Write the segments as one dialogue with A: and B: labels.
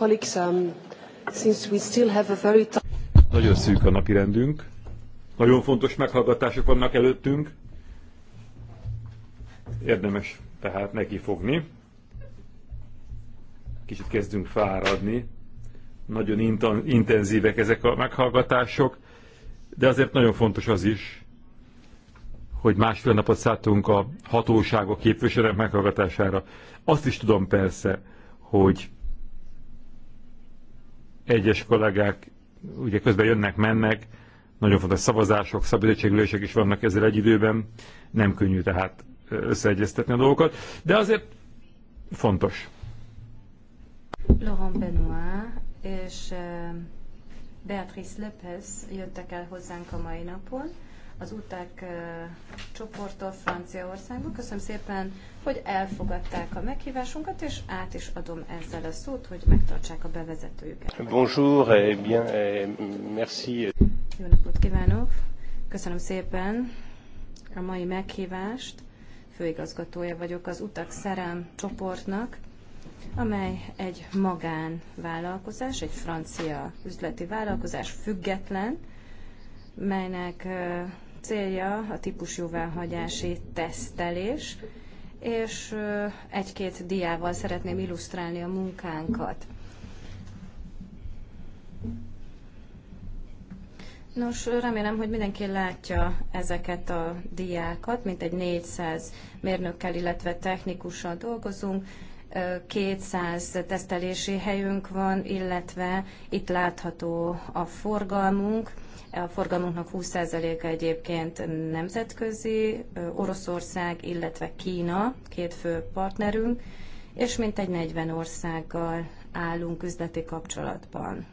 A: colleagues, um, since we still have a very
B: Nagyon szűk a napirendünk. Nagyon fontos meghallgatások vannak előttünk. Érdemes tehát neki fogni. Kicsit kezdünk fáradni. Nagyon intenzívek ezek a meghallgatások, de azért nagyon fontos az is, hogy másfél napot szálltunk a hatóságok képviselők meghallgatására. Azt is tudom persze, hogy egyes kollégák ugye közben jönnek, mennek, nagyon fontos szavazások, szabadítségülések is vannak ezzel egy időben, nem könnyű tehát összeegyeztetni a dolgokat, de azért fontos.
C: Laurent Benoit és eh, Beatrice Lopez jöttek el hozzánk a mai napon, az uták csoporttól Franciaországba. Köszönöm szépen, hogy elfogadták a meghívásunkat, és át is adom ezzel a szót, hogy megtartsák a bevezetőjüket.
B: Bonjour, et bien, eh, merci.
C: Jó napot kívánok! Köszönöm szépen a mai meghívást. Főigazgatója vagyok az Utak Szerem csoportnak, amely egy magánvállalkozás, egy francia üzleti vállalkozás, független, melynek Célja a típusjóváhagyási tesztelés, és egy-két diával szeretném illusztrálni a munkánkat. Nos, remélem, hogy mindenki látja ezeket a diákat, mint egy 400 mérnökkel, illetve technikussal dolgozunk, 200 tesztelési helyünk van, illetve itt látható a forgalmunk, a forgalmunknak 20%-a egyébként nemzetközi, Oroszország, illetve Kína, két fő partnerünk, és mintegy 40 országgal állunk üzleti kapcsolatban.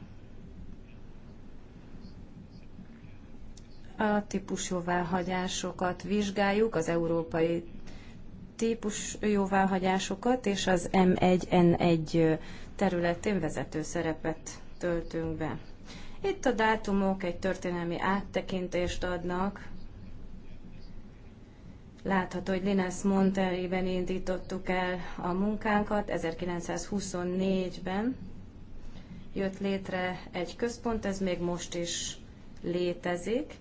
C: A típusjóváhagyásokat vizsgáljuk, az európai típus jóváhagyásokat, és az M1N1 területén vezető szerepet töltünk be. Itt a dátumok egy történelmi áttekintést adnak. Látható, hogy Linus Monterrey-ben indítottuk el a munkánkat 1924-ben. Jött létre egy központ, ez még most is létezik.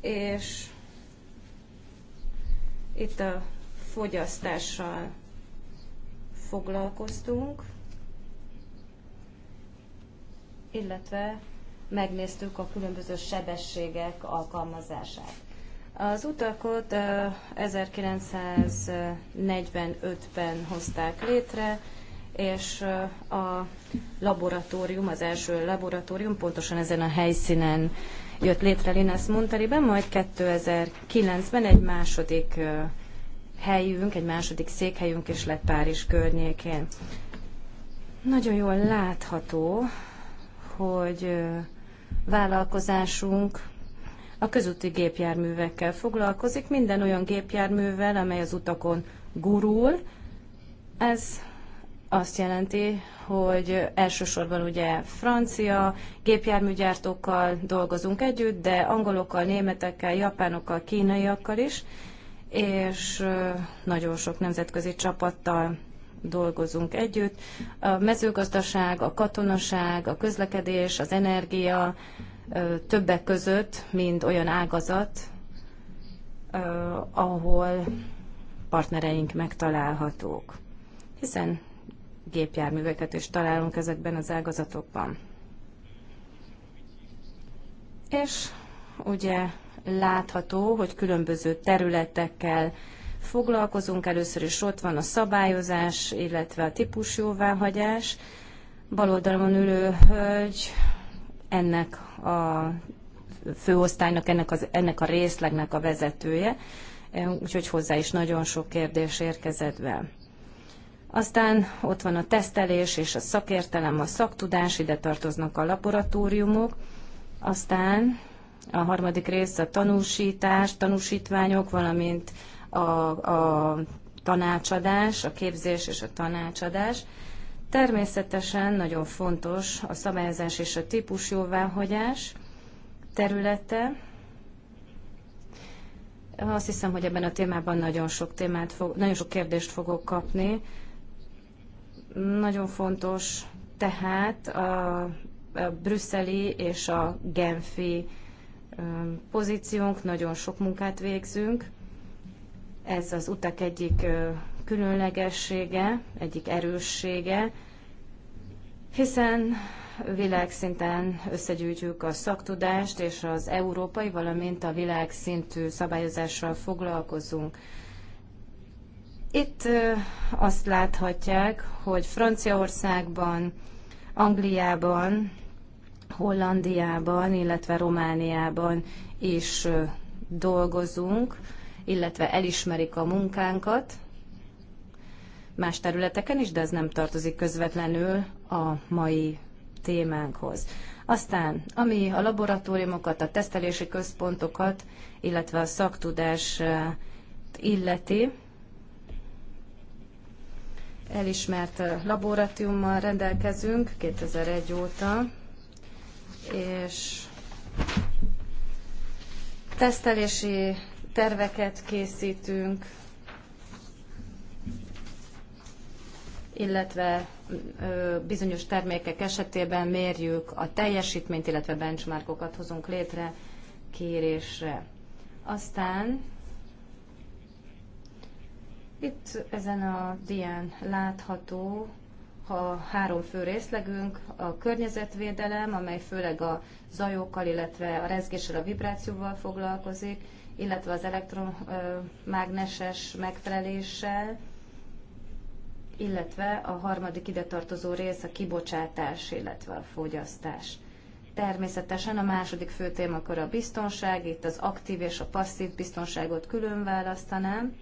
C: És itt a fogyasztással foglalkoztunk illetve megnéztük a különböző sebességek alkalmazását. Az utakot 1945-ben hozták létre, és a laboratórium, az első laboratórium pontosan ezen a helyszínen jött létre Linus Monteriben, majd 2009-ben egy második helyünk, egy második székhelyünk is lett Párizs környékén. Nagyon jól látható hogy vállalkozásunk a közúti gépjárművekkel foglalkozik, minden olyan gépjárművel, amely az utakon gurul. Ez azt jelenti, hogy elsősorban ugye francia gépjárműgyártókkal dolgozunk együtt, de angolokkal, németekkel, japánokkal, kínaiakkal is, és nagyon sok nemzetközi csapattal dolgozunk együtt. A mezőgazdaság, a katonaság, a közlekedés, az energia többek között mind olyan ágazat, ahol partnereink megtalálhatók, hiszen gépjárműveket is találunk ezekben az ágazatokban. És ugye látható, hogy különböző területekkel foglalkozunk. Először is ott van a szabályozás, illetve a típusjóváhagyás. Baloldalon ülő hölgy ennek a főosztálynak, ennek, az, ennek a részlegnek a vezetője, úgyhogy hozzá is nagyon sok kérdés érkezett be. Aztán ott van a tesztelés és a szakértelem, a szaktudás, ide tartoznak a laboratóriumok. Aztán a harmadik rész a tanúsítás, tanúsítványok, valamint a, a tanácsadás, a képzés és a tanácsadás. Természetesen nagyon fontos a szabályozás és a típus jóváhagyás területe. Azt hiszem, hogy ebben a témában nagyon sok, témát fog, nagyon sok kérdést fogok kapni. Nagyon fontos tehát a, a brüsszeli és a genfi pozíciónk, nagyon sok munkát végzünk ez az utak egyik különlegessége, egyik erőssége, hiszen világszinten összegyűjtjük a szaktudást, és az európai, valamint a világszintű szabályozással foglalkozunk. Itt azt láthatják, hogy Franciaországban, Angliában, Hollandiában, illetve Romániában is dolgozunk illetve elismerik a munkánkat más területeken is, de ez nem tartozik közvetlenül a mai témánkhoz. Aztán, ami a laboratóriumokat, a tesztelési központokat, illetve a szaktudás eh, illeti, elismert eh, laboratóriummal rendelkezünk 2001 óta, és tesztelési terveket készítünk, illetve bizonyos termékek esetében mérjük a teljesítményt, illetve benchmarkokat hozunk létre kérésre. Aztán itt ezen a dián látható a három fő részlegünk, a környezetvédelem, amely főleg a zajokkal, illetve a rezgéssel, a vibrációval foglalkozik, illetve az elektromágneses megfeleléssel, illetve a harmadik ide tartozó rész a kibocsátás, illetve a fogyasztás. Természetesen a második fő témakör a biztonság, itt az aktív és a passzív biztonságot külön választanám,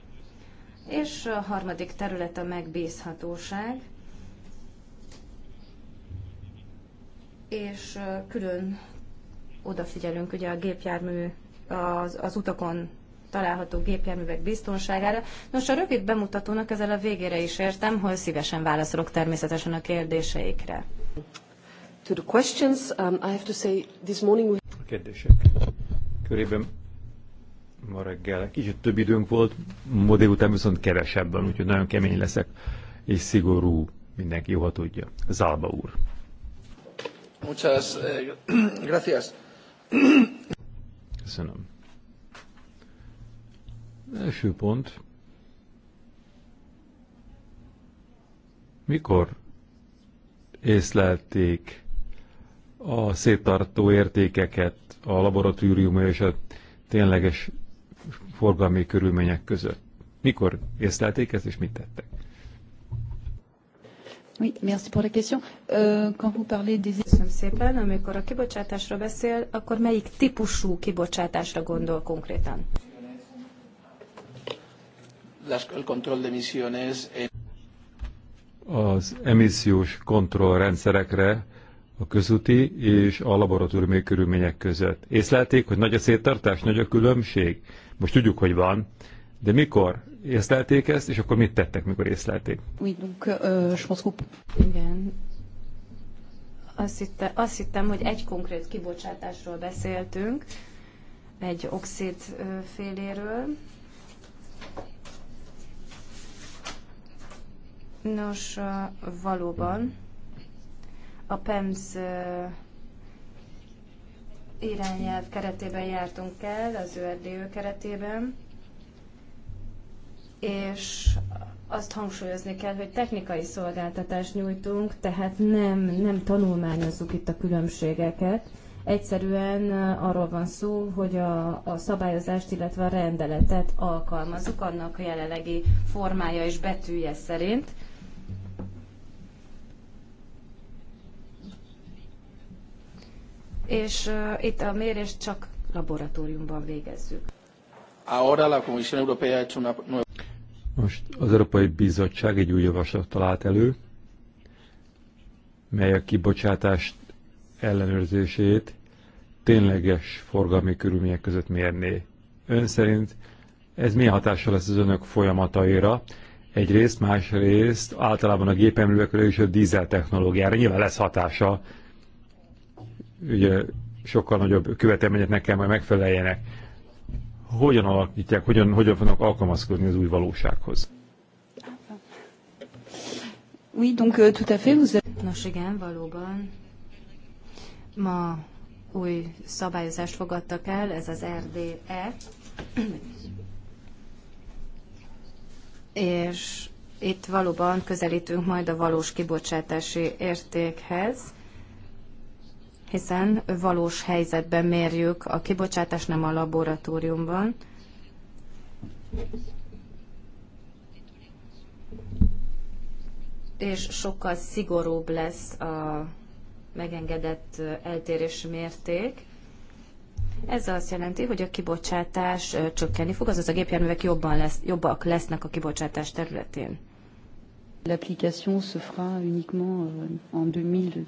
C: és a harmadik terület a megbízhatóság, és külön odafigyelünk ugye a gépjármű az, az utakon található gépjárművek biztonságára. Nos, a rövid bemutatónak ezzel a végére is értem, hogy szívesen válaszolok természetesen a kérdéseikre.
A: To the questions, um, I have to say, this morning we... A
B: kérdések körében ma reggel kicsit több időnk volt, ma délután viszont kevesebben, úgyhogy nagyon kemény leszek, és szigorú, mindenki ha tudja. Zálba úr.
D: Muchas eh, gracias.
B: Köszönöm. Első pont. Mikor észlelték a széttartó értékeket a laboratórium és a tényleges forgalmi körülmények között? Mikor észlelték ezt, és mit tettek?
C: Oui, merci pour la question. Euh, quand vous parlez des... Köszönöm szépen. Amikor a kibocsátásra beszél, akkor melyik típusú kibocsátásra gondol konkrétan?
B: Eh, Az emissziós kontrollrendszerekre a közúti és a laboratóriumi körülmények között. Észlelték, hogy nagy a széttartás, nagy a különbség? Most tudjuk, hogy van, de mikor észlelték ezt, és akkor mit tettek, mikor észlelték?
A: Euh, Igen.
C: Azt, hitte, azt hittem, hogy egy konkrét kibocsátásról beszéltünk, egy oxid féléről. Nos, valóban a PEMS irányelv keretében jártunk el, az ÖRDÖ keretében, és azt hangsúlyozni kell, hogy technikai szolgáltatást nyújtunk, tehát nem, nem tanulmányozzuk itt a különbségeket. Egyszerűen uh, arról van szó, hogy a, a szabályozást, illetve a rendeletet alkalmazzuk annak a jelenlegi formája és betűje szerint. És uh, itt a mérést csak laboratóriumban végezzük.
D: Ahora la Comisión Europea ha hecho una nueva
B: most az Európai Bizottság egy új javaslatot talált elő, mely a kibocsátást ellenőrzését tényleges forgalmi körülmények között mérné. Ön szerint ez milyen hatással lesz az önök folyamataira? Egyrészt, másrészt általában a gépeművekre és a dízel technológiára nyilván lesz hatása. Ugye sokkal nagyobb követelményeknek kell majd megfeleljenek hogyan alakítják, hogyan, hogyan fognak alkalmazkodni az új valósághoz.
C: Oui, donc euh, tout à fait, vous... Nos igen, valóban. Ma új szabályozást fogadtak el, ez az RDE. És itt valóban közelítünk majd a valós kibocsátási értékhez hiszen valós helyzetben mérjük a kibocsátás nem a laboratóriumban. És sokkal szigorúbb lesz a megengedett eltérés mérték. Ez azt jelenti, hogy a kibocsátás csökkenni fog, azaz a gépjárművek jobban lesz, jobbak lesznek a kibocsátás területén. L'application se fera uniquement euh, en 2019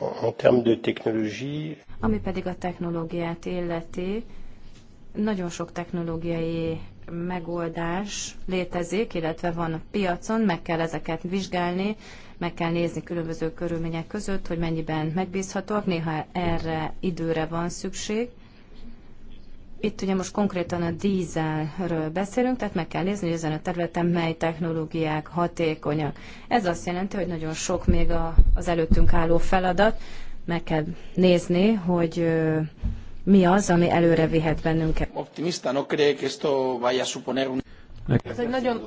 D: en termes de technologie.
C: Ami pedig a technológiát illeti, nagyon sok technológiai megoldás létezik, illetve van a piacon, meg kell ezeket vizsgálni, meg kell nézni különböző körülmények között, hogy mennyiben megbízhatóak, néha erre időre van szükség. Itt ugye most konkrétan a dízelről beszélünk, tehát meg kell nézni, hogy ezen a területen mely technológiák hatékonyak. Ez azt jelenti, hogy nagyon sok még a, az előttünk álló feladat, meg kell nézni, hogy mi az, ami előre vihet bennünket.
D: Optimista, no cree que esto vaya a suponer un...
B: Ez egy nagyon...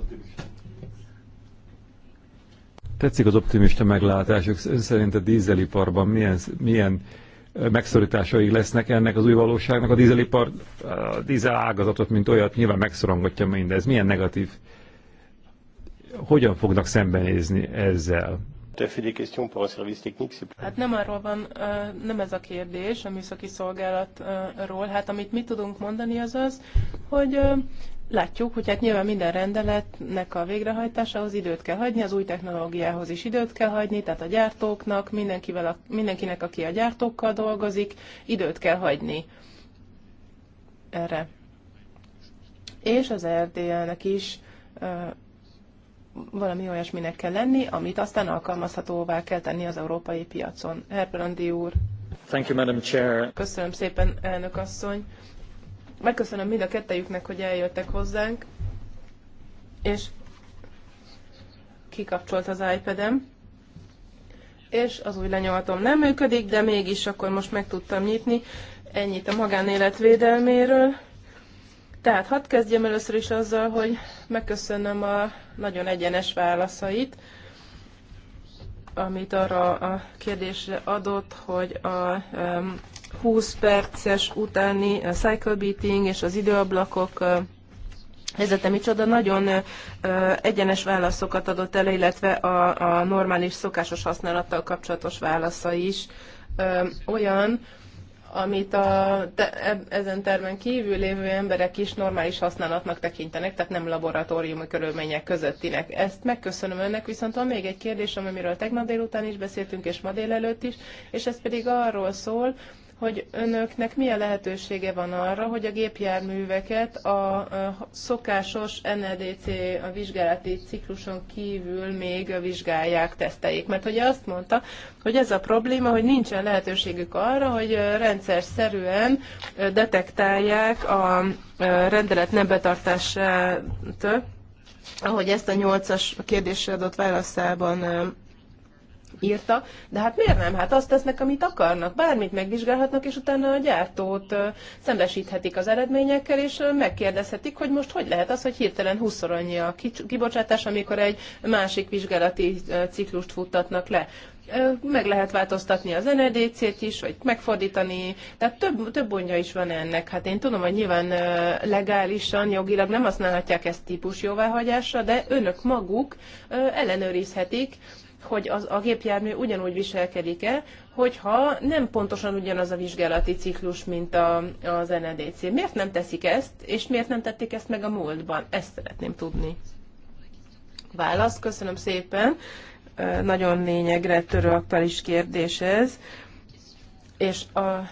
B: Tetszik az optimista meglátások. Ön szerint a dízeliparban milyen, milyen megszorításai lesznek ennek az új valóságnak. A dízelipar, a dízel ágazatot, mint olyat nyilván megszorongatja mindez. Milyen negatív? Hogyan fognak szembenézni ezzel?
A: Hát nem arról van, nem ez a kérdés a műszaki szolgálatról. Hát amit mi tudunk mondani az az, hogy látjuk, hogy hát nyilván minden rendeletnek a végrehajtásához időt kell hagyni, az új technológiához is időt kell hagyni, tehát a gyártóknak, mindenkivel a, mindenkinek, aki a gyártókkal dolgozik, időt kell hagyni erre. És az RDL-nek is ö, valami olyasminek kell lenni, amit aztán alkalmazhatóvá kell tenni az európai piacon. Herbrandi úr.
B: Thank you, Madam Chair.
A: Köszönöm szépen, elnök asszony. Megköszönöm mind a kettejüknek, hogy eljöttek hozzánk, és kikapcsolt az iPad-em, és az új lenyomatom nem működik, de mégis akkor most meg tudtam nyitni. Ennyit a magánélet védelméről. Tehát hadd kezdjem először is azzal, hogy megköszönöm a nagyon egyenes válaszait, amit arra a kérdésre adott, hogy a um, 20 perces utáni uh, cycle beating és az időablakok uh, helyzete micsoda, nagyon uh, egyenes válaszokat adott el, illetve a, a normális szokásos használattal kapcsolatos válasza is um, olyan, amit a te, e, ezen termen kívül lévő emberek is normális használatnak tekintenek, tehát nem laboratóriumi körülmények közöttinek. Ezt megköszönöm önnek, viszont van még egy kérdés, amiről tegnap délután is beszéltünk, és ma délelőtt is, és ez pedig arról szól, hogy önöknek milyen lehetősége van arra, hogy a gépjárműveket a szokásos NEDC a vizsgálati cikluson kívül még vizsgálják, teszteljék. Mert ugye azt mondta, hogy ez a probléma, hogy nincsen lehetőségük arra, hogy rendszer szerűen detektálják a rendelet nem betartását, ahogy ezt a nyolcas kérdésre adott válaszában írta, de hát miért nem? Hát azt tesznek, amit akarnak, bármit megvizsgálhatnak, és utána a gyártót szembesíthetik az eredményekkel, és megkérdezhetik, hogy most hogy lehet az, hogy hirtelen 20 annyi a kibocsátás, amikor egy másik vizsgálati ciklust futtatnak le meg lehet változtatni az NEDC-t is, vagy megfordítani, tehát több, több bonja is van ennek. Hát én tudom, hogy nyilván legálisan, jogilag nem használhatják ezt típus jóváhagyásra, de önök maguk ellenőrizhetik, hogy az, a gépjármű ugyanúgy viselkedik-e, hogyha nem pontosan ugyanaz a vizsgálati ciklus, mint a, az NEDC. Miért nem teszik ezt, és miért nem tették ezt meg a múltban? Ezt szeretném tudni. Válasz, köszönöm szépen. Nagyon lényegre törő aktuális kérdés ez. És a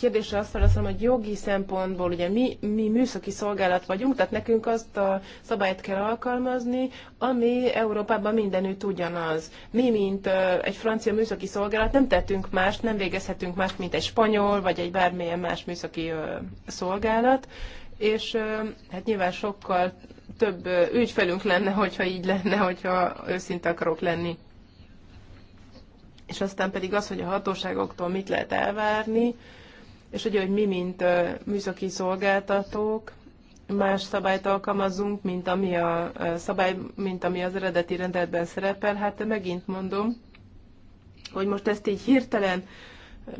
A: kérdésre azt válaszolom, hogy jogi szempontból ugye mi, mi műszaki szolgálat vagyunk, tehát nekünk azt a szabályt kell alkalmazni, ami Európában mindenütt ugyanaz. Mi, mint egy francia műszaki szolgálat nem tettünk mást, nem végezhetünk mást, mint egy spanyol, vagy egy bármilyen más műszaki szolgálat, és hát nyilván sokkal több ügyfelünk lenne, hogyha így lenne, hogyha őszinte akarok lenni és aztán pedig az, hogy a hatóságoktól mit lehet elvárni, és ugye, hogy mi, mint műszaki szolgáltatók, más szabályt alkalmazunk, mint ami a szabály, mint ami az eredeti rendeletben szerepel, hát megint mondom, hogy most ezt így hirtelen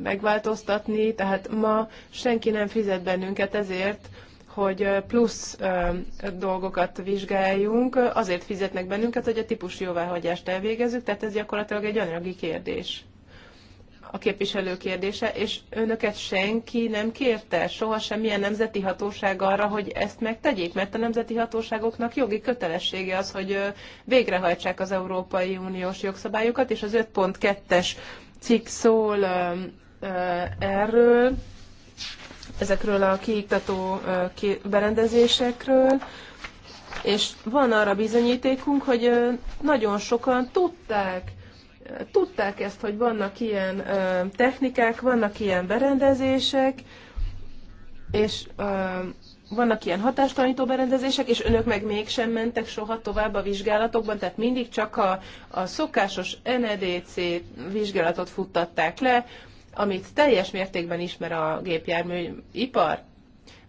A: megváltoztatni, tehát ma senki nem fizet bennünket ezért, hogy plusz dolgokat vizsgáljunk, azért fizetnek bennünket, hogy a típus jóváhagyást elvégezzük, tehát ez gyakorlatilag egy anyagi kérdés a képviselő kérdése, és önöket senki nem kérte, soha semmilyen nemzeti hatóság arra, hogy ezt megtegyék, mert a nemzeti hatóságoknak jogi kötelessége az, hogy végrehajtsák az Európai Uniós jogszabályokat, és az 5.2-es cikk szól erről, ezekről a kiiktató berendezésekről, és van arra bizonyítékunk, hogy nagyon sokan tudták, tudták ezt, hogy vannak ilyen ö, technikák, vannak ilyen berendezések, és ö, vannak ilyen hatástalanító berendezések, és önök meg mégsem mentek soha tovább a vizsgálatokban, tehát mindig csak a, a szokásos NEDC vizsgálatot futtatták le, amit teljes mértékben ismer a gépjárműipar?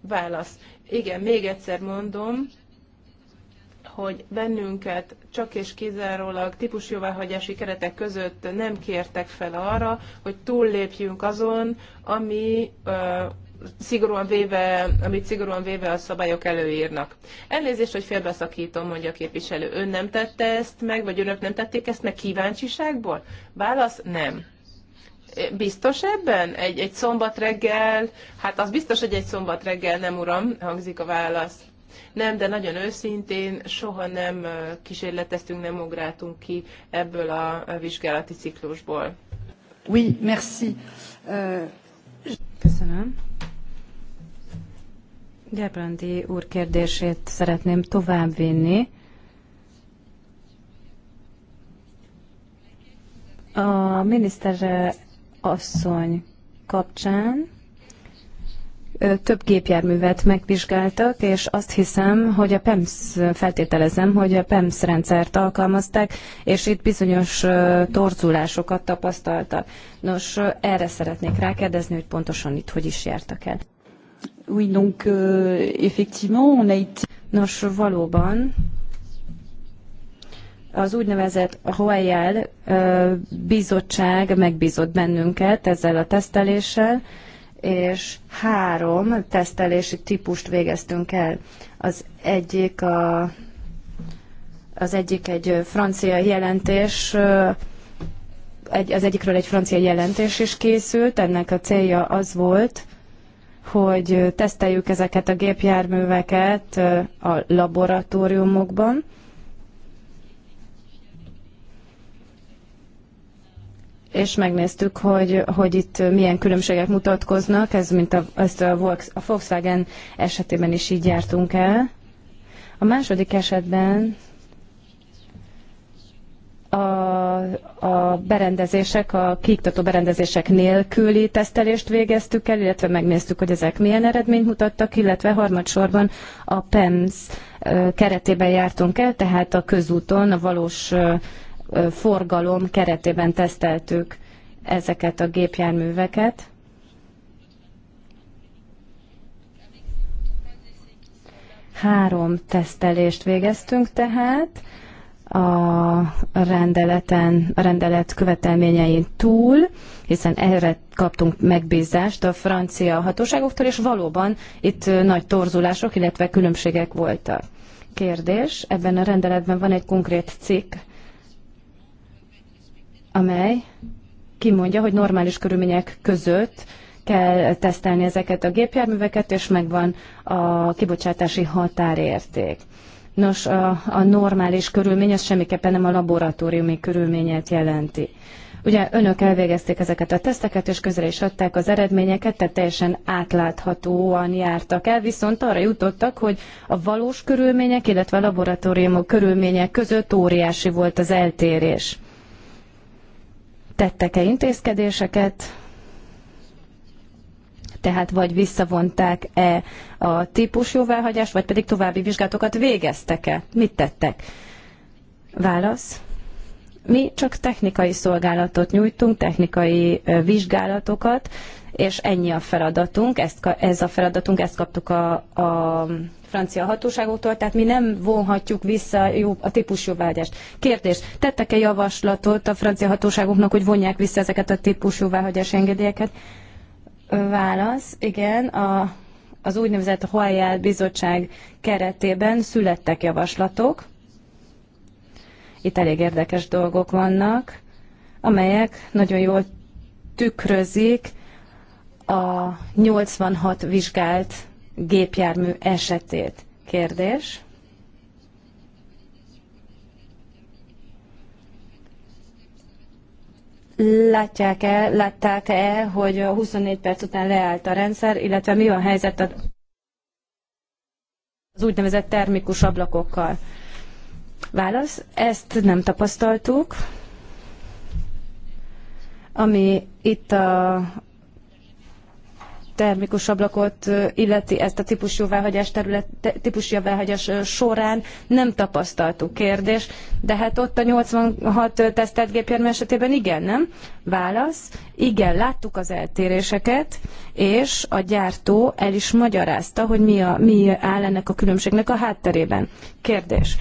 A: Válasz. Igen, még egyszer mondom, hogy bennünket csak és kizárólag típusjóváhagyási keretek között nem kértek fel arra, hogy túllépjünk azon, ami szigorúan véve, amit szigorúan véve a szabályok előírnak. Elnézést, hogy félbeszakítom, mondja a képviselő. Ön nem tette ezt meg, vagy önök nem tették ezt meg kíváncsiságból? Válasz nem. Biztos ebben? Egy, egy szombat reggel? Hát az biztos, hogy egy szombat reggel nem, uram, hangzik a válasz. Nem, de nagyon őszintén soha nem kísérleteztünk, nem ugráltunk ki ebből a vizsgálati ciklusból. Oui,
C: merci. Uh... Köszönöm. Gerbrandi úr kérdését szeretném továbbvinni. A miniszter asszony kapcsán több gépjárművet megvizsgáltak, és azt hiszem, hogy a PEMS, feltételezem, hogy a PEMS rendszert alkalmazták, és itt bizonyos torzulásokat tapasztaltak. Nos, erre szeretnék rákérdezni, hogy pontosan itt hogy is jártak el. Oui, donc euh, effectivement, on a été... Nos, valóban az úgynevezett Royal bizottság megbízott bennünket ezzel a teszteléssel, és három tesztelési típust végeztünk el. Az egyik a az egyik egy francia jelentés, egy, az egyikről egy francia jelentés is készült, ennek a célja az volt, hogy teszteljük ezeket a gépjárműveket a laboratóriumokban, és megnéztük, hogy, hogy itt milyen különbségek mutatkoznak, ez mint a, ezt a, Volkswagen esetében is így jártunk el. A második esetben a, a berendezések, a kiiktató berendezések nélküli tesztelést végeztük el, illetve megnéztük, hogy ezek milyen eredményt mutattak, illetve harmadsorban a PEMS keretében jártunk el, tehát a közúton a valós forgalom keretében teszteltük ezeket a gépjárműveket. Három tesztelést végeztünk tehát a rendeleten, a rendelet követelményein túl, hiszen erre kaptunk megbízást a francia hatóságoktól, és valóban itt nagy torzulások, illetve különbségek voltak. Kérdés, ebben a rendeletben van egy konkrét cikk, amely kimondja, hogy normális körülmények között kell tesztelni ezeket a gépjárműveket, és megvan a kibocsátási határérték. Nos, a, a normális körülmény az semmiképpen nem a laboratóriumi körülményet jelenti. Ugye önök elvégezték ezeket a teszteket, és közre is adták az eredményeket, tehát teljesen átláthatóan jártak el, viszont arra jutottak, hogy a valós körülmények, illetve a laboratóriumok körülmények között óriási volt az eltérés. Tettek-e intézkedéseket? Tehát vagy visszavonták-e a típus jóváhagyást, vagy pedig további vizsgátokat végeztek-e? Mit tettek? Válasz. Mi csak technikai szolgálatot nyújtunk, technikai vizsgálatokat, és ennyi a feladatunk, ezt, ez a feladatunk, ezt kaptuk a, a francia hatóságoktól, tehát mi nem vonhatjuk vissza a típusjóváhagyást. Kérdés, tettek-e javaslatot a francia hatóságoknak, hogy vonják vissza ezeket a típusjóváhagyási engedélyeket? Válasz, igen, a, az úgynevezett Hoajjel Bizottság keretében születtek javaslatok. Itt elég érdekes dolgok vannak, amelyek nagyon jól tükrözik a 86 vizsgált gépjármű esetét. Kérdés. Látják-e, látták-e, hogy 24 perc után leállt a rendszer, illetve mi a helyzet az úgynevezett termikus ablakokkal? Válasz, ezt nem tapasztaltuk. Ami itt a, termikus ablakot illeti ezt a típusú típusjóváhagyás terület, típusjóváhagyás során nem tapasztaltuk kérdés, de hát ott a 86 tesztelt gépjármű esetében igen, nem? Válasz, igen, láttuk az eltéréseket, és a gyártó el is magyarázta, hogy mi, a, mi áll ennek a különbségnek a hátterében. Kérdés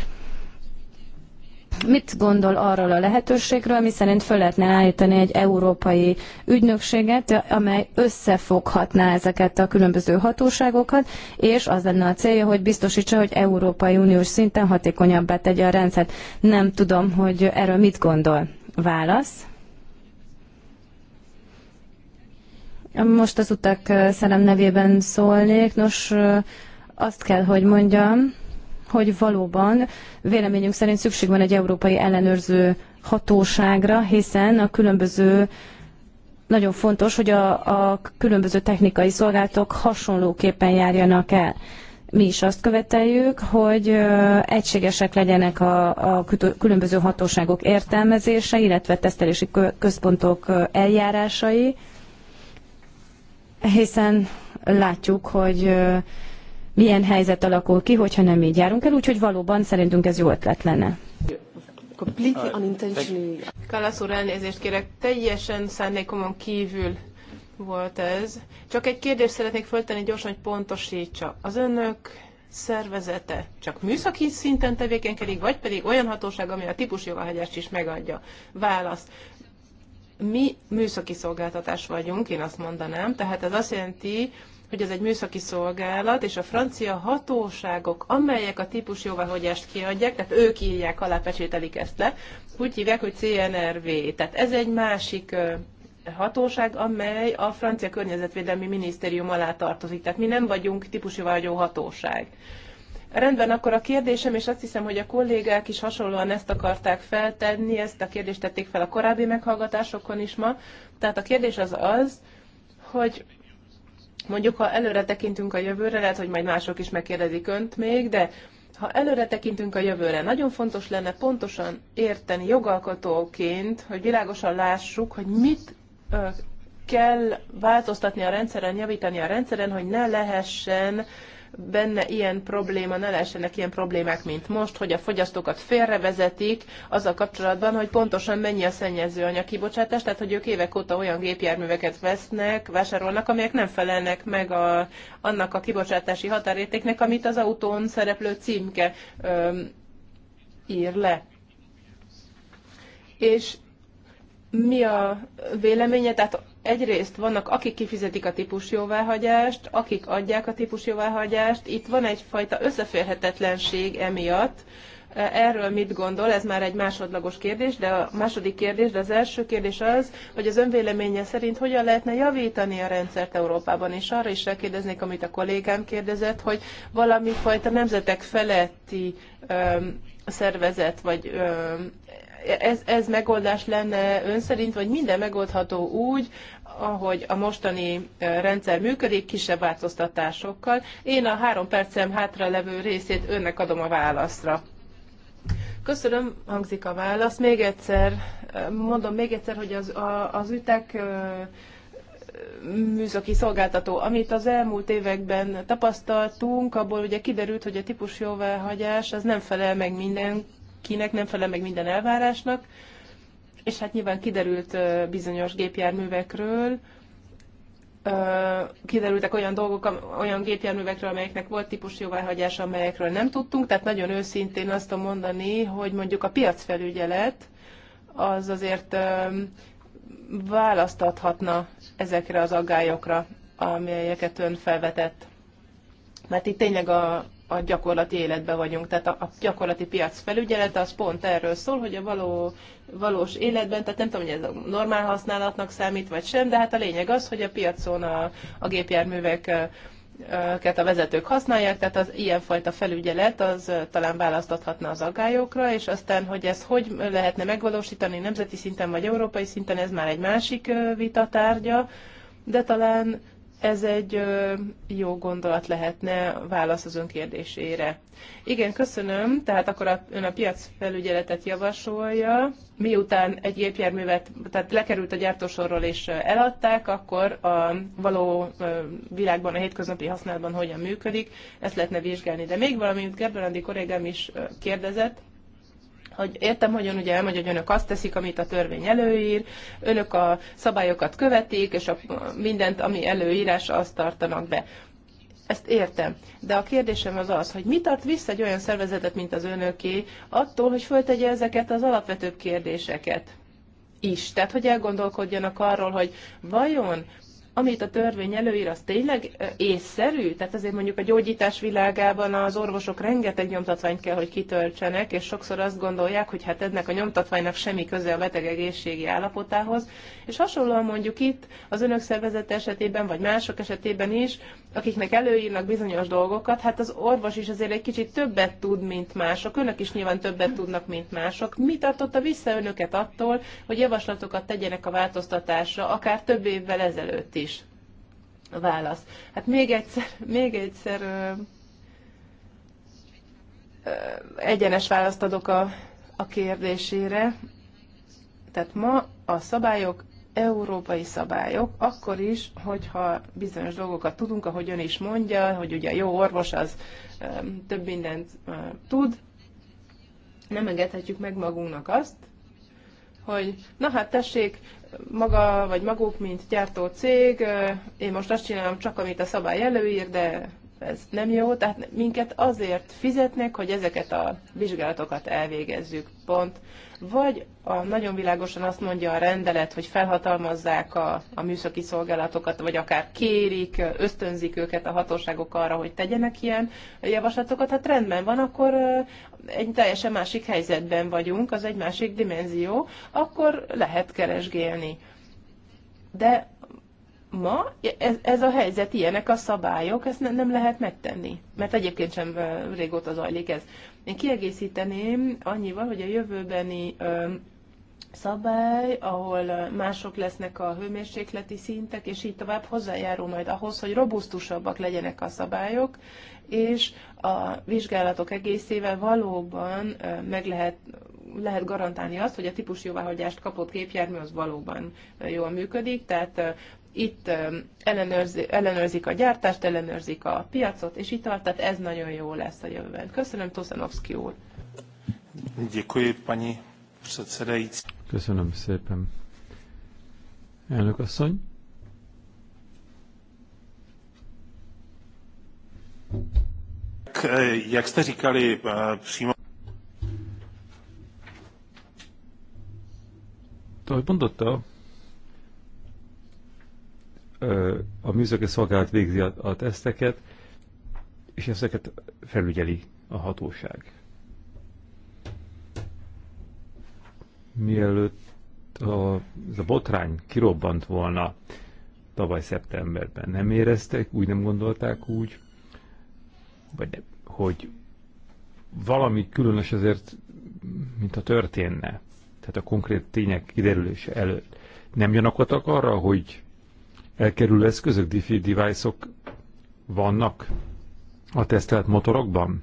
C: mit gondol arról a lehetőségről, miszerint föl lehetne állítani egy európai ügynökséget, amely összefoghatná ezeket a különböző hatóságokat, és az lenne a célja, hogy biztosítsa, hogy Európai Uniós szinten hatékonyabbá tegye a rendszert. Nem tudom, hogy erről mit gondol. Válasz. Most az utak szerem nevében szólnék. Nos, azt kell, hogy mondjam, hogy valóban véleményünk szerint szükség van egy európai ellenőrző hatóságra, hiszen a különböző nagyon fontos, hogy a, a különböző technikai szolgáltatók hasonlóképpen járjanak el. Mi is azt követeljük, hogy egységesek legyenek a, a különböző hatóságok értelmezése, illetve tesztelési központok eljárásai, hiszen látjuk, hogy milyen helyzet alakul ki, hogyha nem így járunk el, úgyhogy valóban szerintünk ez jó ötlet lenne.
A: Kalasz úr, elnézést kérek, teljesen szándékomon kívül volt ez. Csak egy kérdést szeretnék föltenni gyorsan, hogy pontosítsa. Az önök szervezete csak műszaki szinten tevékenykedik, vagy pedig olyan hatóság, ami a típus jogahagyást is megadja? Válasz. Mi műszaki szolgáltatás vagyunk, én azt mondanám, tehát ez azt jelenti, hogy ez egy műszaki szolgálat, és a francia hatóságok, amelyek a típus jóváhagyást kiadják, tehát ők írják alá, pecsételik ezt le, úgy hívják, hogy CNRV. Tehát ez egy másik hatóság, amely a francia környezetvédelmi minisztérium alá tartozik. Tehát mi nem vagyunk vagyó hatóság. Rendben, akkor a kérdésem, és azt hiszem, hogy a kollégák is hasonlóan ezt akarták feltenni, ezt a kérdést tették fel a korábbi meghallgatásokon is ma. Tehát a kérdés az az, hogy Mondjuk, ha előre tekintünk a jövőre, lehet, hogy majd mások is megkérdezik önt még, de ha előre tekintünk a jövőre, nagyon fontos lenne pontosan érteni jogalkotóként, hogy világosan lássuk, hogy mit kell változtatni a rendszeren, javítani a rendszeren, hogy ne lehessen benne ilyen probléma, ne lehessenek ilyen problémák, mint most, hogy a fogyasztókat félrevezetik az a kapcsolatban, hogy pontosan mennyi a szennyező anyagkibocsátás, tehát hogy ők évek óta olyan gépjárműveket vesznek, vásárolnak, amelyek nem felelnek meg a, annak a kibocsátási határértéknek, amit az autón szereplő címke öm, ír le. És mi a véleménye? Tehát egyrészt vannak, akik kifizetik a típusjóváhagyást, akik adják a típusjóváhagyást. Itt van egyfajta összeférhetetlenség emiatt. Erről mit gondol? Ez már egy másodlagos kérdés, de a második kérdés, de az első kérdés az, hogy az önvéleménye szerint hogyan lehetne javítani a rendszert Európában, és arra is rákérdeznék, amit a kollégám kérdezett, hogy valami fajta nemzetek feletti öm, szervezet, vagy öm, ez, ez megoldás lenne ön szerint, vagy minden megoldható úgy, ahogy a mostani rendszer működik, kisebb változtatásokkal. Én a három percem hátra levő részét önnek adom a válaszra. Köszönöm, hangzik a válasz. Még egyszer, mondom még egyszer, hogy az, a, az ütek műszaki szolgáltató, amit az elmúlt években tapasztaltunk, abból ugye kiderült, hogy a típus jóváhagyás az nem felel meg minden kinek nem felel meg minden elvárásnak, és hát nyilván kiderült bizonyos gépjárművekről, kiderültek olyan dolgok, olyan gépjárművekről, amelyeknek volt típus jóváhagyása, amelyekről nem tudtunk, tehát nagyon őszintén azt tudom mondani, hogy mondjuk a piacfelügyelet az azért választathatna ezekre az aggályokra, amelyeket ön felvetett. Mert itt tényleg a a gyakorlati életben vagyunk. Tehát a, a gyakorlati piac felügyelete az pont erről szól, hogy a való, valós életben, tehát nem tudom, hogy ez a normál használatnak számít, vagy sem, de hát a lényeg az, hogy a piacon a, a gépjárművek a vezetők használják, tehát az ilyenfajta felügyelet az talán választathatna az aggályokra, és aztán, hogy ez hogy lehetne megvalósítani nemzeti szinten vagy európai szinten, ez már egy másik vitatárgya, de talán ez egy jó gondolat lehetne válasz az ön kérdésére. Igen, köszönöm. Tehát akkor a, ön a piac felügyeletet javasolja. Miután egy gépjárművet, tehát lekerült a gyártósorról és eladták, akkor a való világban, a hétköznapi használatban hogyan működik, ezt lehetne vizsgálni. De még valamint Gerberandi kollégám is kérdezett, hogy értem, hogy ön ugye elmondja, hogy önök azt teszik, amit a törvény előír, önök a szabályokat követik, és a, mindent, ami előírás, azt tartanak be. Ezt értem. De a kérdésem az az, hogy mi tart vissza egy olyan szervezetet, mint az önöké, attól, hogy föltegye ezeket az alapvetőbb kérdéseket is. Tehát, hogy elgondolkodjanak arról, hogy vajon amit a törvény előír, az tényleg észszerű? Tehát azért mondjuk a gyógyítás világában az orvosok rengeteg nyomtatványt kell, hogy kitöltsenek, és sokszor azt gondolják, hogy hát ennek a nyomtatványnak semmi köze a beteg egészségi állapotához. És hasonlóan mondjuk itt az önök szervezete esetében, vagy mások esetében is, akiknek előírnak bizonyos dolgokat, hát az orvos is azért egy kicsit többet tud, mint mások. Önök is nyilván többet tudnak, mint mások. Mi tartotta vissza önöket attól, hogy javaslatokat tegyenek a változtatásra, akár több évvel ezelőtt Válasz. Hát még egyszer, még egyszer ö, ö, egyenes választ adok a, a kérdésére. Tehát ma a szabályok európai szabályok, akkor is, hogyha bizonyos dolgokat tudunk, ahogy ön is mondja, hogy ugye a jó orvos az több mindent tud, nem engedhetjük meg magunknak azt, hogy na hát tessék, maga vagy maguk, mint gyártó cég, én most azt csinálom csak, amit a szabály előír, de ez nem jó, tehát minket azért fizetnek, hogy ezeket a vizsgálatokat elvégezzük, pont. Vagy a, nagyon világosan azt mondja a rendelet, hogy felhatalmazzák a, a műszaki szolgálatokat, vagy akár kérik, ösztönzik őket a hatóságok arra, hogy tegyenek ilyen javaslatokat, hát rendben van, akkor egy teljesen másik helyzetben vagyunk, az egy másik dimenzió, akkor lehet keresgélni. De ma ez, ez a helyzet, ilyenek a szabályok, ezt ne, nem lehet megtenni, mert egyébként sem régóta zajlik ez. Én kiegészíteném annyival, hogy a jövőbeni ö, szabály, ahol mások lesznek a hőmérsékleti szintek, és így tovább hozzájárul majd ahhoz, hogy robusztusabbak legyenek a szabályok, és a vizsgálatok egészével valóban meg lehet, lehet garantálni azt, hogy a típus jóváhagyást kapott gépjármű az valóban jól működik, tehát itt um, ellenőrzi, ellenőrzik a gyártást, ellenőrzik a piacot, és itt tehát ez nagyon jó lesz a jövőben. Köszönöm, Toszanovszki úr.
B: Děkuji, pani předsedající. Köszönöm szépen. Elnök asszony. Jak jste říkali, eh, přímo... To, hogy mondotta, a műszaki szolgálat végzi a, a teszteket, és ezeket felügyeli a hatóság. Mielőtt a, ez a botrány kirobbant volna tavaly szeptemberben, nem éreztek, úgy nem gondolták úgy, vagy nem, hogy valami különös azért, mint a történne, tehát a konkrét tények kiderülése előtt. Nem gyanakodtak arra, hogy elkerülő eszközök, diffi device-ok vannak a tesztelt motorokban?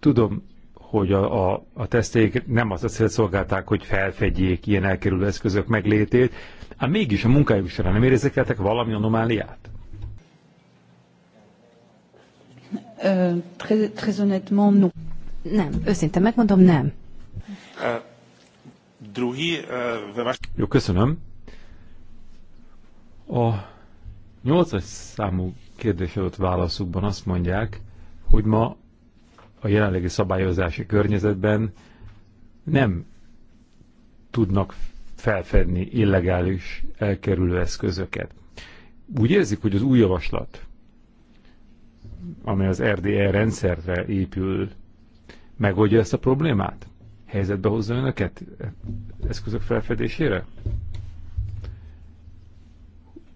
B: Tudom, hogy a, a, a teszték nem azt a célt szolgálták, hogy felfedjék ilyen elkerülő eszközök meglétét, ám mégis a munkájuk során nem érzékeltek valami anomáliát?
C: très, très honnêtement, non. Nem, Őszintén megmondom, nem.
B: Jó, köszönöm. A 8 számú számú adott válaszukban azt mondják, hogy ma a jelenlegi szabályozási környezetben nem tudnak felfedni illegális elkerülő eszközöket. Úgy érzik, hogy az új javaslat, amely az RDR e rendszerre épül, megoldja ezt a problémát? Helyzetbe hozza önöket eszközök felfedésére?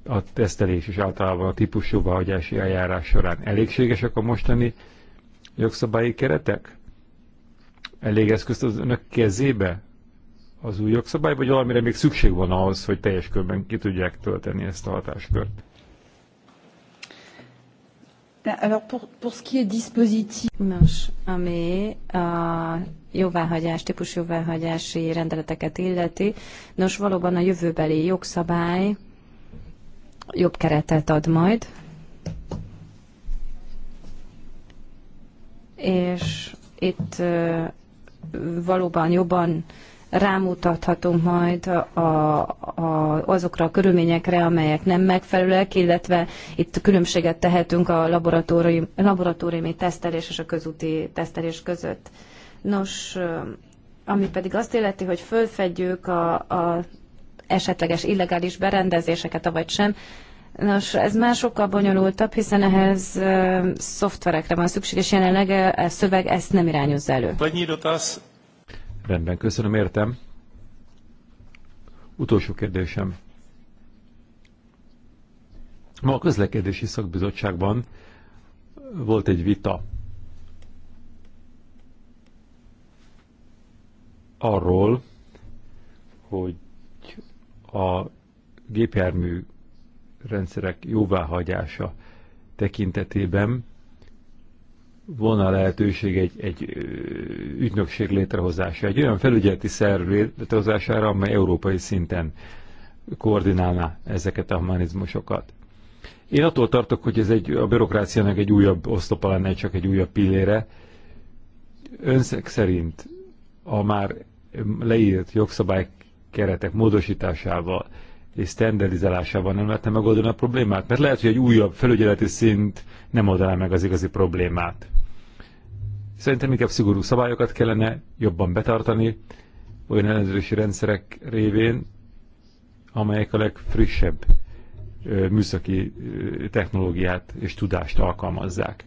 B: a tesztelés és általában a típusjóváhagyási eljárás során elégségesek a mostani jogszabályi keretek? Elég eszközt az önök kezébe az új jogszabály, vagy valamire még szükség van ahhoz, hogy teljes körben ki tudják tölteni ezt a hatáskört?
C: Alors pour, pour ce qui est dispositif... Nos, ami a jóváhagyás, típus jóváhagyási rendeleteket illeti, nos valóban a jövőbeli jogszabály jobb keretet ad majd. És itt valóban jobban rámutathatunk majd a, a, azokra a körülményekre, amelyek nem megfelelőek, illetve itt különbséget tehetünk a laboratóriumi, laboratóriumi tesztelés és a közúti tesztelés között. Nos, ami pedig azt illeti, hogy fölfedjük a, a esetleges illegális berendezéseket, avagy sem. Nos, ez már sokkal bonyolultabb, hiszen ehhez e, szoftverekre van szükség, és jelenleg a e szöveg ezt nem irányozza elő.
B: Rendben, köszönöm, értem. Utolsó kérdésem. Ma a közlekedési szakbizottságban volt egy vita arról, hogy a gépjármű rendszerek jóváhagyása tekintetében volna lehetőség egy, egy ügynökség létrehozása, egy olyan felügyeleti szerv létrehozására, amely európai szinten koordinálná ezeket a humanizmusokat. Én attól tartok, hogy ez egy, a bürokráciának egy újabb oszlopa lenne, csak egy újabb pillére. Önszeg szerint a már leírt jogszabály keretek módosításával és standardizálásával nem lehetne megoldani a problémát? Mert lehet, hogy egy újabb felügyeleti szint nem oldaná meg az igazi problémát. Szerintem inkább szigorú szabályokat kellene jobban betartani, olyan ellenőrzési rendszerek révén, amelyek a legfrissebb műszaki technológiát és tudást alkalmazzák.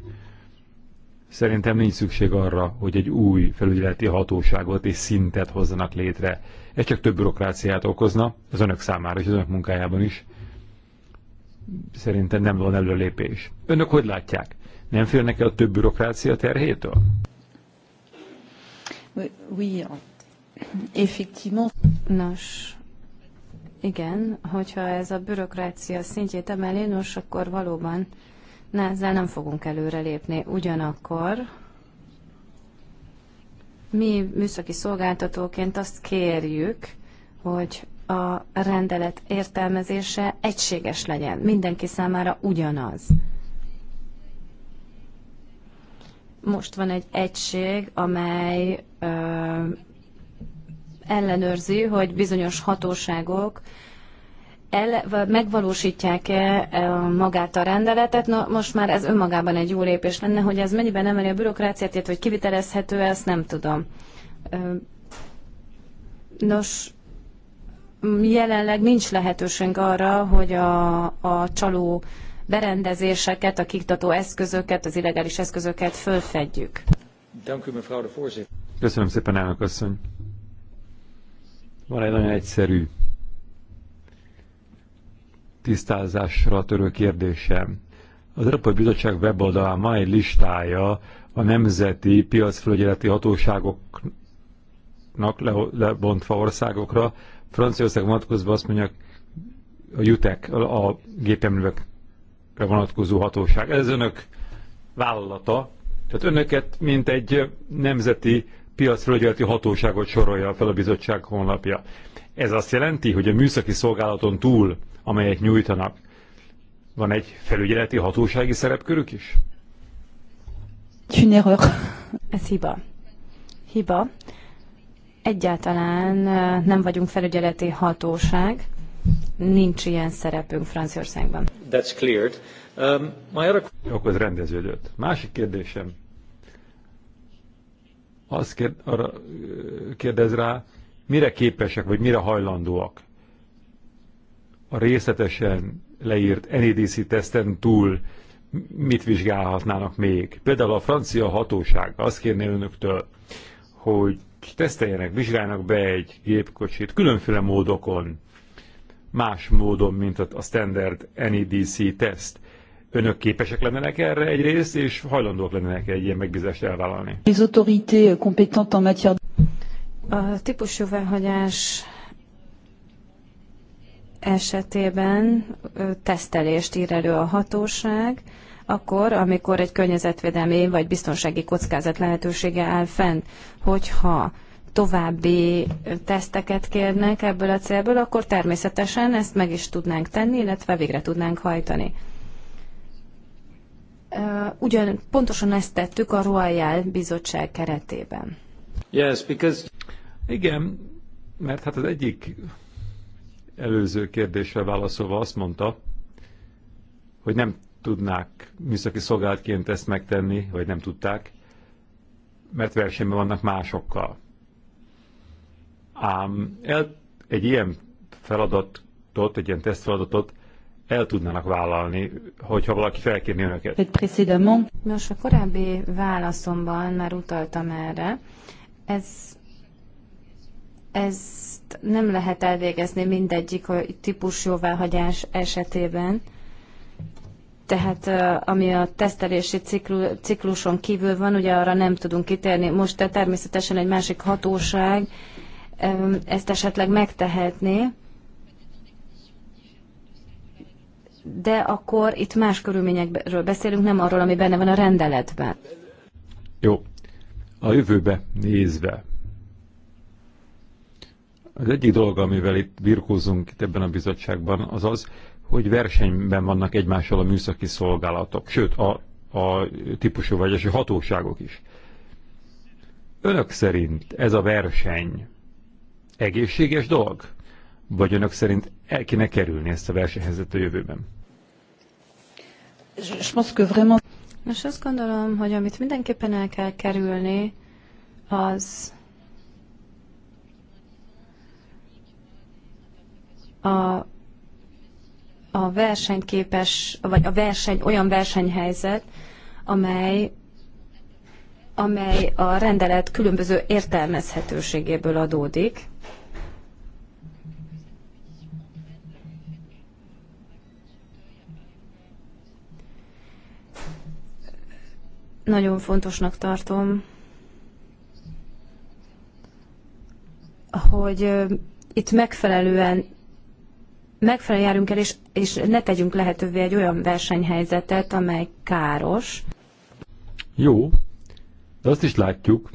B: Szerintem nincs szükség arra, hogy egy új felügyeleti hatóságot és szintet hozzanak létre ez csak több bürokráciát okozna, az önök számára és az önök munkájában is. Szerintem nem van előlépés. Önök hogy látják? Nem félnek el a több bürokrácia terhétől?
C: Oui, effectivement. Nos, igen, hogyha ez a bürokrácia szintjét emeli, nos, akkor valóban na, ezzel nem fogunk előrelépni. Ugyanakkor mi műszaki szolgáltatóként azt kérjük, hogy a rendelet értelmezése egységes legyen, mindenki számára ugyanaz. Most van egy egység, amely ö, ellenőrzi, hogy bizonyos hatóságok el, megvalósítják-e e, magát a rendeletet. Na, most már ez önmagában egy jó lépés lenne, hogy ez mennyiben emeli a bürokráciát, vagy kivitelezhető, ezt nem tudom. Nos, jelenleg nincs lehetőség arra, hogy a, a csaló berendezéseket, a kiktató eszközöket, az illegális eszközöket fölfedjük.
B: Köszönöm szépen, elnök asszony. Van egy nagyon egyszerű tisztázásra törő kérdésem. Az Európai Bizottság weboldalán mai listája a nemzeti piacfelügyeleti hatóságoknak lebontva országokra. Franciaország vonatkozva azt mondja, a jutek, a gépjárművekre vonatkozó hatóság. Ez önök vállalata, tehát önöket, mint egy nemzeti piacfelügyeleti hatóságot sorolja fel a bizottság honlapja. Ez azt jelenti, hogy a műszaki szolgálaton túl amelyet nyújtanak. Van egy felügyeleti hatósági szerepkörük is?
C: Ez hiba. Hiba. Egyáltalán nem vagyunk felügyeleti hatóság, nincs ilyen szerepünk Franciaországban.
B: That's cleared. Um, my other... Akkor rendeződött. Másik kérdésem. Azt kérdez rá, mire képesek, vagy mire hajlandóak a részletesen leírt NEDC teszten túl mit vizsgálhatnának még. Például a francia hatóság azt kérné önöktől, hogy teszteljenek, vizsgálnak be egy gépkocsit különféle módokon, más módon, mint a standard NEDC teszt. Önök képesek lennének erre egyrészt, és hajlandók lennének egy ilyen megbízást elvállalni.
C: a típusjóváhagyás esetében tesztelést ír elő a hatóság, akkor, amikor egy környezetvédelmi vagy biztonsági kockázat lehetősége áll fenn, hogyha további teszteket kérnek ebből a célból, akkor természetesen ezt meg is tudnánk tenni, illetve végre tudnánk hajtani. Ugyan pontosan ezt tettük a Royal Bizottság keretében.
B: Yes, because... Igen, mert hát az egyik előző kérdésre válaszolva azt mondta, hogy nem tudnák műszaki szolgálatként ezt megtenni, vagy nem tudták, mert versenyben vannak másokkal. Ám el, egy ilyen feladatot, egy ilyen tesztfeladatot el tudnának vállalni, hogyha valaki felkérni önöket.
C: most a korábbi válaszomban már utaltam erre. Ez, ez ezt nem lehet elvégezni mindegyik típus jóváhagyás esetében. Tehát ami a tesztelési cikluson kívül van, ugye arra nem tudunk kitérni. Most természetesen egy másik hatóság ezt esetleg megtehetné, de akkor itt más körülményekről beszélünk, nem arról, ami benne van a rendeletben.
B: Jó. A jövőbe nézve az egyik dolog, amivel itt birkózunk itt ebben a bizottságban, az az, hogy versenyben vannak egymással a műszaki szolgálatok, sőt, a, a típusú a hatóságok is. Önök szerint ez a verseny egészséges dolog? Vagy önök szerint el kéne kerülni ezt a versenyhelyzetet a jövőben?
C: Nos, azt gondolom, hogy amit mindenképpen el kell kerülni, az a, a versenyképes, vagy a verseny, olyan versenyhelyzet, amely, amely a rendelet különböző értelmezhetőségéből adódik. Nagyon fontosnak tartom, hogy itt megfelelően megfelelően el, és, és ne tegyünk lehetővé egy olyan versenyhelyzetet, amely káros.
B: Jó, de azt is látjuk,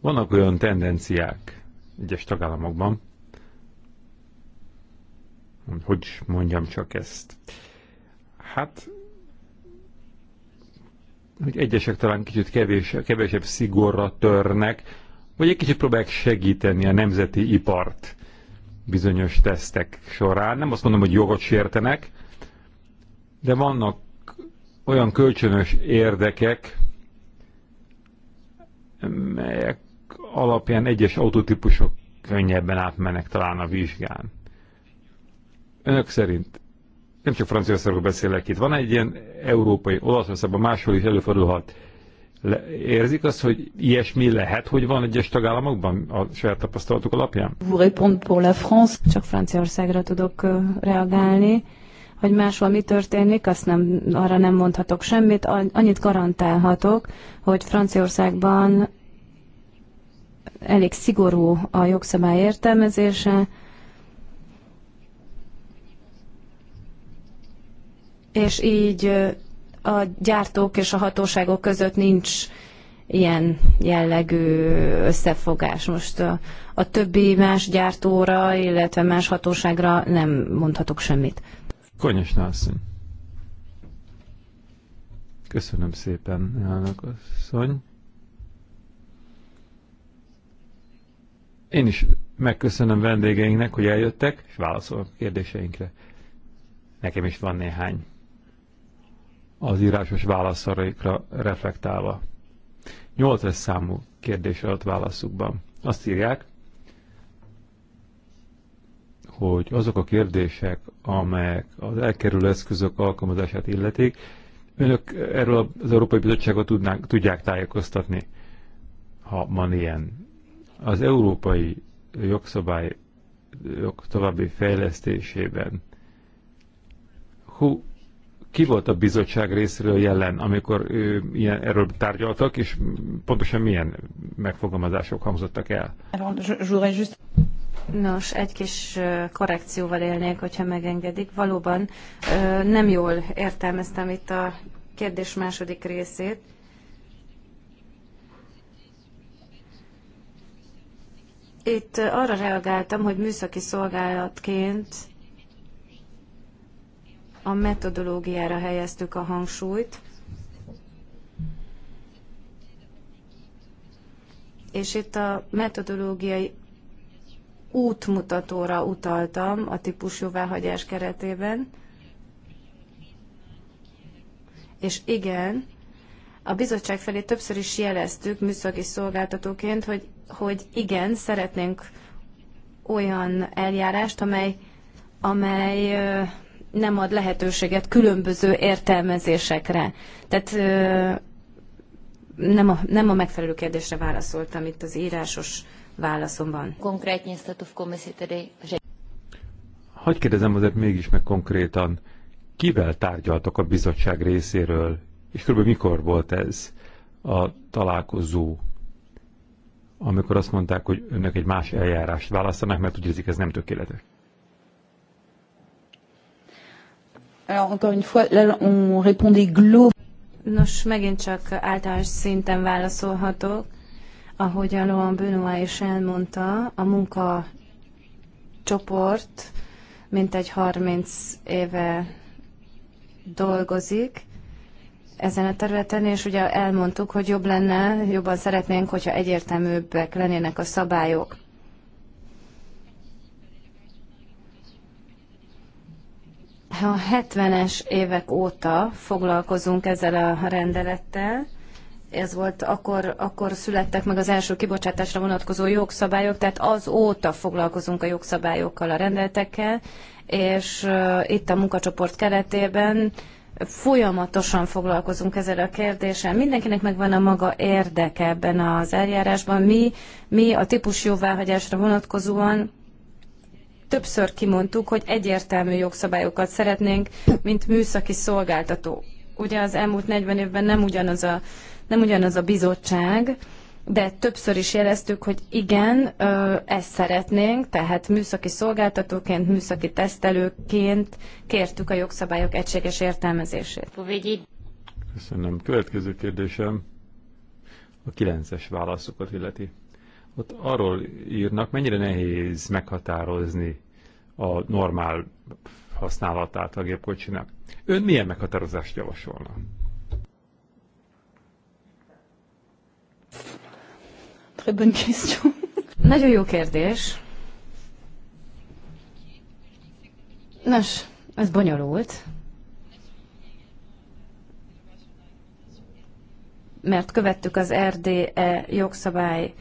B: vannak olyan tendenciák egyes tagállamokban, hogy mondjam csak ezt. Hát, hogy egyesek talán kicsit kevés, kevesebb szigorra törnek, vagy egy kicsit próbálják segíteni a nemzeti ipart bizonyos tesztek során. Nem azt mondom, hogy jogot sértenek, de vannak olyan kölcsönös érdekek, melyek alapján egyes autotípusok könnyebben átmennek talán a vizsgán. Önök szerint, nem csak Franciaországról beszélek itt, van egy ilyen európai, Olaszországban máshol is előfordulhat, le, érzik azt, hogy ilyesmi lehet, hogy van egyes tagállamokban a saját tapasztalatuk alapján?
C: Pour la France. Csak Franciaországra tudok reagálni. Hogy máshol mi történik, azt nem, arra nem mondhatok semmit. Annyit garantálhatok, hogy Franciaországban elég szigorú a jogszabály értelmezése, és így a gyártók és a hatóságok között nincs ilyen jellegű összefogás. Most a, a többi más gyártóra, illetve más hatóságra nem mondhatok semmit.
B: Konyos Nászín. Köszönöm szépen, elnök asszony. Én is megköszönöm vendégeinknek, hogy eljöttek, és válaszolok kérdéseinkre. Nekem is van néhány az írásos válaszaraikra reflektálva. Nyolc es számú kérdés adott válaszukban. Azt írják, hogy azok a kérdések, amelyek az elkerülő eszközök alkalmazását illetik, önök erről az Európai Bizottságot tudnánk, tudják tájékoztatni, ha van ilyen. Az európai jogszabályok további fejlesztésében ki volt a bizottság részéről jelen, amikor ő, ilyen, erről tárgyaltak, és pontosan milyen megfogalmazások hangzottak el?
C: Nos, egy kis korrekcióval élnék, hogyha megengedik. Valóban nem jól értelmeztem itt a kérdés második részét. Itt arra reagáltam, hogy műszaki szolgálatként a metodológiára helyeztük a hangsúlyt, és itt a metodológiai útmutatóra utaltam a típus jóváhagyás keretében. És igen, a bizottság felé többször is jeleztük műszaki szolgáltatóként, hogy, hogy igen, szeretnénk olyan eljárást, amely, amely nem ad lehetőséget különböző értelmezésekre. Tehát nem a, nem a megfelelő kérdésre válaszoltam itt az írásos válaszomban.
A: Konkrétnyi statuf komiszi
B: Hogy kérdezem azért mégis meg konkrétan, kivel tárgyaltok a bizottság részéről, és körülbelül mikor volt ez a találkozó, amikor azt mondták, hogy önnek egy más eljárást választanak, mert úgy érzik, ez nem tökéletes.
C: Nos, megint csak általános szinten válaszolhatok. Ahogy a Laurent Benoit is elmondta, a munka csoport mintegy 30 éve dolgozik ezen a területen, és ugye elmondtuk, hogy jobb lenne, jobban szeretnénk, hogyha egyértelműbbek lennének a szabályok. A 70-es évek óta foglalkozunk ezzel a rendelettel. Ez volt, akkor, akkor születtek meg az első kibocsátásra vonatkozó jogszabályok, tehát azóta foglalkozunk a jogszabályokkal, a rendeletekkel, és itt a munkacsoport keretében folyamatosan foglalkozunk ezzel a kérdéssel. Mindenkinek megvan a maga érdeke ebben az eljárásban. Mi, mi a típus jóváhagyásra vonatkozóan többször kimondtuk, hogy egyértelmű jogszabályokat szeretnénk, mint műszaki szolgáltató. Ugye az elmúlt 40 évben nem ugyanaz a, nem ugyanaz a bizottság, de többször is jeleztük, hogy igen, ezt szeretnénk, tehát műszaki szolgáltatóként, műszaki tesztelőként kértük a jogszabályok egységes értelmezését.
B: Köszönöm. Következő kérdésem a 9-es válaszokat illeti ott arról írnak, mennyire nehéz meghatározni a normál használatát a gépkocsinak. Ön milyen meghatározást javasolna?
A: Très bonne
C: question. Nagyon jó kérdés. Nos, ez bonyolult. Mert követtük az RDE jogszabály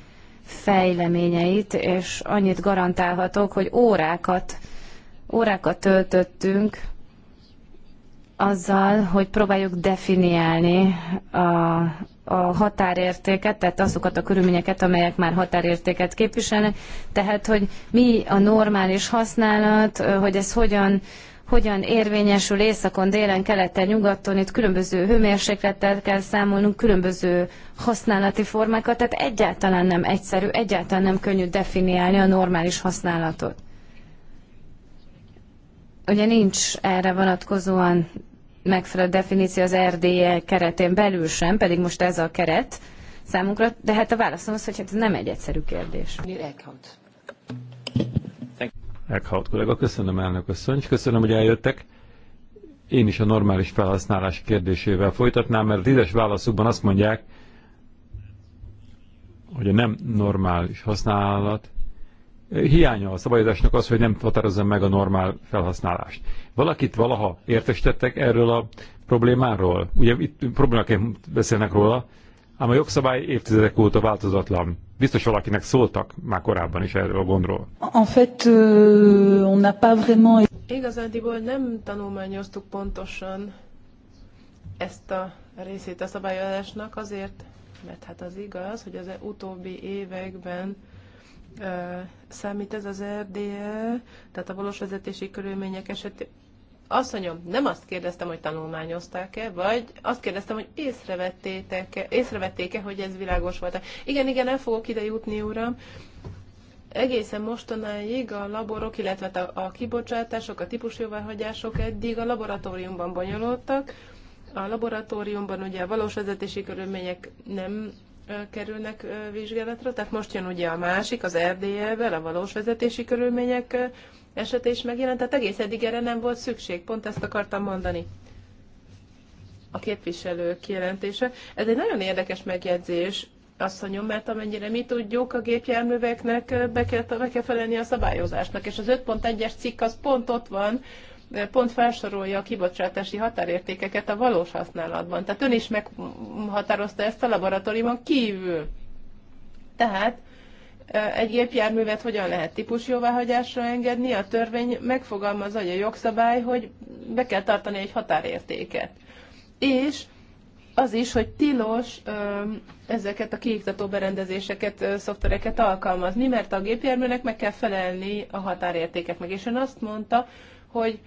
C: fejleményeit, és annyit garantálhatok, hogy órákat, órákat töltöttünk azzal, hogy próbáljuk definiálni a, a határértéket, tehát azokat a körülményeket, amelyek már határértéket képviselnek, tehát hogy mi a normális használat, hogy ez hogyan hogyan érvényesül északon, délen, keleten, nyugaton, itt különböző hőmérséklettel kell számolnunk, különböző használati formákat, tehát egyáltalán nem egyszerű, egyáltalán nem könnyű definiálni a normális használatot. Ugye nincs erre vonatkozóan megfelelő definíció az RDE keretén belül sem, pedig most ez a keret számunkra, de hát a válaszom az, hogy hát ez nem egy egyszerű kérdés.
B: Eckhout kollega, köszönöm elnök asszony, köszönöm, hogy eljöttek. Én is a normális felhasználás kérdésével folytatnám, mert tízes válaszukban azt mondják, hogy a nem normális használat eh, hiánya a szabályozásnak az, hogy nem határozza meg a normál felhasználást. Valakit valaha értestettek erről a problémáról? Ugye itt problémáként beszélnek róla, ám a jogszabály évtizedek óta változatlan. Biztos valakinek szóltak már korábban is erről a gondról.
A: En fait, euh, on pas vraiment... Igazándiból nem tanulmányoztuk pontosan ezt a részét a szabályozásnak azért, mert hát az igaz, hogy az e- utóbbi években számít ez az RDE, tehát a valós vezetési körülmények esetében Asszonyom, nem azt kérdeztem, hogy tanulmányozták-e, vagy azt kérdeztem, hogy észrevettétek-e, észrevették-e, hogy ez világos volt -e. Igen, igen, el fogok ide jutni, uram. Egészen mostanáig a laborok, illetve hát a, kibocsátások, a típusjóváhagyások eddig a laboratóriumban bonyolultak. A laboratóriumban ugye a valós vezetési körülmények nem kerülnek vizsgálatra, tehát most jön ugye a másik, az RDL-vel, a valós vezetési körülmények esete is megjelent, tehát egész eddig erre nem volt szükség, pont ezt akartam mondani a képviselő kijelentése. Ez egy nagyon érdekes megjegyzés, asszonyom, mert amennyire mi tudjuk, a gépjárműveknek eh, be kell, be kell felelni a szabályozásnak, és az 5.1-es cikk az pont ott van, eh, pont felsorolja a kibocsátási határértékeket a valós használatban. Tehát ön is meghatározta ezt a laboratóriumon kívül. Tehát egy gépjárművet hogyan lehet típusjóváhagyásra engedni, a törvény megfogalmaz, hogy a jogszabály, hogy be kell tartani egy határértéket. És az is, hogy tilos ezeket a kiiktató berendezéseket, szoftvereket alkalmazni, mert a gépjárműnek meg kell felelni a határértékeknek. És ön azt mondta, hogy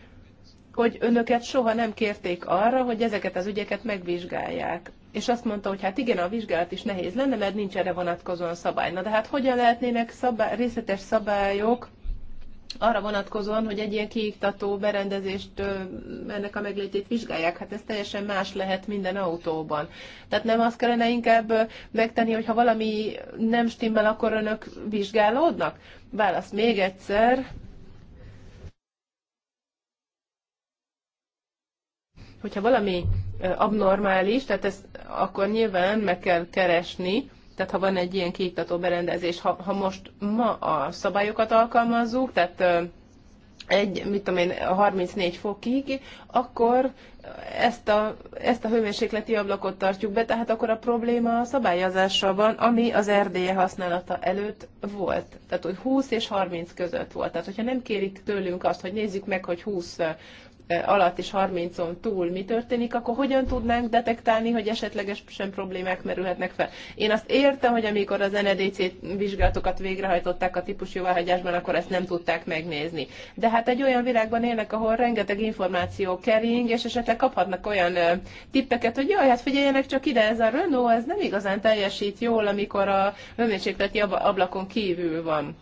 A: hogy önöket soha nem kérték arra, hogy ezeket az ügyeket megvizsgálják és azt mondta, hogy hát igen, a vizsgálat is nehéz lenne, mert nincs erre vonatkozóan szabály. Na de hát hogyan lehetnének szabály, részletes szabályok arra vonatkozóan, hogy egy ilyen kiiktató berendezést, ennek a meglétét vizsgálják, hát ez teljesen más lehet minden autóban. Tehát nem azt kellene inkább megtenni, hogy ha valami nem stimmel, akkor önök vizsgálódnak? Válasz még egyszer, hogyha valami abnormális, tehát ez akkor nyilván meg kell keresni, tehát ha van egy ilyen kiiktató berendezés, ha, ha most ma a szabályokat alkalmazzuk, tehát egy, mit tudom én, 34 fokig, akkor ezt a, ezt a hőmérsékleti ablakot tartjuk be, tehát akkor a probléma a szabályozással van, ami az erdélye használata előtt volt. Tehát, hogy 20 és 30 között volt. Tehát, hogyha nem kérik tőlünk azt, hogy nézzük meg, hogy 20 alatt és 30-on túl mi történik, akkor hogyan tudnánk detektálni, hogy esetlegesen problémák merülhetnek fel. Én azt értem, hogy amikor az NEDC vizsgálatokat végrehajtották a típus jóváhagyásban, akkor ezt nem tudták megnézni. De hát egy olyan világban élnek, ahol rengeteg információ kering, és esetleg kaphatnak olyan tippeket, hogy jaj, hát figyeljenek csak ide, ez a Renault, ez nem igazán teljesít jól, amikor a hőmérséklet ablakon kívül van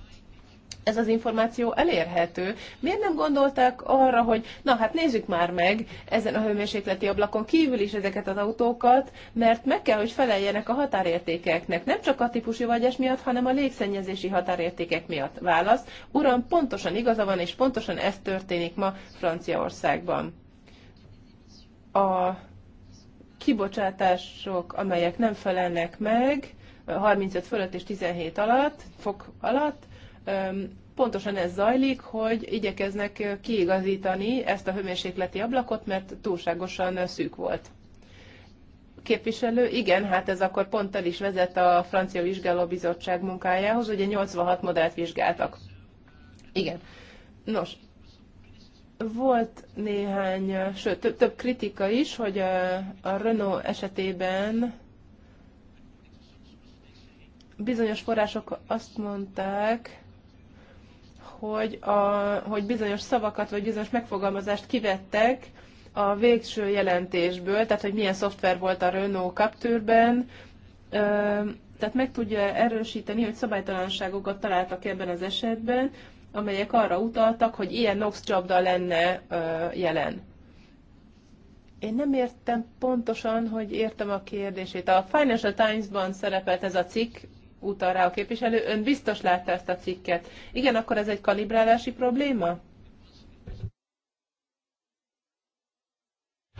A: ez az információ elérhető. Miért nem gondolták arra, hogy na hát nézzük már meg ezen a hőmérsékleti ablakon kívül is ezeket az autókat, mert meg kell, hogy feleljenek a határértékeknek, nem csak a típusú vagyás miatt, hanem a légszennyezési határértékek miatt. Válasz, uram, pontosan igaza van, és pontosan ez történik ma Franciaországban. A kibocsátások, amelyek nem felelnek meg, 35 fölött és 17 alatt, fok alatt, pontosan ez zajlik, hogy igyekeznek kiigazítani ezt a hőmérsékleti ablakot, mert túlságosan szűk volt. Képviselő, igen, hát ez akkor pont el is vezet a francia vizsgálóbizottság munkájához, ugye 86 modellt vizsgáltak. Igen. Nos, volt néhány, sőt, több, több kritika is, hogy a, a Renault esetében bizonyos források azt mondták, hogy, a, hogy bizonyos szavakat vagy bizonyos megfogalmazást kivettek a végső jelentésből, tehát hogy milyen szoftver volt a Renault Capture-ben, tehát meg tudja erősíteni, hogy szabálytalanságokat találtak ebben az esetben, amelyek arra utaltak, hogy ilyen NOx csapda lenne jelen. Én nem értem pontosan, hogy értem a kérdését. A Financial Times-ban szerepelt ez a cikk, utal rá a képviselő, ön biztos látta ezt a cikket. Igen, akkor ez egy kalibrálási probléma?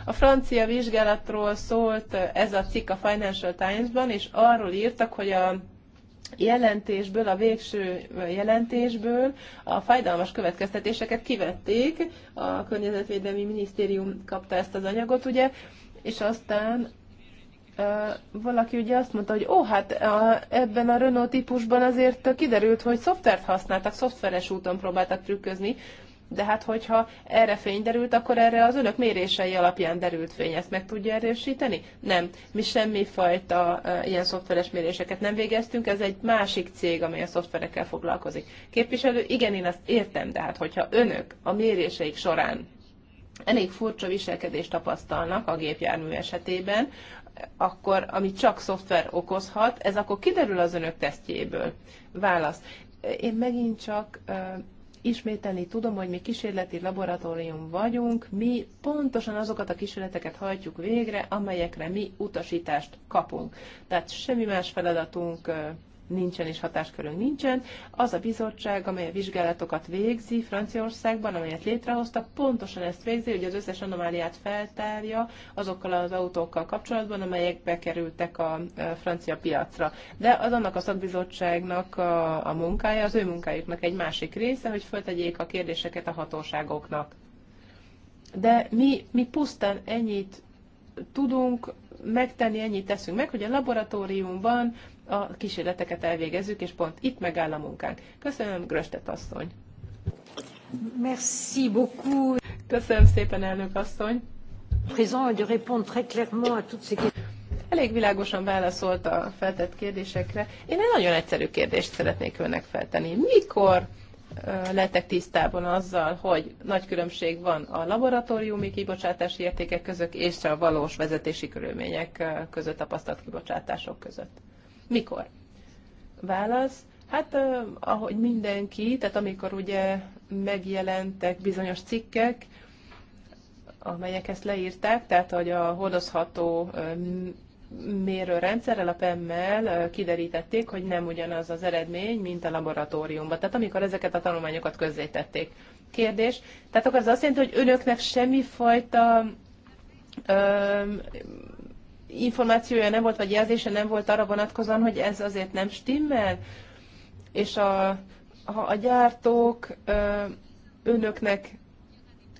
A: A francia vizsgálatról szólt ez a cikk a Financial Times-ban, és arról írtak, hogy a jelentésből, a végső jelentésből a fájdalmas következtetéseket kivették, a Környezetvédelmi Minisztérium kapta ezt az anyagot, ugye, és aztán valaki ugye azt mondta, hogy ó, hát a, ebben a Renault típusban azért kiderült, hogy szoftvert használtak, szoftveres úton próbáltak trükközni, de hát hogyha erre fény derült, akkor erre az önök mérései alapján derült fény. Ezt meg tudja erősíteni? Nem. Mi semmifajta e, ilyen szoftveres méréseket nem végeztünk, ez egy másik cég, amely a szoftverekkel foglalkozik. Képviselő, igen, én azt értem, de hát hogyha önök a méréseik során elég furcsa viselkedést tapasztalnak a gépjármű esetében, akkor, ami csak szoftver okozhat, ez akkor kiderül az önök tesztjéből. Válasz. Én megint csak ismételni tudom, hogy mi kísérleti laboratórium vagyunk, mi pontosan azokat a kísérleteket hajtjuk végre, amelyekre mi utasítást kapunk. Tehát semmi más feladatunk nincsen és hatáskörünk nincsen. Az a bizottság, amely a vizsgálatokat végzi Franciaországban, amelyet létrehoztak, pontosan ezt végzi, hogy az összes anomáliát feltárja azokkal az autókkal kapcsolatban, amelyek bekerültek a e, francia piacra. De az annak a szakbizottságnak a, a munkája, az ő munkájuknak egy másik része, hogy föltegyék a kérdéseket a hatóságoknak. De mi, mi pusztán ennyit tudunk megtenni, ennyit teszünk meg, hogy a laboratóriumban a kísérleteket elvégezzük, és pont itt megáll a munkánk. Köszönöm, Gröstet asszony! Merci beaucoup. Köszönöm szépen, elnök asszony! elég világosan válaszolt a feltett kérdésekre. Én egy nagyon egyszerű kérdést szeretnék önnek feltenni. Mikor lettek tisztában azzal, hogy nagy különbség van a laboratóriumi kibocsátási értékek között és a valós vezetési körülmények között, tapasztalt kibocsátások között? Mikor? Válasz, hát ahogy mindenki, tehát amikor ugye megjelentek bizonyos cikkek, amelyek ezt leírták, tehát hogy a hordozható mérőrendszerrel, a PEM-mel kiderítették, hogy nem ugyanaz az eredmény, mint a laboratóriumban. Tehát amikor ezeket a tanulmányokat közzétették. Kérdés. Tehát akkor az azt jelenti, hogy önöknek semmifajta információja nem volt, vagy jelzése nem volt arra vonatkozóan, hogy ez azért nem stimmel, és a, ha a gyártók önöknek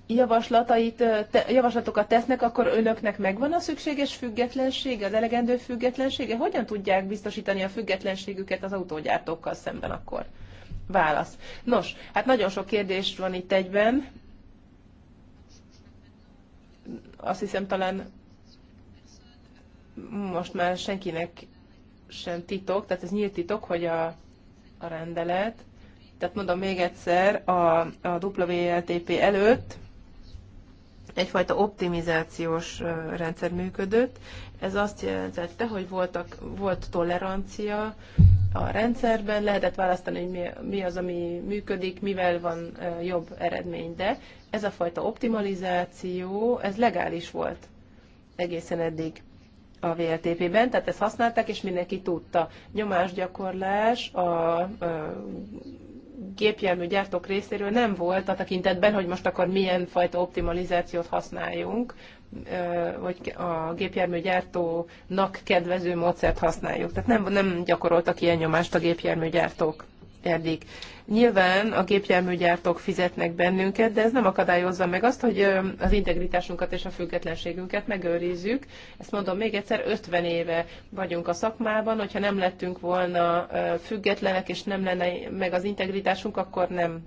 A: javaslatait, te, javaslatokat tesznek, akkor önöknek megvan a szükséges függetlensége, az elegendő függetlensége? Hogyan tudják biztosítani a függetlenségüket az autógyártókkal szemben akkor? Válasz. Nos, hát nagyon sok kérdés van itt egyben. Azt hiszem talán most már senkinek sem titok, tehát ez nyílt titok, hogy a, a rendelet, tehát mondom még egyszer, a, a WLTP előtt egyfajta optimizációs rendszer működött. Ez azt jelentette, hogy voltak, volt tolerancia a rendszerben, lehetett választani, hogy mi, mi az, ami működik, mivel van jobb eredmény, de ez a fajta optimalizáció, ez legális volt egészen eddig a VLTP-ben, tehát ezt használták, és mindenki tudta. Nyomásgyakorlás a, a gépjármű gyártók részéről nem volt a tekintetben, hogy most akkor milyen fajta optimalizációt használjunk, vagy a gyártónak kedvező módszert használjuk. Tehát nem, nem gyakoroltak ilyen nyomást a gyártók eddig. Nyilván a gépjárműgyártók fizetnek bennünket, de ez nem akadályozza meg azt, hogy az integritásunkat és a függetlenségünket megőrizzük. Ezt mondom még egyszer, 50 éve vagyunk a szakmában, hogyha nem lettünk volna függetlenek, és nem lenne meg az integritásunk, akkor nem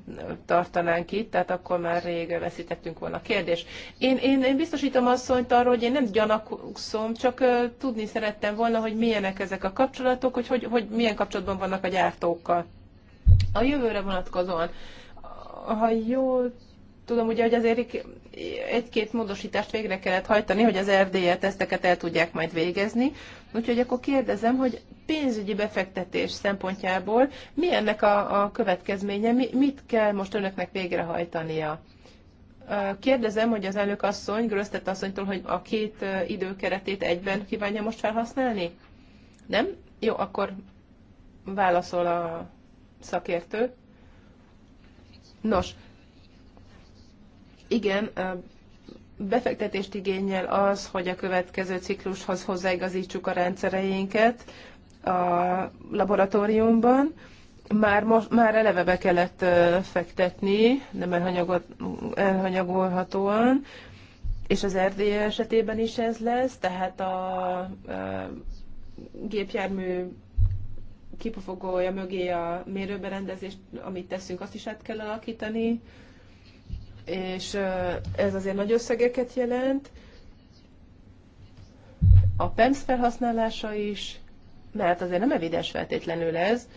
A: tartanánk itt, tehát akkor már rég veszítettünk volna. Kérdés. Én, én, én biztosítom asszonyt arról, hogy én nem gyanakszom, csak tudni szerettem volna, hogy milyenek ezek a kapcsolatok, hogy, hogy, hogy milyen kapcsolatban vannak a gyártókkal. A jövőre vonatkozóan, ha jól tudom, ugye, hogy azért egy-két módosítást végre kellett hajtani, hogy az RDE teszteket el tudják majd végezni. Úgyhogy akkor kérdezem, hogy pénzügyi befektetés szempontjából mi ennek a, a következménye, mi, mit kell most önöknek végrehajtania? Kérdezem, hogy az elnök asszony, Grösztet asszonytól, hogy a két időkeretét egyben kívánja most felhasználni? Nem? Jó, akkor válaszol a szakértő. Nos, igen, befektetést igényel az, hogy a következő ciklushoz hozzáigazítsuk a rendszereinket a laboratóriumban. Már, most, már eleve be kellett fektetni, nem elhanyagolhatóan, és az Erdély esetében is ez lesz, tehát a, a gépjármű kipufogója mögé a mérőberendezést, amit teszünk, azt is át kell alakítani, és ez azért nagy összegeket jelent. A PEMS felhasználása is, mert azért nem evidens feltétlenül ez,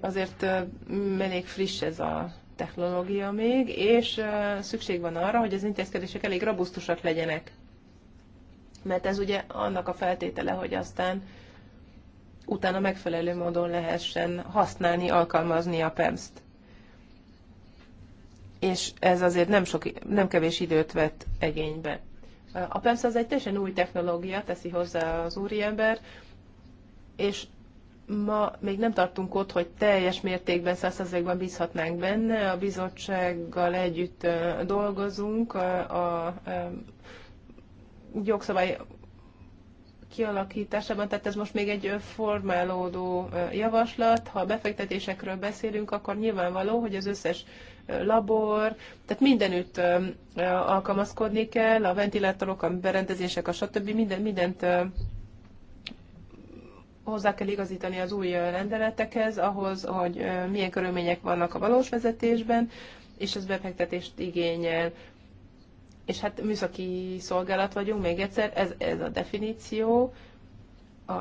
A: azért elég friss ez a technológia még, és szükség van arra, hogy az intézkedések elég robusztusak legyenek. Mert ez ugye annak a feltétele, hogy aztán uh, utána megfelelő módon lehessen használni, alkalmazni a PEMS-t. És ez azért nem, sok, nem kevés időt vett egénybe. A PEMS az egy teljesen új technológia, teszi hozzá az úriember, és ma még nem tartunk ott, hogy teljes mértékben, százszerzékben bízhatnánk benne. A bizottsággal együtt dolgozunk, a jogszabály kialakításában, tehát ez most még egy formálódó javaslat. Ha befektetésekről beszélünk, akkor nyilvánvaló, hogy az összes labor, tehát mindenütt alkalmazkodni kell, a ventilátorok, a berendezések, a stb. Minden, mindent hozzá kell igazítani az új rendeletekhez, ahhoz, hogy milyen körülmények vannak a valós vezetésben, és ez befektetést igényel és hát műszaki szolgálat vagyunk, még egyszer, ez, ez a definíció, a,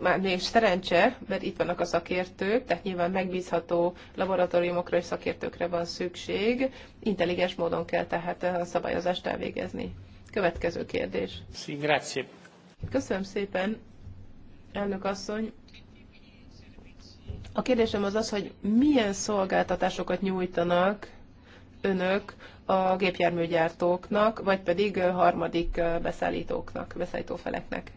A: már még szerencse, mert itt vannak a szakértők, tehát nyilván megbízható laboratóriumokra és szakértőkre van szükség, intelligens módon kell tehát a szabályozást elvégezni. Következő kérdés. Köszönöm szépen, elnök asszony. A kérdésem az az, hogy milyen szolgáltatásokat nyújtanak önök a gépjárműgyártóknak, vagy pedig harmadik beszállítóknak, beszállítófeleknek?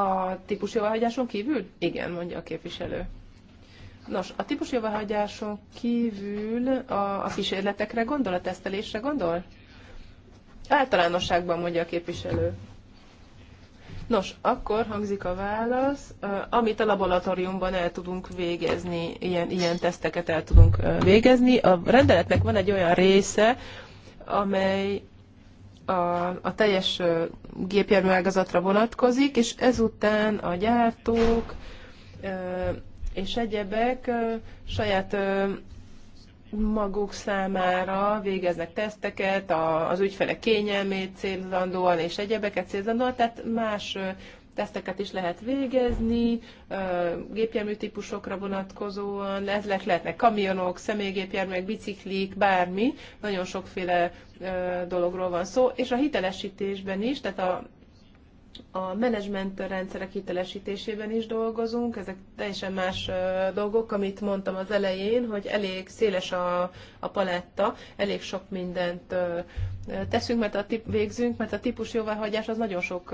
A: A típus jóváhagyáson A kívül? Igen, mondja a képviselő. Nos, a jóváhagyáson kívül a, a kísérletekre gondol, a tesztelésre gondol? Általánosságban mondja a képviselő. Nos, akkor hangzik a válasz, amit a laboratóriumban el tudunk végezni, ilyen, ilyen teszteket el tudunk végezni. A rendeletnek van egy olyan része, amely a, a teljes gépjárműágazatra vonatkozik, és ezután a gyártók és egyebek saját maguk számára végeznek teszteket, a, az ügyfelek kényelmét célzandóan és egyebeket célzandóan, tehát más teszteket is lehet végezni, gépjármű típusokra vonatkozóan, ezek lehetnek kamionok, személygépjárműek, biciklik, bármi, nagyon sokféle dologról van szó, és a hitelesítésben is, tehát a a menedzsment rendszerek hitelesítésében is dolgozunk, ezek teljesen más dolgok, amit mondtam az elején, hogy elég széles a, a paletta, elég sok mindent teszünk, mert a tip, végzünk, mert a típus jóváhagyás az nagyon sok,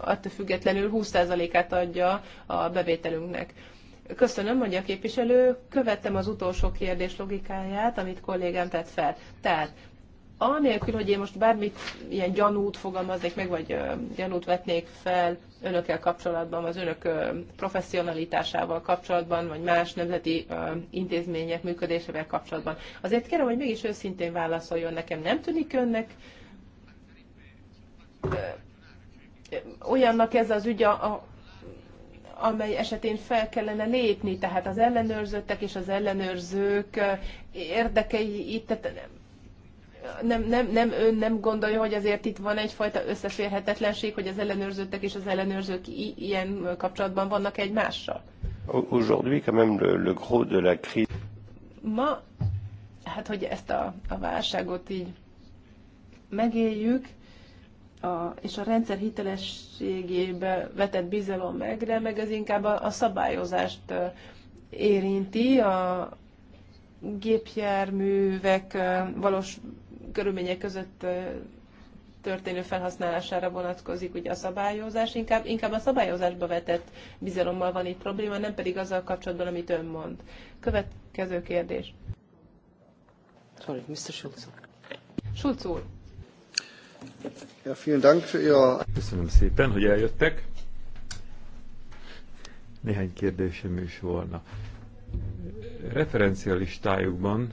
A: attól függetlenül 20%-át adja a bevételünknek. Köszönöm, mondja a képviselő. Követtem az utolsó kérdés logikáját, amit kollégám tett fel. Tehát anélkül, hogy én most bármit ilyen gyanút fogalmaznék meg, vagy gyanút vetnék fel önökkel kapcsolatban, az önök professzionalitásával kapcsolatban, vagy más nemzeti intézmények működésével kapcsolatban. Azért kérem, hogy mégis őszintén válaszoljon nekem. Nem tűnik önnek olyannak ez az ügy, a, amely esetén fel kellene lépni, tehát az ellenőrzöttek és az ellenőrzők érdekei itt, tehát nem, nem, nem, ön nem gondolja, hogy azért itt van egyfajta összeférhetetlenség, hogy az ellenőrzöttek és az ellenőrzők ilyen kapcsolatban vannak egymással?
D: Aujourd'hui,
B: quand même, le, le gros de la crise.
A: Ma, hát hogy ezt a, a válságot így megéljük, a, és a rendszer hitelességébe vetett bizalom de meg az inkább a, a szabályozást érinti, a gépjárművek valós körülmények között történő felhasználására vonatkozik ugye a szabályozás, inkább, inkább a szabályozásba vetett bizalommal van itt probléma, nem pedig azzal kapcsolatban, amit ön mond. Következő kérdés. Sorry, Mr. Schulz. Schulz úr.
C: Ja, vielen Dank für Ihr...
B: Köszönöm szépen, hogy eljöttek. Néhány kérdésem is volna. Referencialistájukban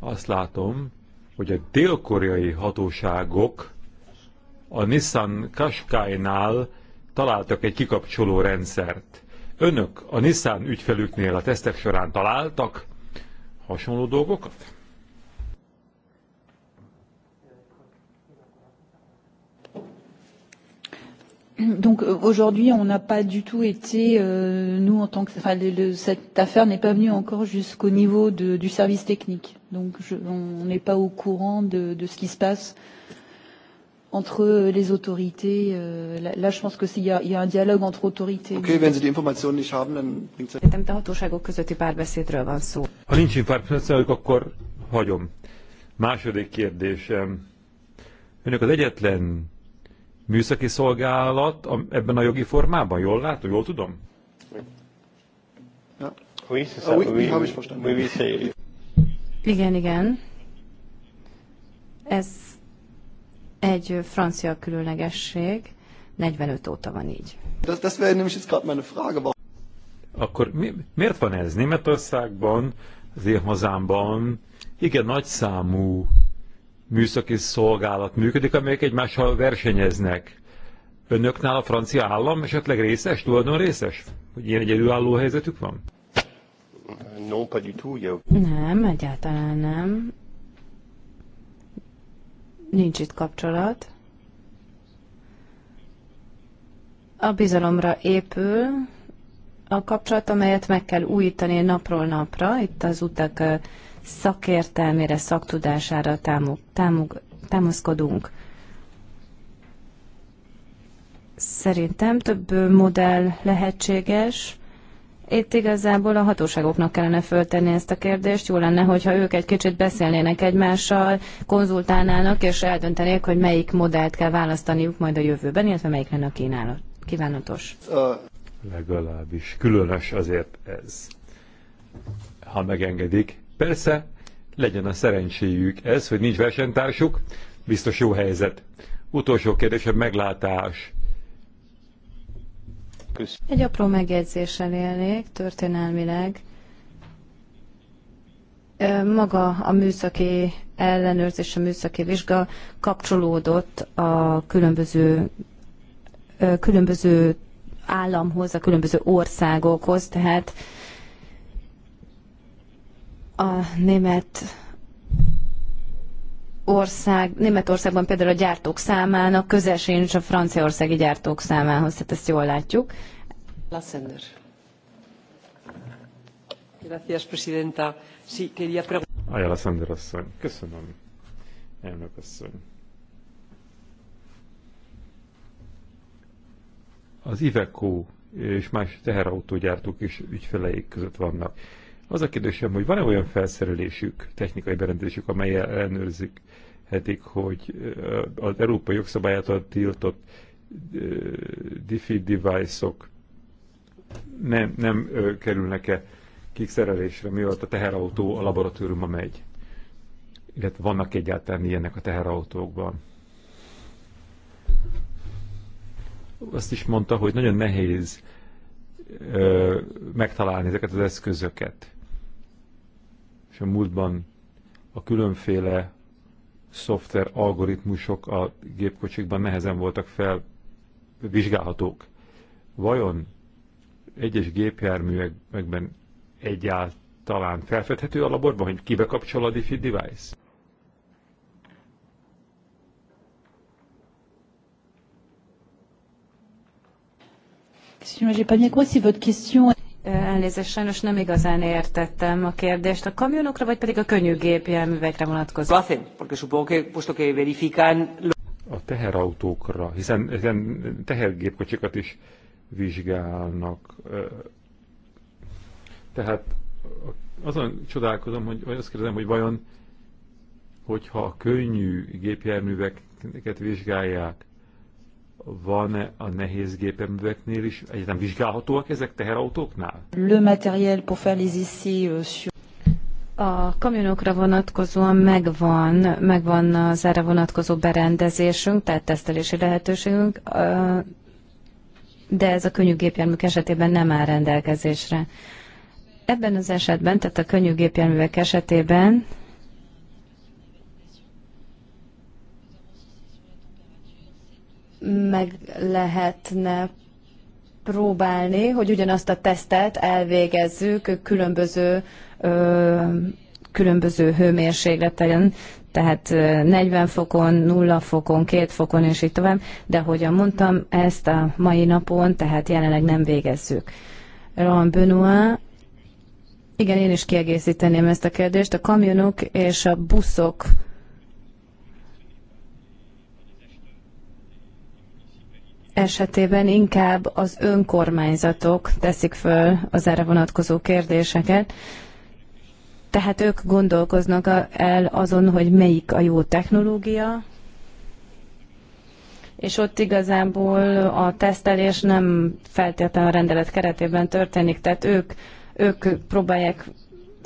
B: azt látom, hogy a dél-koreai hatóságok a Nissan Qashqai-nál találtak egy kikapcsoló rendszert. Önök a Nissan ügyfelüknél a tesztek során találtak hasonló dolgokat?
C: Donc aujourd'hui, on n'a pas du tout été, euh, nous en tant que, enfin, le, le, cette affaire n'est pas venue encore jusqu'au niveau de, du service technique.
D: Donc je, on n'est pas au courant de, de ce qui se passe entre les Autorités. Euh, là, là, je pense que s'il y, y a un dialogue entre autorités.
C: Okay, wenn Sie
B: die Informationen nicht haben, dann bringt es.
C: Szerintem a hatóságok közötti párbeszédről van szó.
B: Ha nincs párbeszédünk, akkor hagyom. Második kérdésem. Önök az egyetlen műszaki szolgálat ebben a jogi formában? Jól látom? Jól tudom? Ah,
C: igen, igen. Ez egy francia különlegesség. 45 óta van így.
B: Akkor mi, miért van ez? Németországban, az én hazámban igen nagy számú műszaki szolgálat működik, amelyek egymással versenyeznek. Önöknál a francia állam esetleg részes, tulajdon részes? Hogy ilyen egyedülálló helyzetük van?
C: Nem, egyáltalán nem. Nincs itt kapcsolat. A bizalomra épül a kapcsolat, amelyet meg kell újítani napról napra. Itt az utak szakértelmére, szaktudására támog, támog, támaszkodunk. Szerintem több modell lehetséges. Itt igazából a hatóságoknak kellene föltenni ezt a kérdést. Jó lenne, hogyha ők egy kicsit beszélnének egymással, konzultálnának, és eldöntenék, hogy melyik modellt kell választaniuk majd a jövőben, illetve melyik lenne a kínálat, kívánatos.
B: Legalábbis különös azért ez. Ha megengedik, Persze, legyen a szerencséjük ez, hogy nincs versenytársuk, biztos jó helyzet. Utolsó kérdésem, meglátás. Köszönöm.
C: Egy apró megjegyzéssel élnék, történelmileg. Maga a műszaki ellenőrzés, a műszaki vizsga kapcsolódott a különböző, különböző államhoz, a különböző országokhoz, tehát a német ország, Németországban például a gyártók számának közel sincs a franciaországi gyártók számához, tehát ezt jól látjuk.
D: Lassender. Gracias, presidenta. Sí, quería
B: Ajala Szender asszony. Köszönöm, elnök asszony. Az Iveco és más teherautógyártók is ügyfeleik között vannak az a kérdésem, hogy van-e olyan felszerelésük, technikai berendezésük, amely ellenőrzik, hetik, hogy az európai jogszabályától tiltott DeFi device-ok -ok nem, nem kerülnek-e kikszerelésre, mivel a teherautó a laboratóriumba megy? Illetve vannak egyáltalán ilyenek a teherautókban? Azt is mondta, hogy nagyon nehéz ö, megtalálni ezeket az eszközöket és a múltban a különféle szoftver algoritmusok a gépkocsikban nehezen voltak fel vizsgálhatók. Vajon egyes gépjárműekben egyáltalán felfedhető a laborban, hogy kibe kapcsol a DeFi device?
C: Elnézést, sajnos nem igazán értettem a kérdést. A kamionokra, vagy pedig a könnyű
D: gépjárművekre vonatkozik?
B: A teherautókra, hiszen, hiszen tehergépkocsikat is vizsgálnak. Tehát azon csodálkozom, hogy vagy azt kérdezem, hogy vajon, hogyha a könnyű gépjárműveket vizsgálják, van-e a nehéz gépeműveknél is? Egyetem vizsgálhatóak ezek teherautóknál?
C: Le matériel pour faire les essais euh, sur... A kamionokra vonatkozóan megvan, megvan az erre vonatkozó berendezésünk, tehát tesztelési lehetőségünk, de ez a könnyű gépjárműk esetében nem áll rendelkezésre. Ebben az esetben, tehát a könnyű gépjárművek esetében meg lehetne próbálni, hogy ugyanazt a tesztet elvégezzük különböző, ö, különböző hőmérsékleten, tehát 40 fokon, 0 fokon, 2 fokon és így tovább, de ahogyan mondtam, ezt a mai napon, tehát jelenleg nem végezzük. Ron Benoit, igen, én is kiegészíteném ezt a kérdést. A kamionok és a buszok esetében inkább az önkormányzatok teszik föl az erre vonatkozó kérdéseket, tehát ők gondolkoznak el azon, hogy melyik a jó technológia, és ott igazából a tesztelés nem feltétlenül a rendelet keretében történik, tehát ők, ők próbálják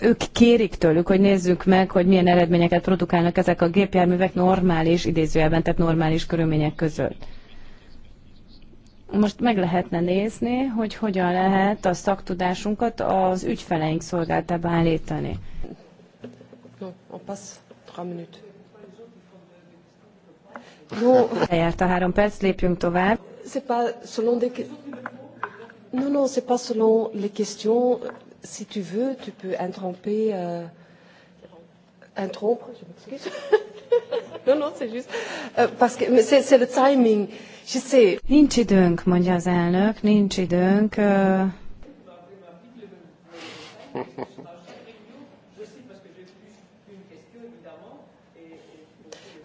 C: ők kérik tőlük, hogy nézzük meg, hogy milyen eredményeket produkálnak ezek a gépjárművek normális, idézőjelben, tehát normális körülmények között most meg lehetne nézni, hogy hogyan lehet a szaktudásunkat az ügyfeleink szolgáltába állítani. No, eljárt a három perc, lépjünk tovább. C'est pas selon des... Non, non, c'est pas selon les questions. Si tu veux, tu peux interromper... Euh...
A: Interrompre, je m'excuse. non, non, c'est juste. Euh, parce que c'est, c'est le timing. Je sais.
C: Nincs időnk, mondja az elnök, nincs időnk. Uh...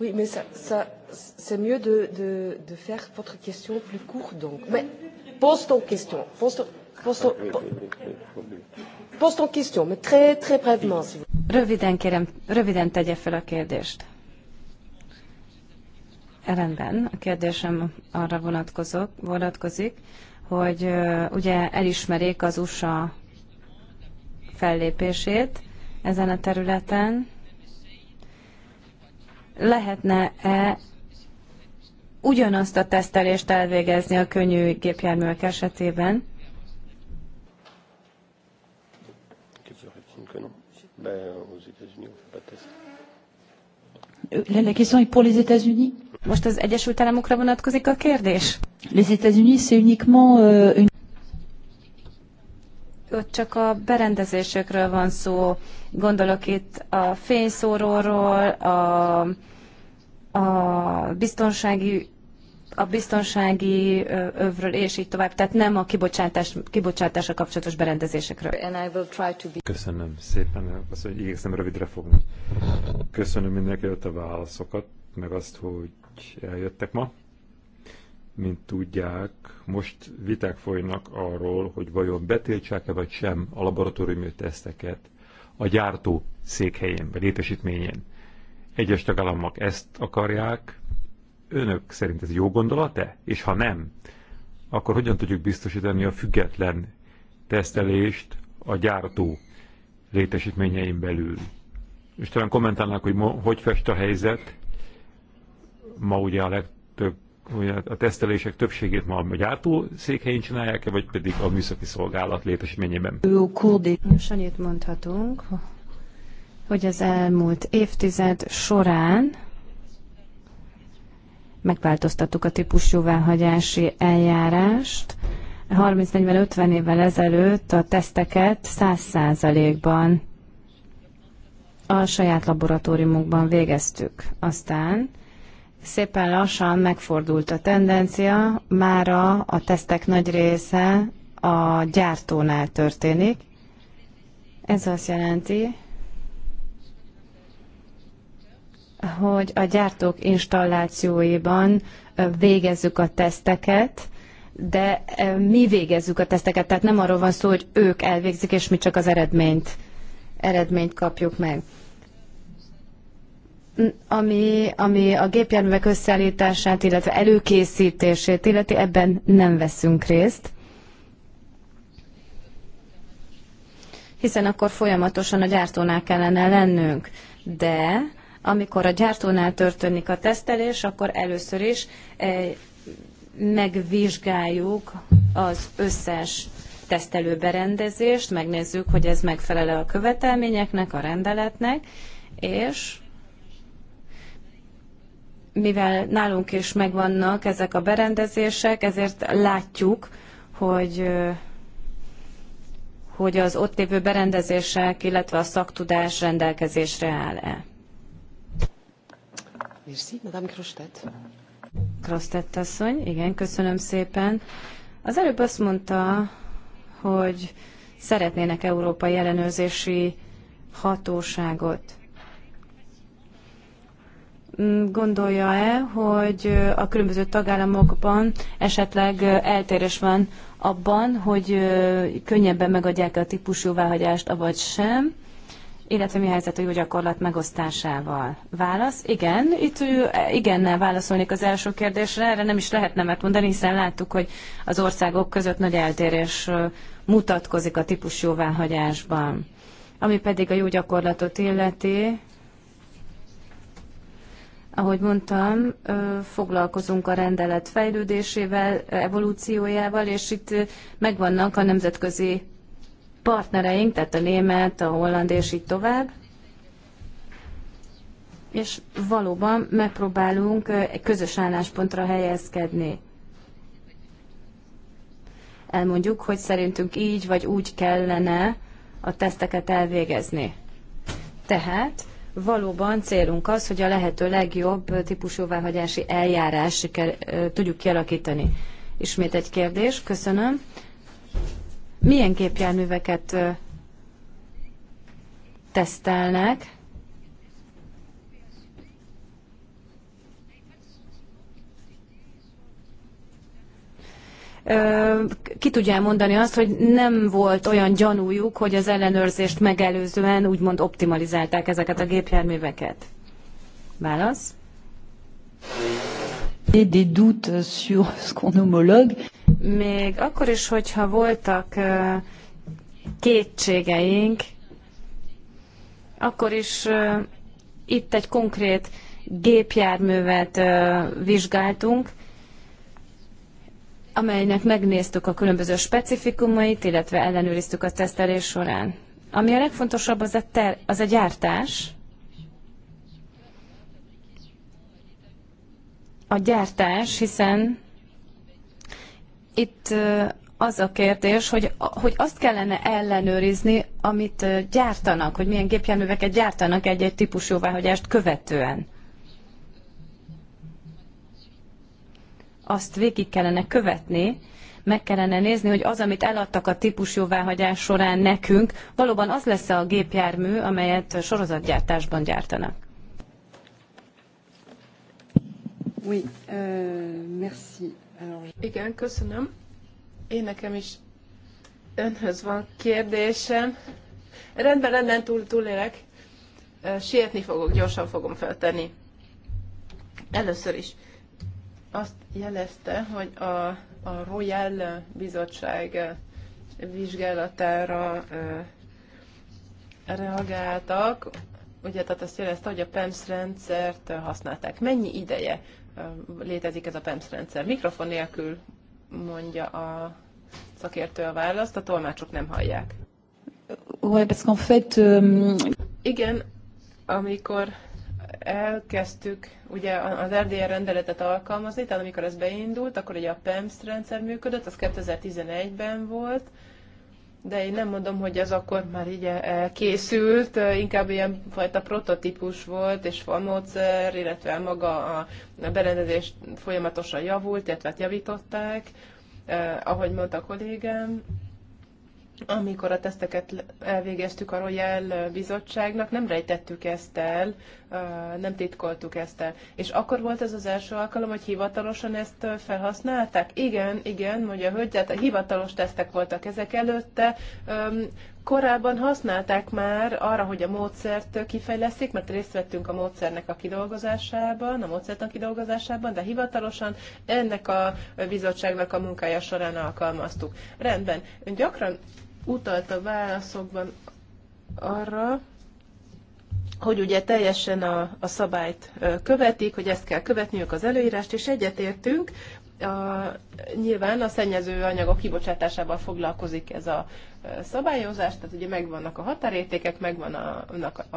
A: Oui, mais ça, ça, c'est mieux de, de, de faire votre question plus courte, donc. Mais pose ton question. Pose ton, pose ton,
D: pose ton question, mais très, très brièvement, si vous...
C: Röviden kérem, röviden tegye fel a kérdést. Rendben, a kérdésem arra vonatkozok, vonatkozik, hogy ugye elismerik az USA fellépését ezen a területen. Lehetne-e ugyanazt a tesztelést elvégezni a könnyű gépjárművek esetében? Euh, la question est pour les États-Unis most az Egyesült Államokra vonatkozik a kérdés? Les États-Unis, c'est uniquement euh, une... Ott csak a berendezésekről van szó. Gondolok itt a fényszóróról, a, a biztonsági a biztonsági övről, és így tovább, tehát nem a kibocsátás, kibocsátásra kapcsolatos berendezésekről. Be...
B: Köszönöm szépen, azt, hogy igyekszem rövidre fogni. Köszönöm mindenki a válaszokat, meg azt, hogy hogy eljöttek ma. Mint tudják, most viták folynak arról, hogy vajon betiltsák-e vagy sem a laboratóriumi teszteket a gyártó székhelyén, vagy létesítményén. Egyes tagállamok ezt akarják. Önök szerint ez jó gondolat-e? És ha nem, akkor hogyan tudjuk biztosítani a független tesztelést a gyártó létesítményein belül? És talán kommentálnák, hogy mo- hogy fest a helyzet, ma ugye a legtöbb ugye a tesztelések többségét ma a gyártó székhelyén csinálják -e, vagy pedig a műszaki szolgálat létesítményében?
C: Most annyit mondhatunk, hogy az elmúlt évtized során megváltoztattuk a típus jóváhagyási eljárást. 30-40-50 évvel ezelőtt a teszteket 100%-ban a saját laboratóriumokban végeztük. Aztán szépen lassan megfordult a tendencia, mára a tesztek nagy része a gyártónál történik. Ez azt jelenti, hogy a gyártók installációiban végezzük a teszteket, de mi végezzük a teszteket, tehát nem arról van szó, hogy ők elvégzik, és mi csak az eredményt, eredményt kapjuk meg ami, ami a gépjárművek összeállítását, illetve előkészítését illeti, ebben nem veszünk részt. Hiszen akkor folyamatosan a gyártónál kellene lennünk. De amikor a gyártónál történik a tesztelés, akkor először is eh, megvizsgáljuk az összes tesztelő berendezést, megnézzük, hogy ez megfelele a követelményeknek, a rendeletnek, és mivel nálunk is megvannak ezek a berendezések, ezért látjuk, hogy hogy az ott lévő berendezések, illetve a szaktudás rendelkezésre áll-e.
A: Merci, Madame Krostet.
C: Krostet asszony, igen, köszönöm szépen. Az előbb azt mondta, hogy szeretnének európai ellenőrzési hatóságot gondolja-e, hogy a különböző tagállamokban esetleg eltérés van abban, hogy könnyebben megadják a típusjóváhagyást, avagy sem, illetve mi a helyzet a jó gyakorlat megosztásával? Válasz? Igen. Itt igennel válaszolnék az első kérdésre, erre nem is lehet nemet mondani, hiszen láttuk, hogy az országok között nagy eltérés mutatkozik a típusjóváhagyásban. Ami pedig a jó gyakorlatot illeti, ahogy mondtam, foglalkozunk a rendelet fejlődésével, evolúciójával, és itt megvannak a nemzetközi partnereink, tehát a német, a holland és így tovább. És valóban megpróbálunk egy közös álláspontra helyezkedni. Elmondjuk, hogy szerintünk így vagy úgy kellene a teszteket elvégezni. Tehát valóban célunk az, hogy a lehető legjobb típusjóváhagyási eljárás siker, tudjuk kialakítani. Ismét egy kérdés, köszönöm. Milyen gépjárműveket tesztelnek? ki tudja mondani azt, hogy nem volt olyan gyanújuk, hogy az ellenőrzést megelőzően úgymond optimalizálták ezeket a gépjárműveket? Válasz? Még akkor is, hogyha voltak kétségeink, akkor is itt egy konkrét gépjárművet vizsgáltunk, amelynek megnéztük a különböző specifikumait, illetve ellenőriztük a tesztelés során. Ami a legfontosabb, az a, ter, az a gyártás. A gyártás, hiszen itt az a kérdés, hogy, hogy azt kellene ellenőrizni, amit gyártanak, hogy milyen gépjárműveket gyártanak egy-egy típus jóváhagyást követően. azt végig kellene követni, meg kellene nézni, hogy az, amit eladtak a típusjóváhagyás során nekünk, valóban az lesz a gépjármű, amelyet sorozatgyártásban gyártanak.
A: Oui, euh, merci. Alors... Igen, köszönöm. Én nekem is önhöz van kérdésem. Rendben, rendben, túl, túlélek. Sietni fogok, gyorsan fogom feltenni. Először is azt jelezte, hogy a, a Royal Bizottság vizsgálatára ö, reagáltak, ugye tehát azt jelezte, hogy a PEMS rendszert használták. Mennyi ideje létezik ez a PEMS rendszer? Mikrofon nélkül mondja a szakértő a választ, a tolmácsok nem hallják. Ouais, parce qu'en fait, euh... Igen, amikor elkezdtük ugye az RDR rendeletet alkalmazni, tehát amikor ez beindult, akkor ugye a PEMS rendszer működött, az 2011-ben volt, de én nem mondom, hogy ez akkor már így készült, inkább ilyen fajta prototípus volt, és a módszer, illetve maga a berendezés folyamatosan javult, illetve hát javították, ahogy mondta a kollégám, amikor a teszteket elvégeztük a Royal Bizottságnak, nem rejtettük ezt el, nem titkoltuk ezt el. És akkor volt ez az első alkalom, hogy hivatalosan ezt felhasználták? Igen, igen, mondja a hölgy, tehát a hivatalos tesztek voltak ezek előtte. Korábban használták már arra, hogy a módszert kifejleszik, mert részt vettünk a módszernek a kidolgozásában, a módszertan kidolgozásában, de hivatalosan ennek a bizottságnak a munkája során alkalmaztuk. Rendben. Ön gyakran utalt a válaszokban arra, hogy ugye teljesen a, a szabályt követik, hogy ezt kell követniük az előírást, és egyetértünk, a, nyilván a szennyező anyagok kibocsátásával foglalkozik ez a szabályozás, tehát ugye megvannak a határértékek, megvan a,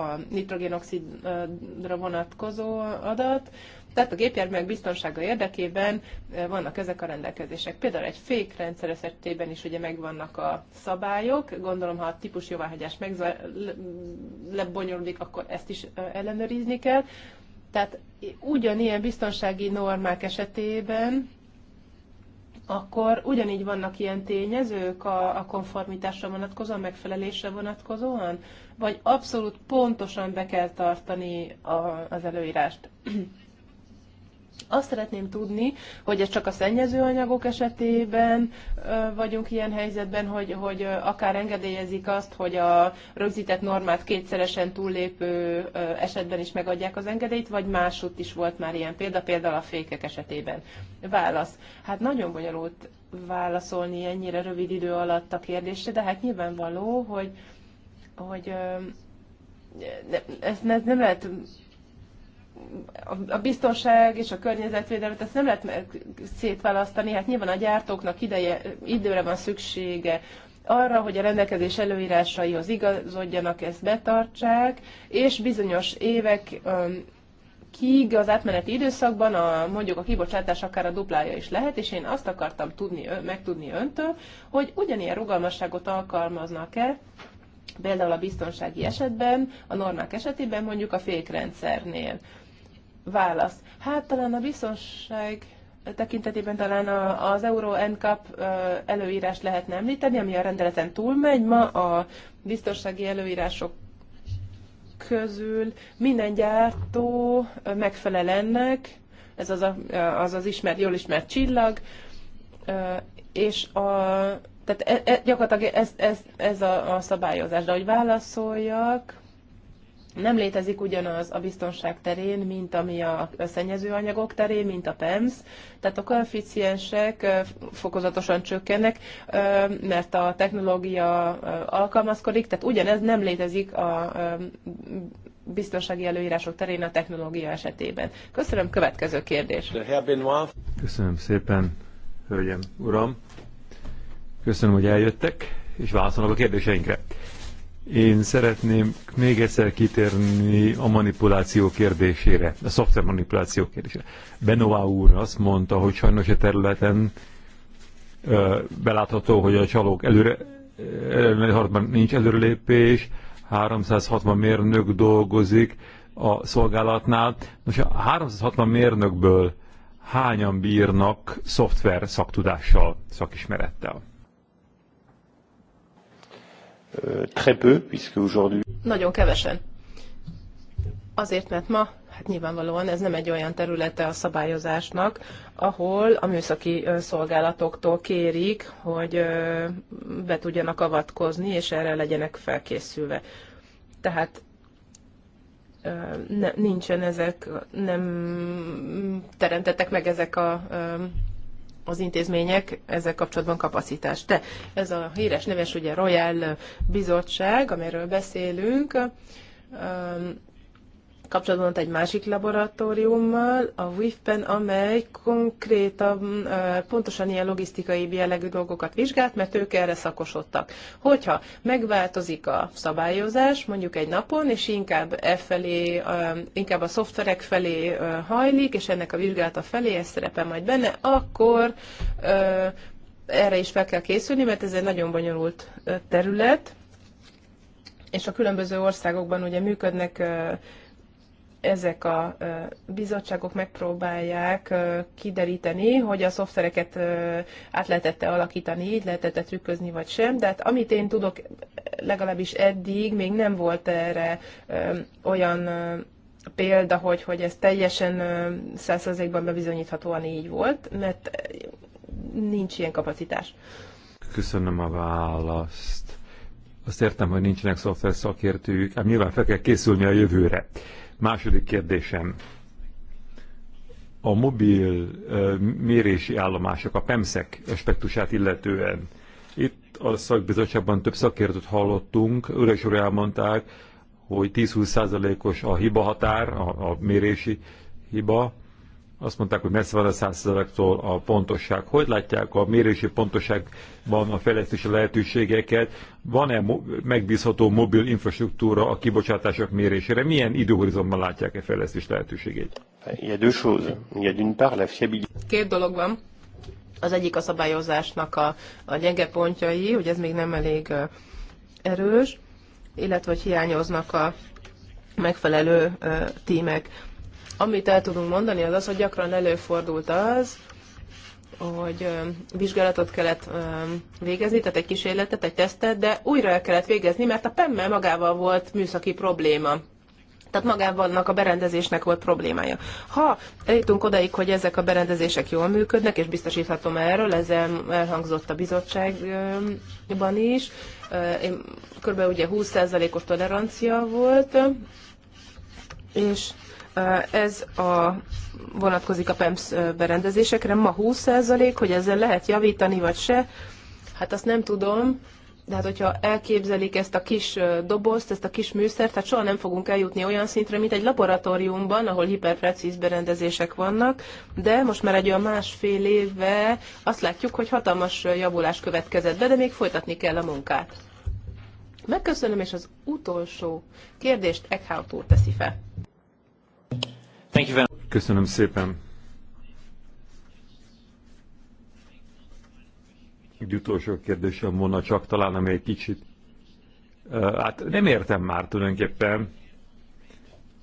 A: a nitrogénoxidra vonatkozó adat, tehát a gépjárműek biztonsága érdekében vannak ezek a rendelkezések. Például egy fékrendszer esetében is ugye megvannak a szabályok. Gondolom, ha a típus jóváhagyás lebonyolódik, akkor ezt is ellenőrizni kell. Tehát ugyanilyen biztonsági normák esetében akkor ugyanígy vannak ilyen tényezők a, a konformitásra vonatkozóan, megfelelésre vonatkozóan, vagy abszolút pontosan be kell tartani a, az előírást. Azt szeretném tudni, hogy ez csak a szennyezőanyagok esetében vagyunk ilyen helyzetben, hogy, hogy akár engedélyezik azt, hogy a rögzített normát kétszeresen túllépő esetben is megadják az engedélyt, vagy másutt is volt már ilyen példa, például a fékek esetében. Válasz. Hát nagyon bonyolult válaszolni ennyire rövid idő alatt a kérdésre, de hát nyilvánvaló, hogy, hogy ezt nem lehet a biztonság és a környezetvédelmet ezt nem lehet szétválasztani, hát nyilván a gyártóknak ideje, időre van szüksége arra, hogy a rendelkezés előírásaihoz igazodjanak, ezt betartsák, és bizonyos évek kig az átmeneti időszakban a, mondjuk a kibocsátás akár a duplája is lehet, és én azt akartam tudni, megtudni öntől, hogy ugyanilyen rugalmasságot alkalmaznak-e, például a biztonsági esetben, a normák esetében mondjuk a fékrendszernél. Válasz. Hát talán a biztonság tekintetében talán az Euro NCAP előírás lehetne említeni, ami a rendeleten túlmegy. Ma a biztonsági előírások közül minden gyártó megfelel ennek, ez az a, az, az ismert, jól ismert csillag, és a, tehát e, e, gyakorlatilag ez, ez, ez a, a szabályozás. De hogy válaszoljak, nem létezik ugyanaz a biztonság terén, mint ami a szennyezőanyagok terén, mint a PEMS, tehát a koeficiensek fokozatosan csökkennek, mert a technológia alkalmazkodik, tehát ugyanez nem létezik a biztonsági előírások terén a technológia esetében. Köszönöm, következő kérdés.
B: Köszönöm szépen, hölgyem, uram. Köszönöm, hogy eljöttek, és válaszolnak a kérdéseinkre. Én szeretném még egyszer kitérni a manipuláció kérdésére, a szoftver manipuláció kérdésére. Benová úr azt mondta, hogy sajnos a területen ö, belátható, hogy a csalók előre, előre nincs előrelépés, 360 mérnök dolgozik a szolgálatnál. Most a 360 mérnökből hányan bírnak szoftver szaktudással, szakismerettel? Euh, très peu, puisque aujourd'hui...
A: Nagyon kevesen. Azért, mert ma hát nyilvánvalóan ez nem egy olyan területe a szabályozásnak, ahol a műszaki szolgálatoktól kérik, hogy be tudjanak avatkozni, és erre legyenek felkészülve. Tehát nincsen ezek, nem teremtettek meg ezek a az intézmények ezzel kapcsolatban kapacitást. De ez a híres neves ugye Royal Bizottság, amiről beszélünk, kapcsolatban egy másik laboratóriummal, a WIF-ben, amely konkrétan pontosan ilyen logisztikai jellegű dolgokat vizsgált, mert ők erre szakosodtak. Hogyha megváltozik a szabályozás mondjuk egy napon, és inkább e felé, inkább a szoftverek felé hajlik, és ennek a vizsgálata felé ez szerepel majd benne, akkor erre is fel kell készülni, mert ez egy nagyon bonyolult terület, és a különböző országokban ugye működnek ezek a bizottságok megpróbálják kideríteni, hogy a szoftvereket át lehetette alakítani, így lehetette trükközni, vagy sem. De hát amit én tudok, legalábbis eddig még nem volt erre olyan példa, hogy, hogy ez teljesen százszerzékben bebizonyíthatóan így volt, mert nincs ilyen kapacitás.
B: Köszönöm a választ. Azt értem, hogy nincsenek szoftver szakértőjük, ám nyilván fel kell készülni a jövőre. Második kérdésem. A mobil mérési állomások, a PEMSZEK aspektusát illetően. Itt a szakbizottságban több szakértőt hallottunk, őre is elmondták, hogy 10-20 százalékos a hiba határ, a, a mérési hiba, azt mondták, hogy messze van a százszerzalektől a pontosság. Hogy látják a mérési pontosságban a fejlesztési lehetőségeket? Van-e megbízható mobil infrastruktúra a kibocsátások mérésére? Milyen időhorizontban látják e fejlesztés lehetőségét?
A: Két dolog van. Az egyik a szabályozásnak a, a gyenge pontjai, hogy ez még nem elég erős, illetve hogy hiányoznak a megfelelő tímek. Amit el tudunk mondani, az az, hogy gyakran előfordult az, hogy vizsgálatot kellett végezni, tehát egy kísérletet, egy tesztet, de újra el kellett végezni, mert a pemmel magával volt műszaki probléma. Tehát magában a berendezésnek volt problémája. Ha eljutunk odaig, hogy ezek a berendezések jól működnek, és biztosíthatom erről, ez elhangzott a bizottságban is, kb. ugye 20%-os tolerancia volt, és ez a, vonatkozik a PEMS berendezésekre, ma 20%, hogy ezzel lehet javítani, vagy se, hát azt nem tudom, de hát hogyha elképzelik ezt a kis dobozt, ezt a kis műszert, hát soha nem fogunk eljutni olyan szintre, mint egy laboratóriumban, ahol hiperprecíz berendezések vannak, de most már egy olyan másfél éve azt látjuk, hogy hatalmas javulás következett be, de még folytatni kell a munkát. Megköszönöm, és az utolsó kérdést Eckhout úr teszi fel.
B: Köszönöm szépen. Egy utolsó kérdésem volna csak talán, ami egy kicsit... Hát nem értem már tulajdonképpen.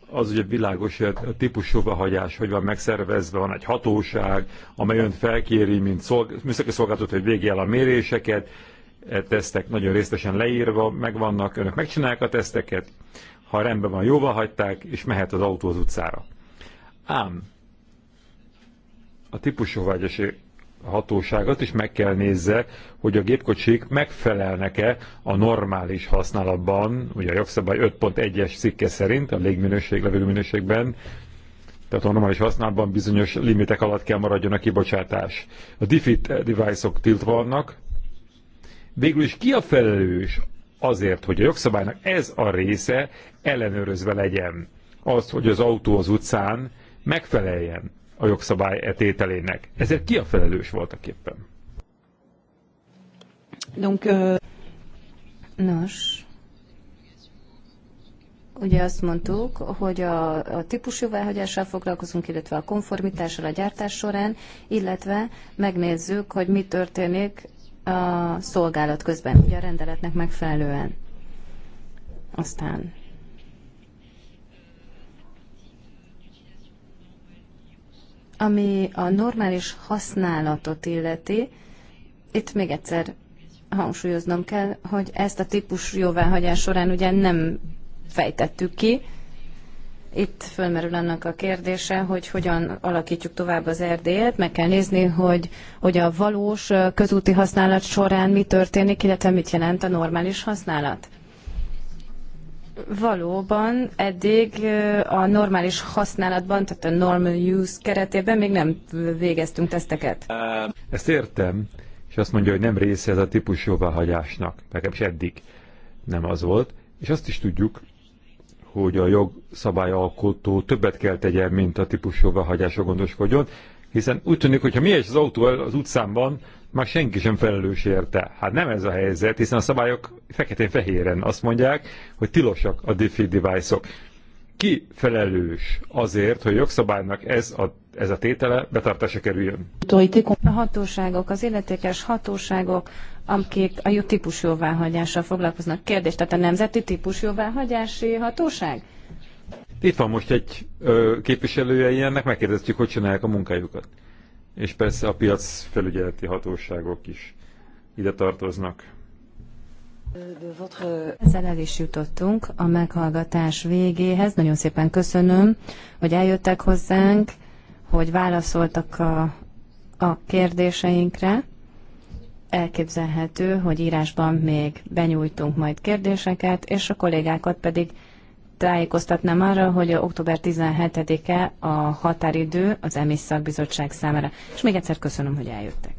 B: Az ugye világos, hogy a típusjóba hagyás, hogy van megszervezve, van egy hatóság, amely önt felkéri, mint szolg... műszaki szolgáltató, hogy végje el a méréseket, e tesztek nagyon részletesen leírva, megvannak, önök megcsinálják a teszteket, ha rendben van, jóval hagyták, és mehet az autó az utcára. Ám a típusjóvágyasi hatóságot is meg kell nézze, hogy a gépkocsik megfelelnek-e a normális használatban, ugye a jogszabály 5.1-es cikke szerint a légminőség, levegőminőségben, tehát a normális használatban bizonyos limitek alatt kell maradjon a kibocsátás. A defeat device-ok -ok tiltva vannak. Végül is ki a felelős azért, hogy a jogszabálynak ez a része ellenőrözve legyen azt, hogy az autó az utcán megfeleljen a jogszabály etételének. Ezért ki a felelős voltak éppen?
C: Donc, euh... Nos, ugye azt mondtuk, hogy a, a típusjóváhagyással foglalkozunk, illetve a konformitással a gyártás során, illetve megnézzük, hogy mi történik a szolgálat közben, ugye a rendeletnek megfelelően. Aztán ami a normális használatot illeti, itt még egyszer hangsúlyoznom kell, hogy ezt a típus jóváhagyás során ugye nem fejtettük ki, itt fölmerül annak a kérdése, hogy hogyan alakítjuk tovább az erdélyet. Meg kell nézni, hogy, hogy a valós közúti használat során mi történik, illetve mit jelent a normális használat valóban eddig a normális használatban, tehát a normal use keretében még nem végeztünk teszteket.
B: Ezt értem, és azt mondja, hogy nem része ez a típus jóváhagyásnak, nekem is eddig nem az volt, és azt is tudjuk, hogy a jogszabályalkotó többet kell tegyen, mint a típus jóváhagyásra gondoskodjon, hiszen úgy tűnik, hogy ha mi az autó az utcán van, már senki sem felelős érte. Hát nem ez a helyzet, hiszen a szabályok feketén-fehéren azt mondják, hogy tilosak a DeFi device -ok. Ki felelős azért, hogy jogszabálynak ez a, ez a tétele betartása kerüljön?
A: A
C: hatóságok, az illetékes hatóságok, amik a jó típus jóváhagyással foglalkoznak. Kérdés, tehát a Nemzeti Típus Jóváhagyási Hatóság?
B: Itt van most egy ö, képviselője ilyennek, megkérdeztük, hogy csinálják a munkájukat. És persze a piac felügyeleti hatóságok is ide tartoznak.
C: Ezzel el is jutottunk a meghallgatás végéhez. Nagyon szépen köszönöm, hogy eljöttek hozzánk, hogy válaszoltak a, a kérdéseinkre elképzelhető, hogy írásban még benyújtunk majd kérdéseket, és a kollégákat pedig tájékoztatnám arra, hogy a október 17-e a határidő az EMISZ szakbizottság számára. És még egyszer köszönöm, hogy eljöttek.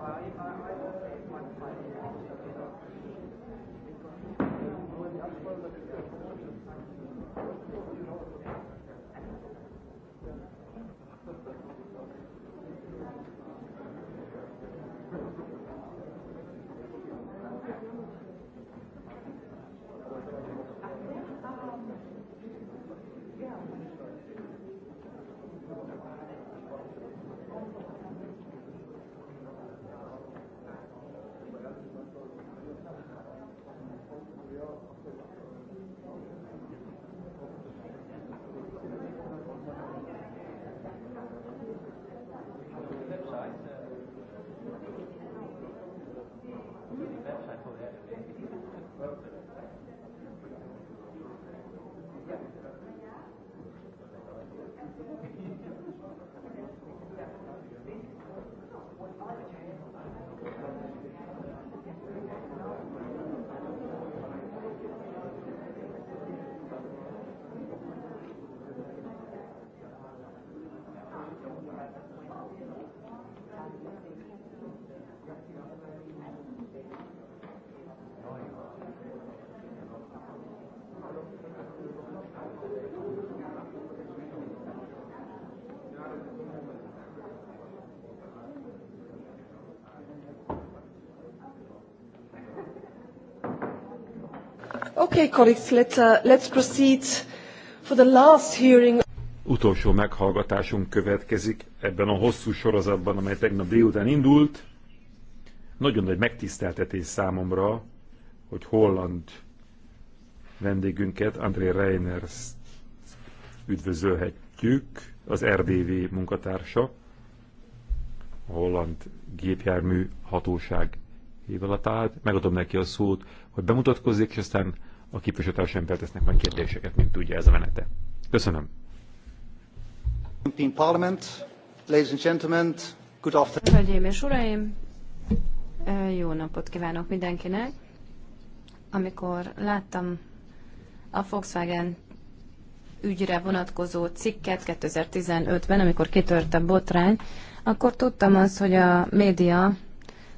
D: I, I, I don't think one five Okay, colleagues, let's, uh, let's proceed for the last hearing.
B: Utolsó meghallgatásunk következik ebben a hosszú sorozatban, amely tegnap délután indult. Nagyon nagy megtiszteltetés számomra, hogy holland vendégünket, André Reiners üdvözölhetjük, az RDV munkatársa, a holland gépjármű hatóság hívalatát. Megadom neki a szót, hogy bemutatkozzék, és aztán a képviselőtársaim feltesznek majd kérdéseket, mint tudja ez a menete. Köszönöm.
D: Parliament, ladies and gentlemen, good afternoon.
C: Hölgyeim és uraim, jó napot kívánok mindenkinek. Amikor láttam a Volkswagen ügyre vonatkozó cikket 2015-ben, amikor kitört a botrány, akkor tudtam azt, hogy a média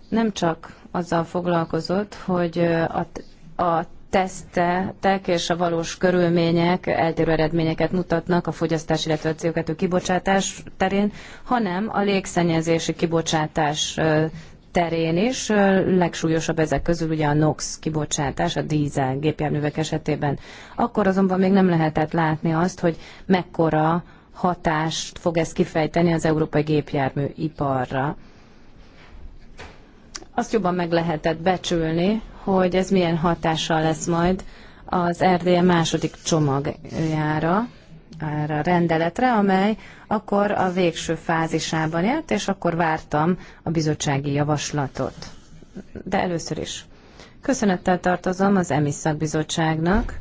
C: nem csak azzal foglalkozott, hogy a, a tesztek és a valós körülmények eltérő eredményeket mutatnak a fogyasztás, illetve a CO2 kibocsátás terén, hanem a légszennyezési kibocsátás terén is. Legsúlyosabb ezek közül ugye a NOx kibocsátás, a dízel gépjárművek esetében. Akkor azonban még nem lehetett látni azt, hogy mekkora hatást fog ez kifejteni az európai gépjárműiparra. Azt jobban meg lehetett becsülni, hogy ez milyen hatással lesz majd az Erdély második csomagjára, erre a rendeletre, amely akkor a végső fázisában járt, és akkor vártam a bizottsági javaslatot. De először is köszönettel tartozom az EMI szakbizottságnak,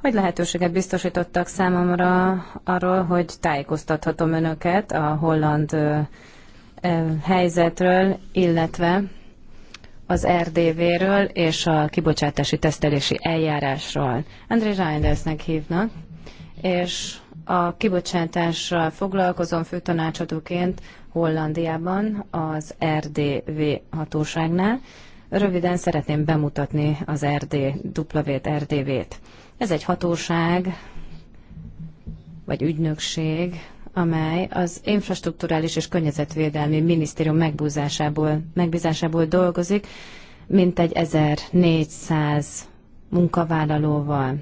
C: hogy lehetőséget biztosítottak számomra arról, hogy tájékoztathatom önöket a holland helyzetről, illetve az RDV-ről és a kibocsátási tesztelési eljárásról. André Reindersnek hívnak, és a kibocsátással foglalkozom főtanácsadóként Hollandiában az RDV hatóságnál. Röviden szeretném bemutatni az RDW-t, RDV-t. Ez egy hatóság, vagy ügynökség, amely az infrastruktúrális és környezetvédelmi minisztérium megbízásából, megbízásából dolgozik, mintegy 1400 munkavállalóval.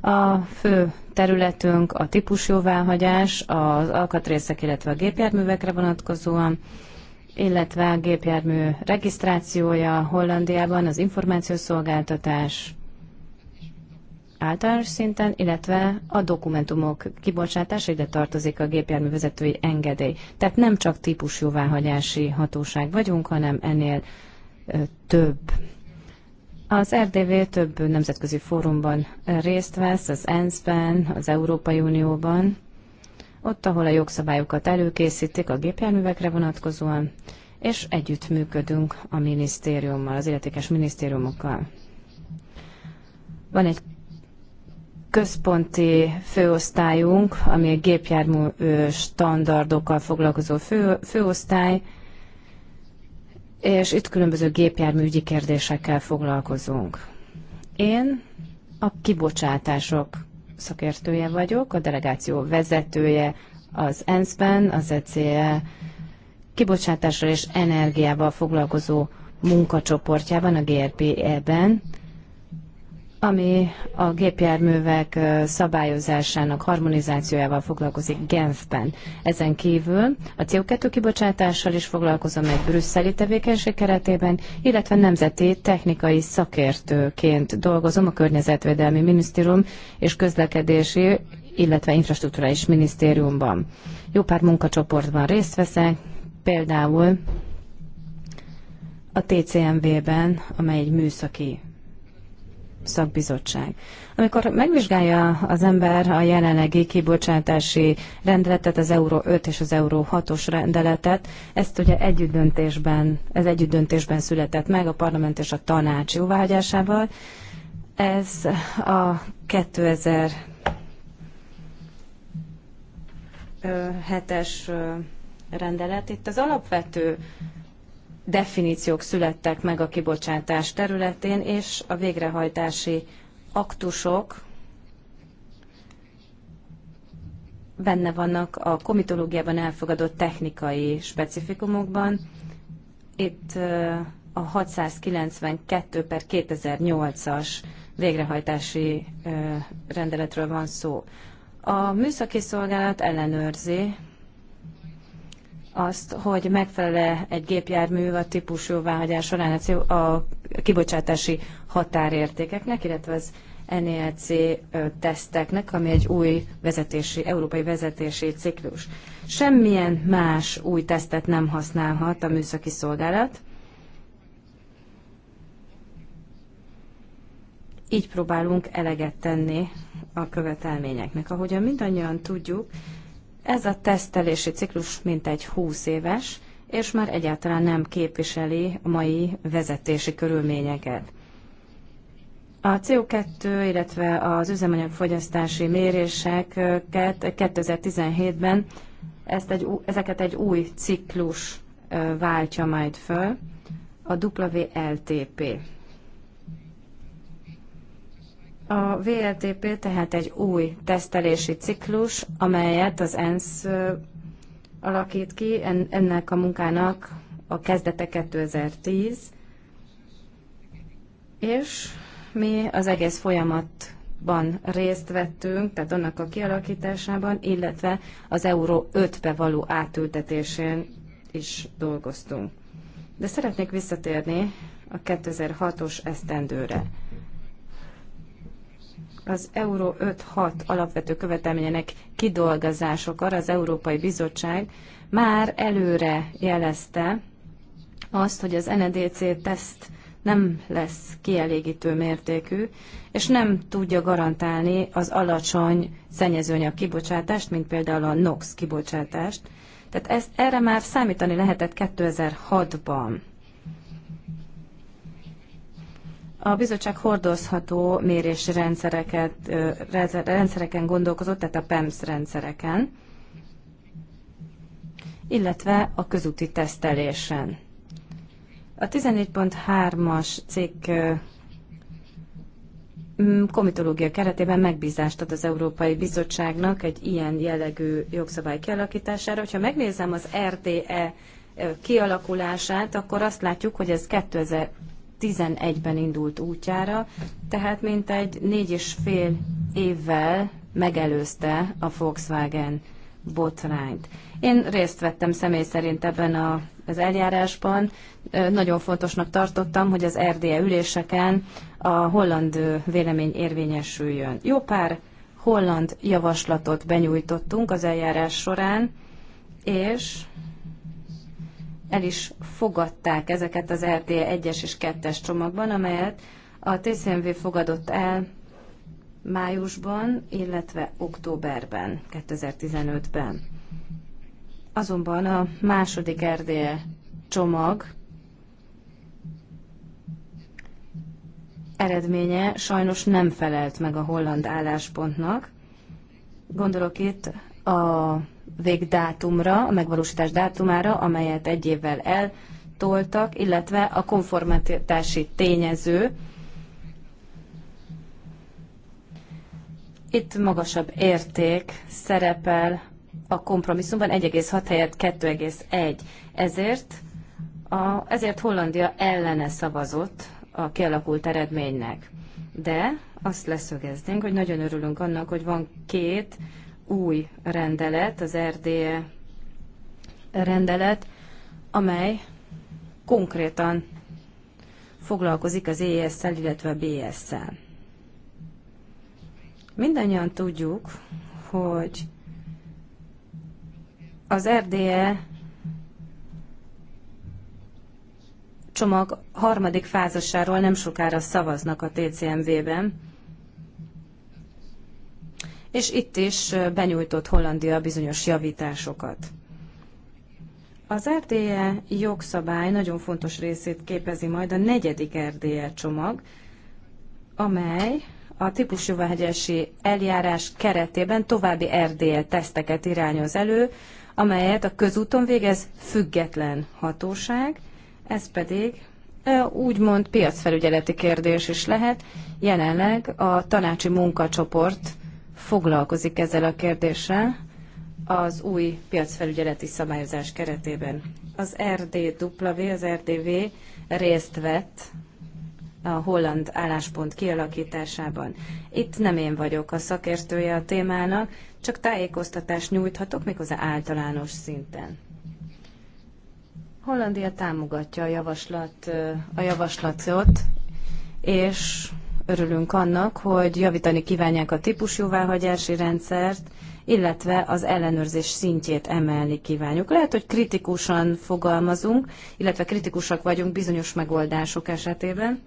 C: A fő területünk a típusjóváhagyás, az alkatrészek, illetve a gépjárművekre vonatkozóan, illetve a gépjármű regisztrációja Hollandiában, az információszolgáltatás, általános szinten, illetve a dokumentumok kibocsátása, ide tartozik a gépjárművezetői engedély. Tehát nem csak típusjóváhagyási hatóság vagyunk, hanem ennél több. Az RDV több nemzetközi fórumban részt vesz, az ENSZ-ben, az Európai Unióban, ott, ahol a jogszabályokat előkészítik a gépjárművekre vonatkozóan, és együttműködünk a minisztériummal, az illetékes minisztériumokkal. Van egy központi főosztályunk, ami a gépjármű standardokkal foglalkozó fő, főosztály, és itt különböző gépjárműügyi kérdésekkel foglalkozunk. Én a kibocsátások szakértője vagyok, a delegáció vezetője az ENSZ-ben, az ECE kibocsátással és energiával foglalkozó munkacsoportjában, a GRPE-ben ami a gépjárművek szabályozásának harmonizációjával foglalkozik Genfben. Ezen kívül a CO2 kibocsátással is foglalkozom egy brüsszeli tevékenység keretében, illetve nemzeti technikai szakértőként dolgozom a Környezetvédelmi Minisztérium és Közlekedési, illetve Infrastruktúrális Minisztériumban. Jó pár munkacsoportban részt veszek, például a TCMV-ben, amely egy műszaki szakbizottság. Amikor megvizsgálja az ember a jelenlegi kibocsátási rendeletet, az Euró 5 és az Euró 6-os rendeletet, ezt ugye együttdöntésben, ez együttdöntésben született meg a parlament és a tanács jóvágyásával, Ez a 2000 hetes rendelet. Itt az alapvető definíciók születtek meg a kibocsátás területén, és a végrehajtási aktusok benne vannak a komitológiában elfogadott technikai specifikumokban. Itt a 692 per 2008-as végrehajtási rendeletről van szó. A műszaki szolgálat ellenőrzi azt, hogy megfelele egy gépjármű a típus jóváhagyás során a kibocsátási határértékeknek, illetve az NEC teszteknek, ami egy új vezetési, európai vezetési ciklus. Semmilyen más új tesztet nem használhat a műszaki szolgálat. Így próbálunk eleget tenni a követelményeknek. Ahogyan mindannyian tudjuk, ez a tesztelési ciklus mintegy 20 éves, és már egyáltalán nem képviseli a mai vezetési körülményeket. A CO2, illetve az üzemanyagfogyasztási méréseket 2017-ben ezt egy, ezeket egy új ciklus váltja majd föl, a WLTP a VLTP tehát egy új tesztelési ciklus, amelyet az ENSZ alakít ki, ennek a munkának a kezdete 2010, és mi az egész folyamatban részt vettünk, tehát annak a kialakításában, illetve az Euró 5-be való átültetésén is dolgoztunk. De szeretnék visszatérni a 2006-os esztendőre az Euró 5-6 alapvető követelményének kidolgozásokor az Európai Bizottság már előre jelezte azt, hogy az NDC e teszt nem lesz kielégítő mértékű, és nem tudja garantálni az alacsony szennyezőanyag kibocsátást, mint például a NOx kibocsátást. Tehát ezt, erre már számítani lehetett 2006-ban. A bizottság hordozható mérési rendszereket, rendszereken gondolkozott, tehát a PEMS rendszereken, illetve a közúti tesztelésen. A 14.3-as cikk komitológia keretében megbízást ad az Európai Bizottságnak egy ilyen jellegű jogszabály kialakítására. Hogyha megnézem az RDE kialakulását, akkor azt látjuk, hogy ez 2000, 2011-ben indult útjára, tehát mintegy négy és fél évvel megelőzte a Volkswagen botrányt. Én részt vettem személy szerint ebben a, az eljárásban. Nagyon fontosnak tartottam, hogy az RDE üléseken a holland vélemény érvényesüljön. Jó pár holland javaslatot benyújtottunk az eljárás során, és el is fogadták ezeket az RTE 1-es és 2-es csomagban, amelyet a TCMV fogadott el májusban, illetve októberben, 2015-ben. Azonban a második RDE csomag eredménye sajnos nem felelt meg a holland álláspontnak. Gondolok itt a végdátumra, a megvalósítás dátumára, amelyet egy évvel eltoltak, illetve a konformitási tényező, Itt magasabb érték szerepel a kompromisszumban 1,6 helyett 2,1. Ezért, a, ezért Hollandia ellene szavazott a kialakult eredménynek. De azt leszögeznénk, hogy nagyon örülünk annak, hogy van két új rendelet, az Erdélye rendelet, amely konkrétan foglalkozik az ES-szel, illetve a BS-szel. Mindannyian tudjuk, hogy az RDE csomag harmadik fázasáról nem sokára szavaznak a TCMV-ben, és itt is benyújtott Hollandia bizonyos javításokat. Az RDE jogszabály nagyon fontos részét képezi majd a negyedik RDE csomag, amely a típusjóváhegyesi eljárás keretében további RDE teszteket irányoz elő, amelyet a közúton végez független hatóság, ez pedig úgymond piacfelügyeleti kérdés is lehet. Jelenleg a tanácsi munkacsoport foglalkozik ezzel a kérdéssel az új piacfelügyeleti szabályozás keretében. Az RDW, az RDV részt vett a holland álláspont kialakításában. Itt nem én vagyok a szakértője a témának, csak tájékoztatást nyújthatok, méghozzá általános szinten. Hollandia támogatja a, javaslat, a javaslatot, és Örülünk annak, hogy javítani kívánják a típusjóváhagyási rendszert, illetve az ellenőrzés szintjét emelni kívánjuk. Lehet, hogy kritikusan fogalmazunk, illetve kritikusak vagyunk bizonyos megoldások esetében,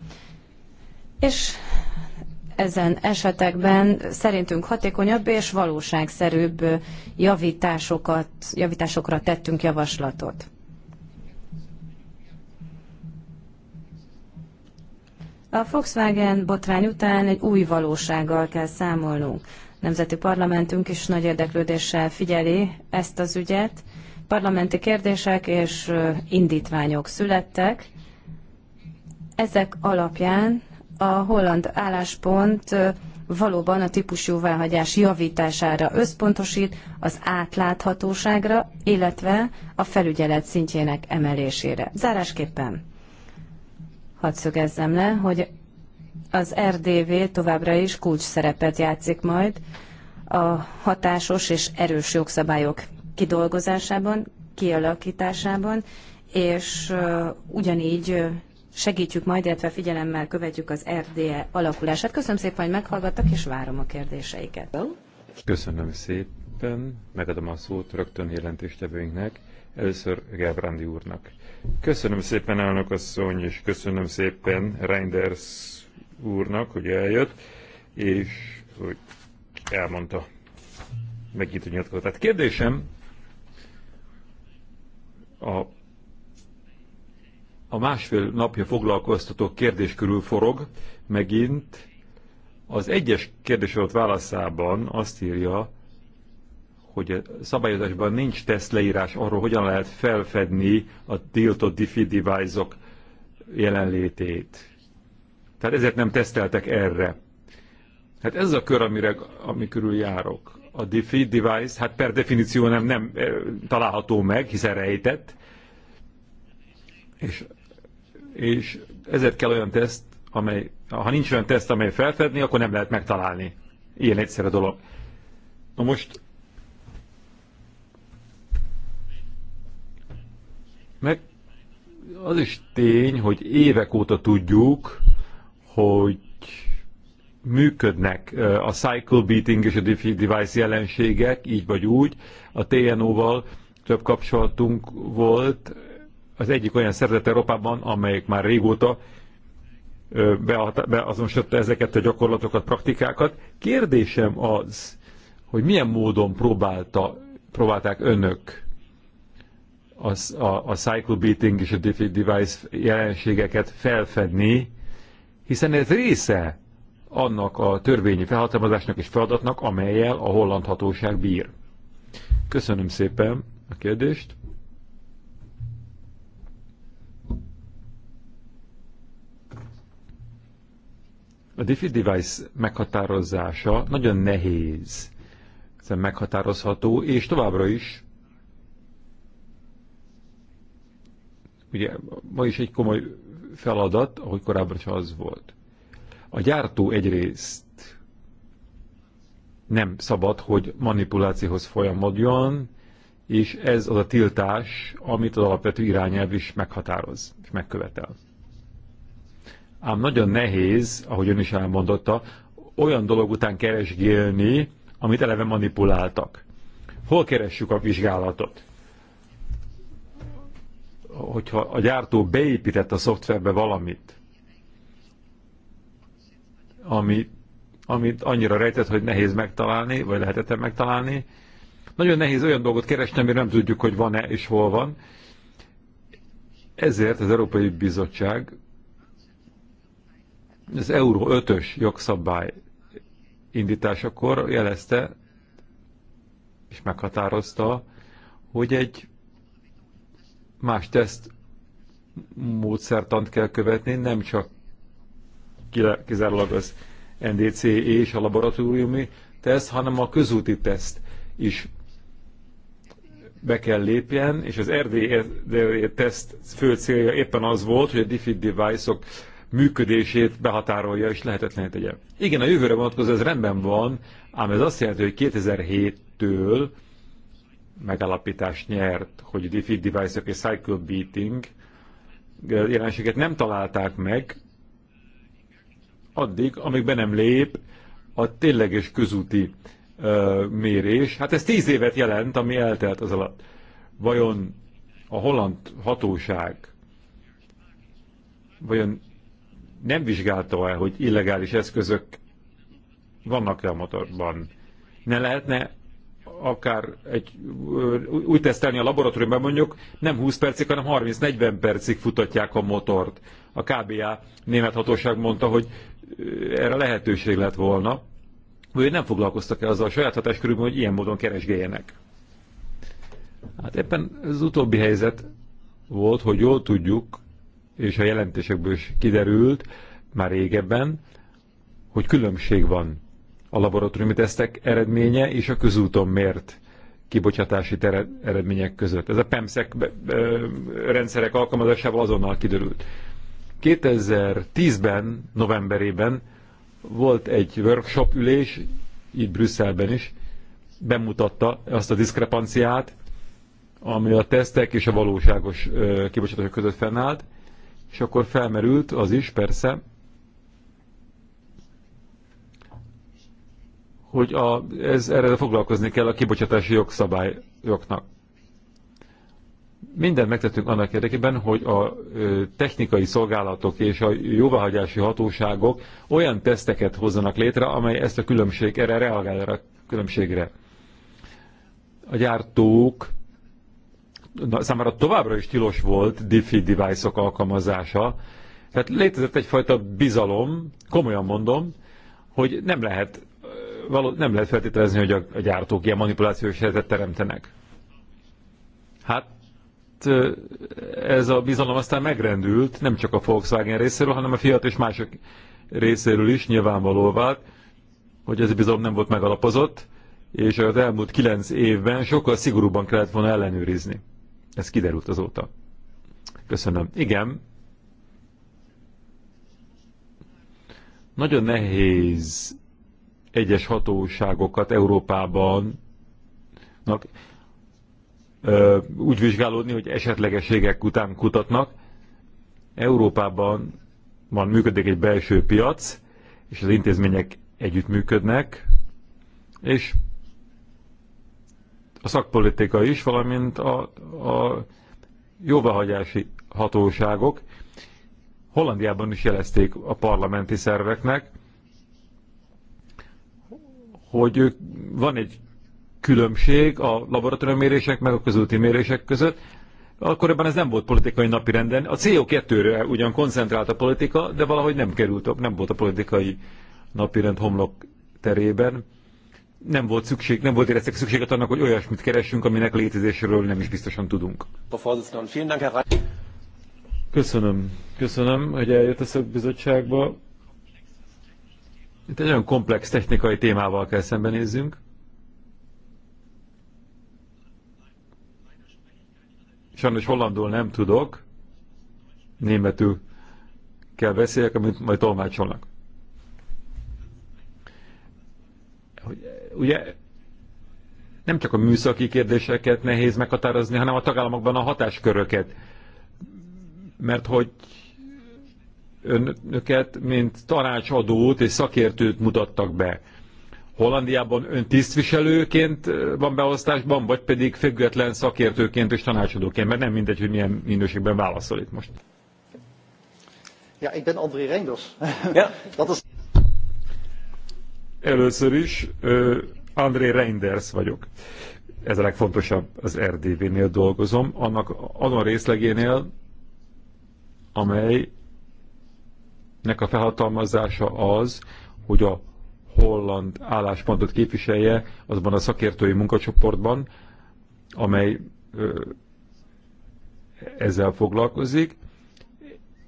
C: és ezen esetekben szerintünk hatékonyabb és valóságszerűbb javításokat, javításokra tettünk javaslatot. A Volkswagen botrány után egy új valósággal kell számolnunk. Nemzeti parlamentünk is nagy érdeklődéssel figyeli ezt az ügyet. Parlamenti kérdések és indítványok születtek. Ezek alapján a holland álláspont valóban a típusjóváhagyás javítására összpontosít, az átláthatóságra, illetve a felügyelet szintjének emelésére. Zárásképpen Hadd szögezzem le, hogy az RDV továbbra is kulcs szerepet játszik majd a hatásos és erős jogszabályok kidolgozásában, kialakításában, és ugyanígy segítjük majd, illetve figyelemmel követjük az RDE alakulását. Köszönöm szépen, hogy meghallgattak, és várom a kérdéseiket.
B: Köszönöm szépen, megadom a szót rögtön jelentéstevőinknek, először Gelbrandi úrnak. Köszönöm szépen, elnök asszony, és köszönöm szépen Reinders úrnak, hogy eljött, és hogy elmondta megint a nyilatkozatát. Kérdésem a, a másfél napja foglalkoztató kérdés körül forog, megint az egyes kérdés adott válaszában azt írja, hogy a szabályozásban nincs tesztleírás arról, hogyan lehet felfedni a tiltott diffi device -ok jelenlétét. Tehát ezért nem teszteltek erre. Hát ez a kör, amire, ami körül járok. A diffi device, hát per definíció nem, nem eh, található meg, hiszen rejtett. És, és ezért kell olyan teszt, amely, ha nincs olyan teszt, amely felfedni, akkor nem lehet megtalálni. Ilyen egyszerű dolog. Na most Meg az is tény, hogy évek óta tudjuk, hogy működnek a cycle beating és a device jelenségek, így vagy úgy. A TNO-val több kapcsolatunk volt, az egyik olyan szervezet Európában, amelyik már régóta beazonosította ezeket a gyakorlatokat, praktikákat. Kérdésem az, hogy milyen módon próbálta, próbálták önök a, a, a cycle beating és a device jelenségeket felfedni, hiszen ez része annak a törvényi felhatalmazásnak és feladatnak, amelyel a holland hatóság bír. Köszönöm szépen a kérdést. A DeFi device meghatározása nagyon nehéz, hiszen meghatározható, és továbbra is ugye ma is egy komoly feladat, ahogy korábban is az volt. A gyártó egyrészt nem szabad, hogy manipulációhoz folyamodjon, és ez az a tiltás, amit az alapvető irányelv is meghatároz és megkövetel. Ám nagyon nehéz, ahogy ön is elmondotta, olyan dolog után keresgélni, amit eleve manipuláltak. Hol keressük a vizsgálatot? hogyha a gyártó beépített a szoftverbe valamit, ami, amit annyira rejtett, hogy nehéz megtalálni, vagy lehetetlen megtalálni. Nagyon nehéz olyan dolgot keresni, amire nem tudjuk, hogy van-e és hol van. Ezért az Európai Bizottság az Euró 5-ös jogszabály indításakor jelezte és meghatározta, hogy egy más teszt módszertant kell követni, nem csak kizárólag az NDC és a laboratóriumi teszt, hanem a közúti teszt is be kell lépjen, és az RDE teszt fő célja éppen az volt, hogy a DeFi device-ok működését behatárolja és lehetetlen tegye. Igen, a jövőre vonatkozó ez rendben van, ám ez azt jelenti, hogy 2007-től megállapítás nyert, hogy defeat device és cycle beating jelenséget nem találták meg addig, amíg be nem lép a tényleges közúti ö, mérés. Hát ez tíz évet jelent, ami eltelt az alatt. Vajon a holland hatóság vajon nem vizsgálta el, hogy illegális eszközök vannak-e a motorban? Ne lehetne akár egy, úgy tesztelni a laboratóriumban mondjuk, nem 20 percig, hanem 30-40 percig futatják a motort. A KBA német hatóság mondta, hogy erre lehetőség lett volna, hogy nem foglalkoztak el azzal a saját körülben, hogy ilyen módon keresgéljenek. Hát éppen az utóbbi helyzet volt, hogy jól tudjuk, és a jelentésekből is kiderült már régebben, hogy különbség van a laboratóriumi tesztek eredménye és a közúton mért kibocsátási tered, eredmények között. Ez a PEMSZEK rendszerek alkalmazásával azonnal kiderült. 2010-ben, novemberében volt egy workshop ülés, itt Brüsszelben is, bemutatta azt a diszkrepanciát, ami a tesztek és a valóságos kibocsátások között fennállt, és akkor felmerült az is persze, hogy a, ez, erre foglalkozni kell a kibocsátási jogszabályoknak. Mindent megtettünk annak érdekében, hogy a technikai szolgálatok és a jóváhagyási hatóságok olyan teszteket hozzanak létre, amely ezt a különbség, erre reagálja a különbségre. A gyártók számára továbbra is tilos volt diffi device-ok -ok alkalmazása, tehát létezett egyfajta bizalom, komolyan mondom, hogy nem lehet való, nem lehet feltételezni, hogy a, a gyártók ilyen manipulációs helyzetet teremtenek. Hát ez a bizalom aztán megrendült, nem csak a Volkswagen részéről, hanem a Fiat és mások részéről is nyilvánvaló vált, hogy ez a bizalom nem volt megalapozott, és az elmúlt kilenc évben sokkal szigorúban kellett volna ellenőrizni. Ez kiderült azóta. Köszönöm. Igen. Nagyon nehéz egyes hatóságokat Európában úgy vizsgálódni, hogy esetlegességek után kutatnak. Európában van működik egy belső piac, és az intézmények együttműködnek, és a szakpolitika is, valamint a, a jóváhagyási hatóságok Hollandiában is jelezték a parlamenti szerveknek, hogy van egy különbség a laboratóriumi mérések meg a közúti mérések között, akkor ebben ez nem volt politikai napirenden. A CO2-re ugyan koncentrált a politika, de valahogy nem került, nem volt a politikai napirend homlok terében. Nem volt szükség, nem volt éreztek szükséget annak, hogy olyasmit keressünk, aminek létezéséről nem is biztosan tudunk. Köszönöm. Köszönöm, hogy eljött a szakbizottságba. Itt egy olyan komplex technikai témával kell szembenézzünk. Sajnos hollandul nem tudok, németül kell beszéljek, amit majd tolmácsolnak. Ugye nem csak a műszaki kérdéseket nehéz meghatározni, hanem a tagállamokban a hatásköröket. Mert hogy önöket, mint tanácsadót és szakértőt mutattak be. Hollandiában ön tisztviselőként eh, van beosztásban, vagy pedig független szakértőként és tanácsadóként, mert nem mindegy, hogy milyen minőségben válaszol itt most.
D: Ja, én ben André Reinders. Ja. Dat is...
B: Először is uh, André Reinders vagyok. Ez a legfontosabb, az RDV-nél dolgozom, annak azon részlegénél, amely nek a felhatalmazása az, hogy a holland álláspontot képviselje azban a szakértői munkacsoportban, amely ö, ezzel foglalkozik,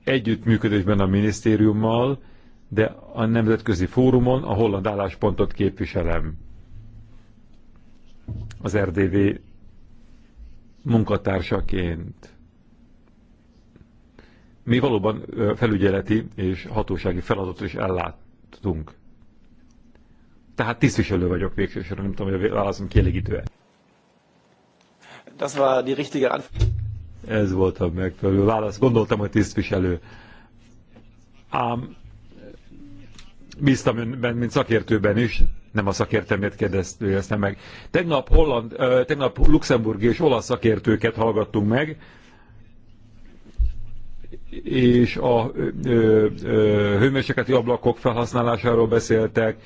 B: együttműködésben a minisztériummal, de a nemzetközi fórumon a holland álláspontot képviselem. Az RDV munkatársaként mi valóban felügyeleti és hatósági feladatot is elláttunk. Tehát tisztviselő vagyok soron, nem tudom, hogy a válaszom kielégítő-e. Das war die richtige Ez volt a megfelelő válasz. Gondoltam, hogy tisztviselő. Ám bíztam önben, mint szakértőben is, nem a szakértelmét kérdeztem meg. Tegnap, Holland, tegnap luxemburgi és olasz szakértőket hallgattunk meg, és a hőmérsékleti ablakok felhasználásáról beszéltek,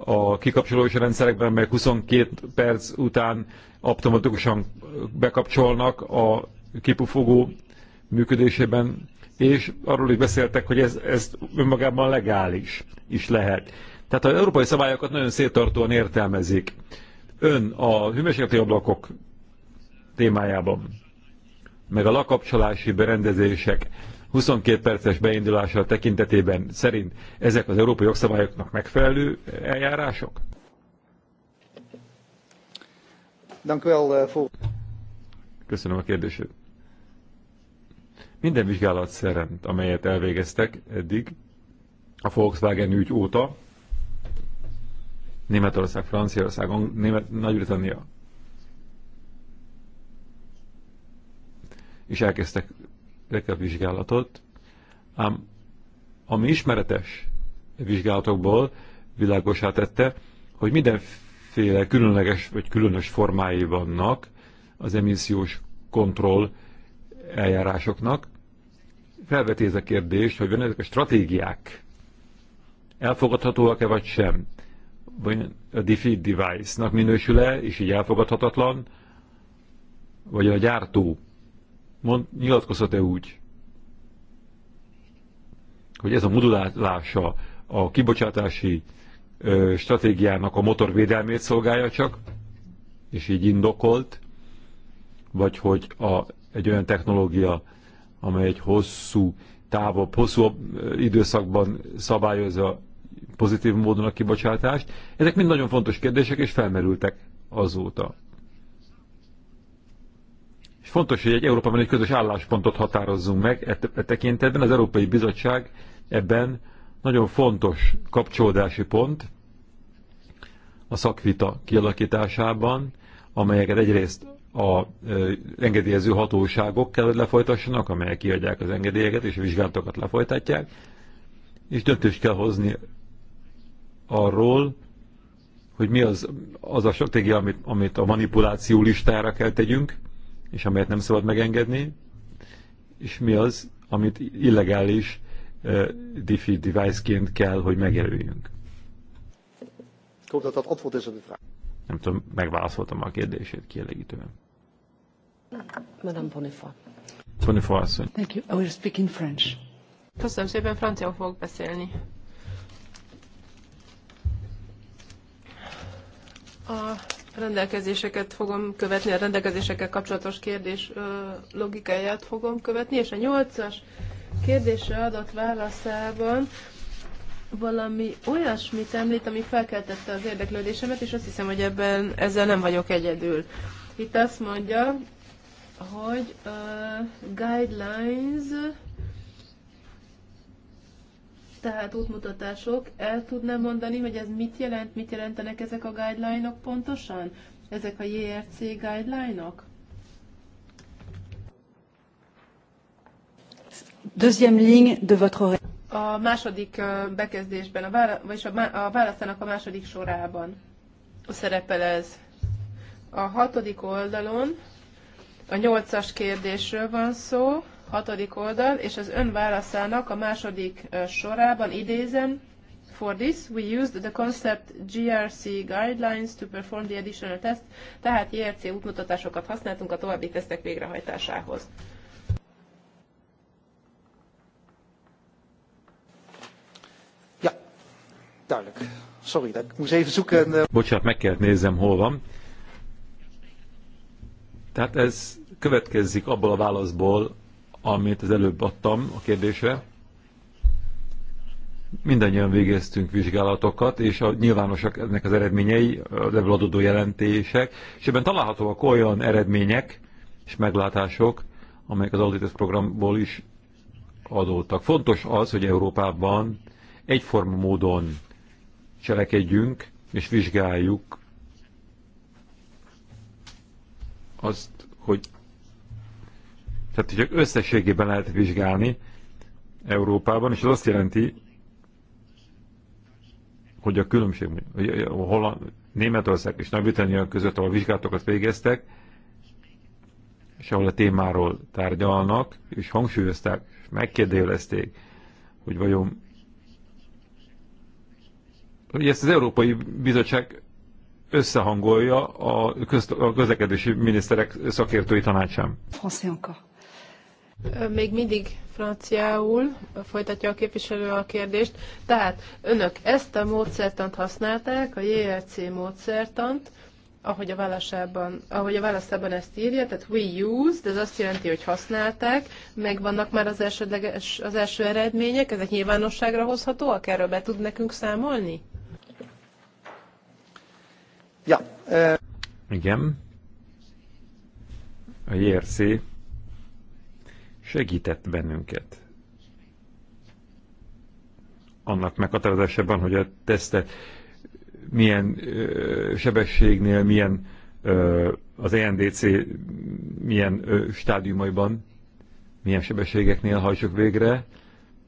B: a kikapcsolós rendszerekben, meg 22 perc után automatikusan bekapcsolnak a kipufogó működésében, és arról is beszéltek, hogy ez, ez önmagában legális is lehet. Tehát az európai szabályokat nagyon széttartóan értelmezik. Ön a hőmérsékleti ablakok témájában meg a lakapcsolási berendezések 22 perces beindulása tekintetében szerint ezek az európai jogszabályoknak megfelelő eljárások?
D: Eh,
B: Köszönöm a kérdését. Minden vizsgálat szerint, amelyet elvégeztek eddig, a Volkswagen ügy óta, Németország, Franciaország, Német, Nagy-Britannia, és elkezdtek a vizsgálatot, ám ami ismeretes vizsgálatokból világosá tette, hogy mindenféle különleges vagy különös formái vannak az emissziós kontroll eljárásoknak. Felveti ez a kérdést, hogy van ezek a stratégiák elfogadhatóak-e vagy sem, vagy a defeat device-nak minősül-e, és így elfogadhatatlan, vagy a gyártó mond, nyilatkozhat-e úgy, hogy ez a modulálása a kibocsátási ö, stratégiának a védelmét szolgálja csak, és így indokolt, vagy hogy a, egy olyan technológia, amely egy hosszú távol, hosszú időszakban szabályozza pozitív módon a kibocsátást. Ezek mind nagyon fontos kérdések, és felmerültek azóta. És fontos, hogy egy Európában egy közös álláspontot határozzunk meg e, e tekintetben. Az Európai Bizottság ebben nagyon fontos kapcsolódási pont a szakvita kialakításában, amelyeket egyrészt a e, engedélyező hatóságok kell, hogy lefolytassanak, amelyek kiadják az engedélyeket és a vizsgálatokat lefolytatják, és döntést kell hozni arról, hogy mi az, az a stratégia, amit, amit a manipuláció listára kell tegyünk, és amelyet nem szabad megengedni, és mi az, amit illegális uh, DeFi device-ként kell, hogy megjelöljünk. Nem tudom, megválaszoltam a kérdését kielégítően.
A: Madame Bonifa.
B: Bonifa asszony.
A: Thank you. I will speak in French. Köszönöm szépen, francia fogok beszélni. A rendelkezéseket fogom követni, a rendelkezésekkel kapcsolatos kérdés logikáját fogom követni, és a nyolcas kérdésre adott válaszában valami olyasmit említ, ami felkeltette az érdeklődésemet, és azt hiszem, hogy ebben ezzel nem vagyok egyedül. Itt azt mondja, hogy uh, guidelines tehát útmutatások. El tudná mondani, hogy ez mit jelent, mit jelentenek ezek a guideline-ok pontosan? Ezek a JRC guideline-ok? Deuxième ligne de votre... A második bekezdésben, a vála... vagyis a választának a második sorában szerepel ez. A hatodik oldalon a nyolcas kérdésről van szó hatodik oldal, és az ön válaszának a második sorában idézem, For this, we used the concept GRC guidelines to perform the additional test, tehát GRC útmutatásokat használtunk a további tesztek végrehajtásához.
D: Ja, duidelijk. Sorry, de moest even zoeken. Eh.
B: Bocsánat, meg kellett néznem, hol van. Tehát ez következik abból a válaszból, amit az előbb adtam a kérdésre. Mindannyian végeztünk vizsgálatokat, és a, nyilvánosak ennek az eredményei, az ebből adódó jelentések, és ebben találhatóak olyan eredmények és meglátások, amelyek az Auditus programból is adódtak. Fontos az, hogy Európában egyforma módon cselekedjünk és vizsgáljuk azt, hogy tehát csak összességében lehet vizsgálni Európában, és az azt jelenti, hogy a különbség, hogy a Holland, Németország és Nagy-Britannia között, ahol vizsgálatokat végeztek, és ahol a témáról tárgyalnak, és hangsúlyozták, és megkérdőjelezték, hogy vajon hogy ezt az Európai Bizottság összehangolja a, köz, a közlekedési miniszterek szakértői tanácsán.
D: Français encore.
A: Még mindig franciául folytatja a képviselő a kérdést. Tehát önök ezt a módszertant használták, a JRC módszertant, ahogy a válaszában, ahogy a válaszában ezt írja, tehát we used, ez azt jelenti, hogy használták, meg vannak már az, elsődleges, az első eredmények, ezek nyilvánosságra hozhatóak, erről be tud nekünk számolni?
D: Ja. Uh...
B: Igen. A JRC segített bennünket. Annak meghatározásában, hogy a tesztet milyen ö, sebességnél, milyen ö, az ENDC milyen ö, stádiumaiban, milyen sebességeknél hajtsuk végre.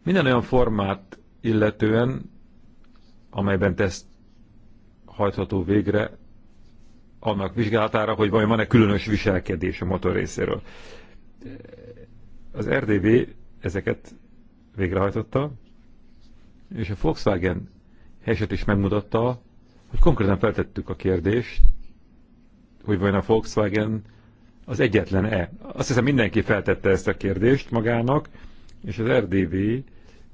B: Minden olyan formát illetően, amelyben teszt hajtható végre, annak vizsgálatára, hogy vajon van-e különös viselkedés a motor részéről. Az RDB ezeket végrehajtotta, és a Volkswagen helyzet is megmutatta, hogy konkrétan feltettük a kérdést, hogy vajon a Volkswagen az egyetlen-e. Azt hiszem mindenki feltette ezt a kérdést magának, és az RDV,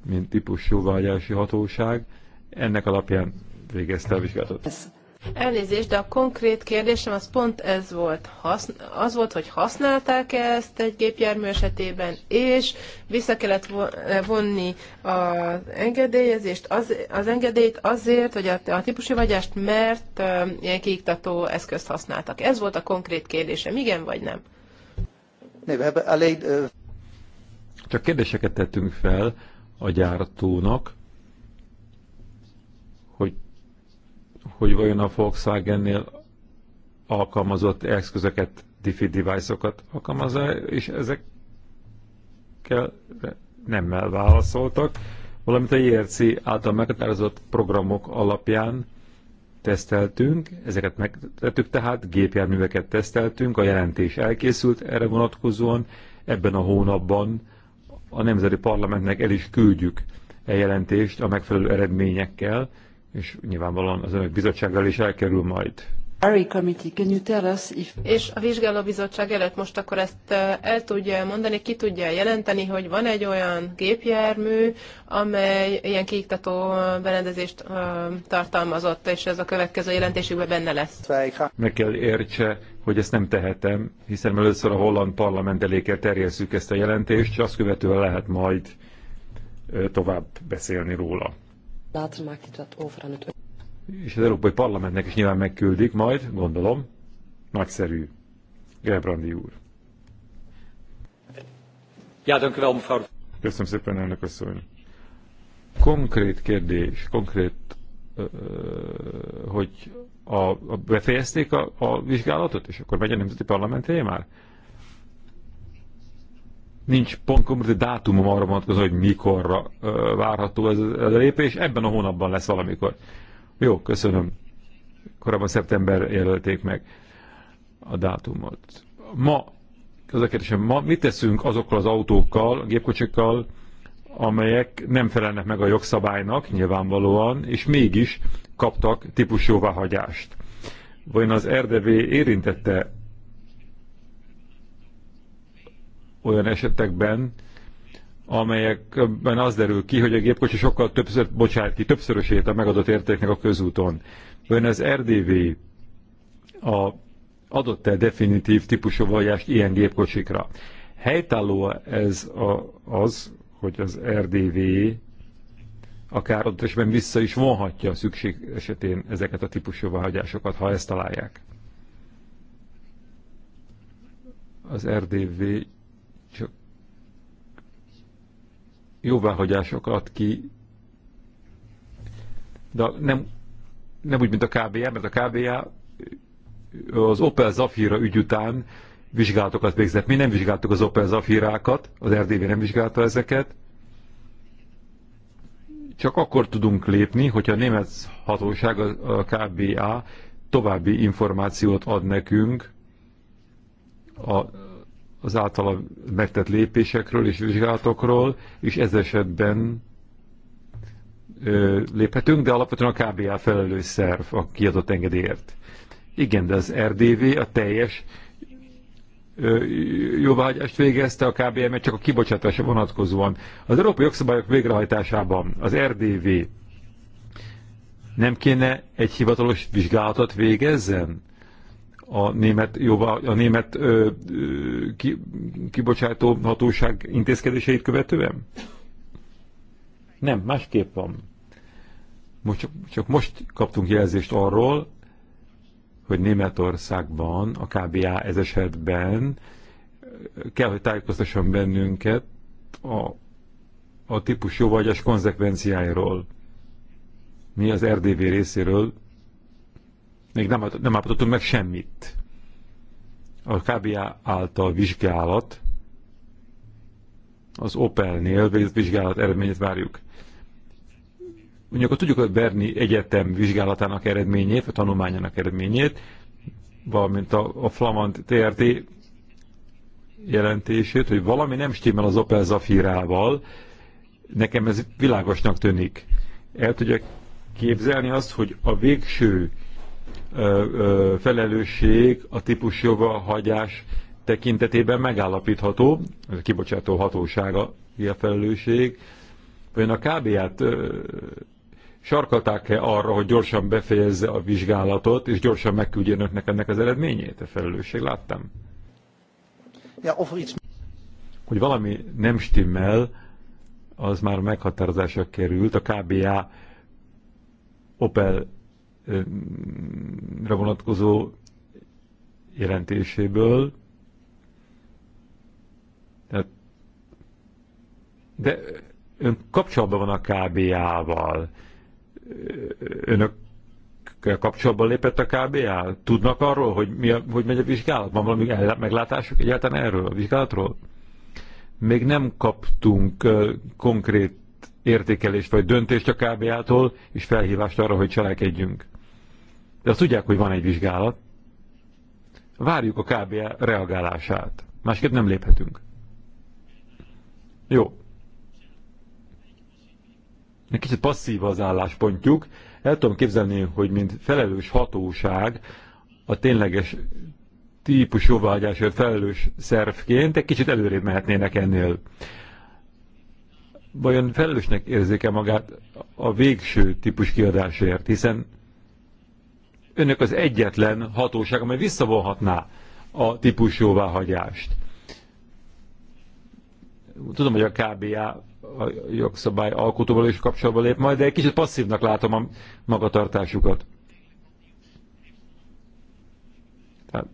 B: mint típusú vágyási hatóság, ennek alapján végezte a vizsgálatot.
A: Elnézést, de a konkrét kérdésem az pont ez volt. az volt, hogy használták-e ezt egy gépjármű esetében, és vissza kellett vonni az engedélyezést, az, az engedélyt azért, hogy a, a típusú vagyást, mert um, ilyen kiiktató eszközt használtak. Ez volt a konkrét kérdésem, igen vagy nem?
B: Csak kérdéseket tettünk fel a gyártónak, hogy vajon a nél alkalmazott eszközöket, diffi device-okat alkalmazza, és ezekkel nem válaszoltak, valamint a IRC által meghatározott programok alapján teszteltünk, ezeket megtettük tehát, gépjárműveket teszteltünk, a jelentés elkészült erre vonatkozóan, ebben a hónapban a Nemzeti Parlamentnek el is küldjük a e jelentést a megfelelő eredményekkel, és nyilvánvalóan az önök bizottsággal is elkerül majd.
A: És a vizsgálóbizottság előtt most akkor ezt el tudja mondani, ki tudja jelenteni, hogy van egy olyan gépjármű, amely ilyen kiiktató berendezést tartalmazott, és ez a következő jelentésükben benne lesz.
B: Meg kell értse, hogy ezt nem tehetem, hiszen először a holland parlament elé kell terjesszük ezt a jelentést, és azt követően lehet majd tovább beszélni róla.
D: Later maakt hij dat over aan het...
B: És az Európai Parlamentnek is nyilván megküldik majd, gondolom. Nagyszerű. Gerbrandi úr. Ja, dank u wel, mevrouw. Köszönöm szépen, elnök asszony. Konkrét kérdés, konkrét, hogy a, a befejezték a, a vizsgálatot, és akkor megy a Nemzeti Parlament már? nincs pont konkrét dátumom arra vonatkozó, hogy mikorra várható ez, ez a lépés, ebben a hónapban lesz valamikor. Jó, köszönöm. Korábban szeptember jelölték meg a dátumot. Ma, az a kérdésem, ma mit teszünk azokkal az autókkal, gépkocsikkal, amelyek nem felelnek meg a jogszabálynak nyilvánvalóan, és mégis kaptak típusjóváhagyást. Vajon az RDV érintette olyan esetekben, amelyekben az derül ki, hogy a gépkocsi sokkal többször, bocsát ki, többszörösét a megadott értéknek a közúton. Ön az RDV a adott-e definitív típusú vajást ilyen gépkocsikra? Helytálló ez a, az, hogy az RDV akár adott esetben vissza is vonhatja szükség esetén ezeket a típusú vajásokat, ha ezt találják. Az RDV jóváhagyásokat ki, de nem, nem úgy, mint a KBA, mert a KBA az Opel Zafira ügy után vizsgálatokat végzett. Mi nem vizsgáltuk az Opel Zafirákat, az RDV nem vizsgálta ezeket. Csak akkor tudunk lépni, hogyha a német hatóság, a KBA további információt ad nekünk a, az általa megtett lépésekről és vizsgálatokról, és ez esetben ö, léphetünk, de alapvetően a KBA felelős szerv a kiadott engedélyért. Igen, de az RDV a teljes jóváhagyást végezte a KBM, mert csak a kibocsátása vonatkozóan. Az európai jogszabályok végrehajtásában az RDV nem kéne egy hivatalos vizsgálatot végezzen? a német, jóval a német ö, ö, ki, kibocsátó hatóság intézkedéseit követően? Nem, másképp van. Most csak, csak most kaptunk jelzést arról, hogy Németországban, a KBA ez esetben kell, hogy tájékoztasson bennünket a, a típus jóvágyás konzekvenciáiról. Mi az RDV részéről még nem, nem állapítottunk meg semmit. A KBA által vizsgálat, az Opel nél vizsgálat eredményét várjuk. Mondjuk, akkor tudjuk hogy Berni Egyetem vizsgálatának eredményét, a tanulmányának eredményét, valamint a, a Flamand TRT jelentését, hogy valami nem stimmel az Opel Zafirával, nekem ez világosnak tűnik. El tudja képzelni azt, hogy a végső felelősség a típus hagyás tekintetében megállapítható, ez a kibocsátó hatósága a felelősség, vagy a KBA-t sarkalták-e arra, hogy gyorsan befejezze a vizsgálatot, és gyorsan megküldje önöknek ennek az eredményét? A felelősség láttam. Hogy valami nem stimmel, az már meghatározásra került. A KBA Opel vonatkozó jelentéséből. Tehát, de ön kapcsolatban van a KBA-val. Önök kapcsolatban lépett a KBA? Tudnak arról, hogy, mi a, hogy megy a vizsgálat? Van valami meglátásuk egyáltalán erről a vizsgálatról? Még nem kaptunk konkrét értékelést vagy döntést a KBA-tól, és felhívást arra, hogy cselekedjünk de azt tudják, hogy van egy vizsgálat. Várjuk a KB reagálását. Másképp nem léphetünk. Jó. Egy kicsit passzív az álláspontjuk. El tudom képzelni, hogy mint felelős hatóság a tényleges típus jóvágyásért felelős szervként egy kicsit előrébb mehetnének ennél. Vajon felelősnek érzéke magát a végső típus kiadásért, hiszen önök az egyetlen hatóság, amely visszavonhatná a típus jóváhagyást. Tudom, hogy a KBA a jogszabály alkotóval is kapcsolatban lép majd, de egy kicsit passzívnak látom a magatartásukat. Tehát,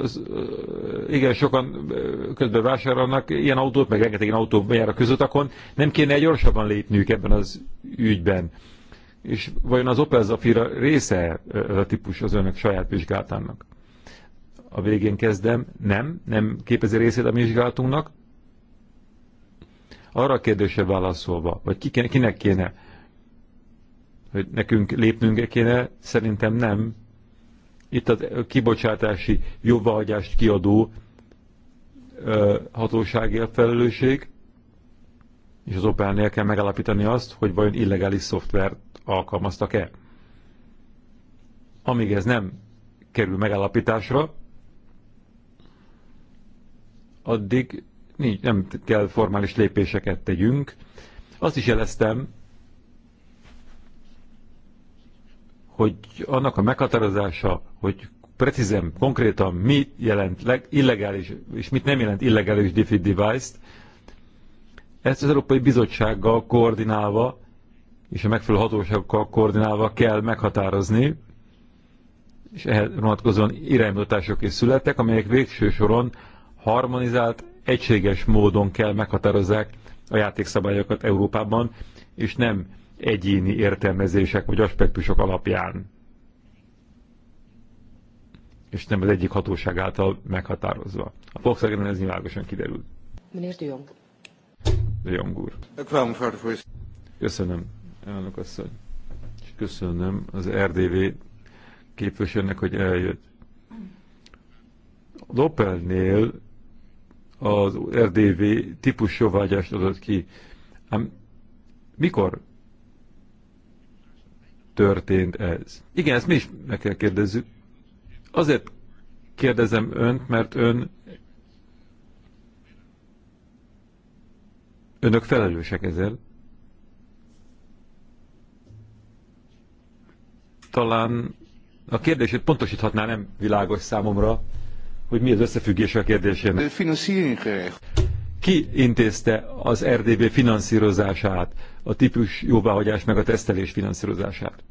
B: az, igen, sokan közben vásárolnak ilyen autót, meg rengeteg ilyen autó jár a közutakon. Nem kéne gyorsabban lépniük ebben az ügyben és vajon az Opel Zafira része ez a típus az önök saját vizsgálatának? A végén kezdem, nem, nem képezi részét a vizsgálatunknak. Arra a kérdésre válaszolva, vagy ki, kinek kéne, hogy nekünk lépnünk -e kéne, szerintem nem. Itt a kibocsátási jóváhagyást kiadó a felelősség, és az Opelnél kell megalapítani azt, hogy vajon illegális szoftvert alkalmaztak-e. Amíg ez nem kerül megállapításra, addig nincs, nem kell formális lépéseket tegyünk. Azt is jeleztem, hogy annak a meghatározása, hogy precízen, konkrétan mi jelent illegális, és mit nem jelent illegális defeat device-t, ezt az Európai Bizottsággal koordinálva és a megfelelő hatóságokkal koordinálva kell meghatározni, és ehhez vonatkozóan iránymutatások is születtek, amelyek végső soron harmonizált, egységes módon kell meghatározzák a játékszabályokat Európában, és nem egyéni értelmezések vagy aspektusok alapján. És nem az egyik hatóság által meghatározva. A Volkswagen ez nyilvánosan kiderült. Meneer de Jong. Jong úr. Köszönöm elnök asszony. És köszönöm az RDV képviselőnek, hogy eljött. Lopelnél az RDV típus sovágyást adott ki. Ám mikor történt ez? Igen, ezt mi is meg kell kérdezzük. Azért kérdezem önt, mert ön önök felelősek ezzel. talán a kérdését pontosíthatná, nem világos számomra, hogy mi az összefüggés a kérdésének. Ki intézte az RDB finanszírozását, a típus jóváhagyás meg a tesztelés finanszírozását?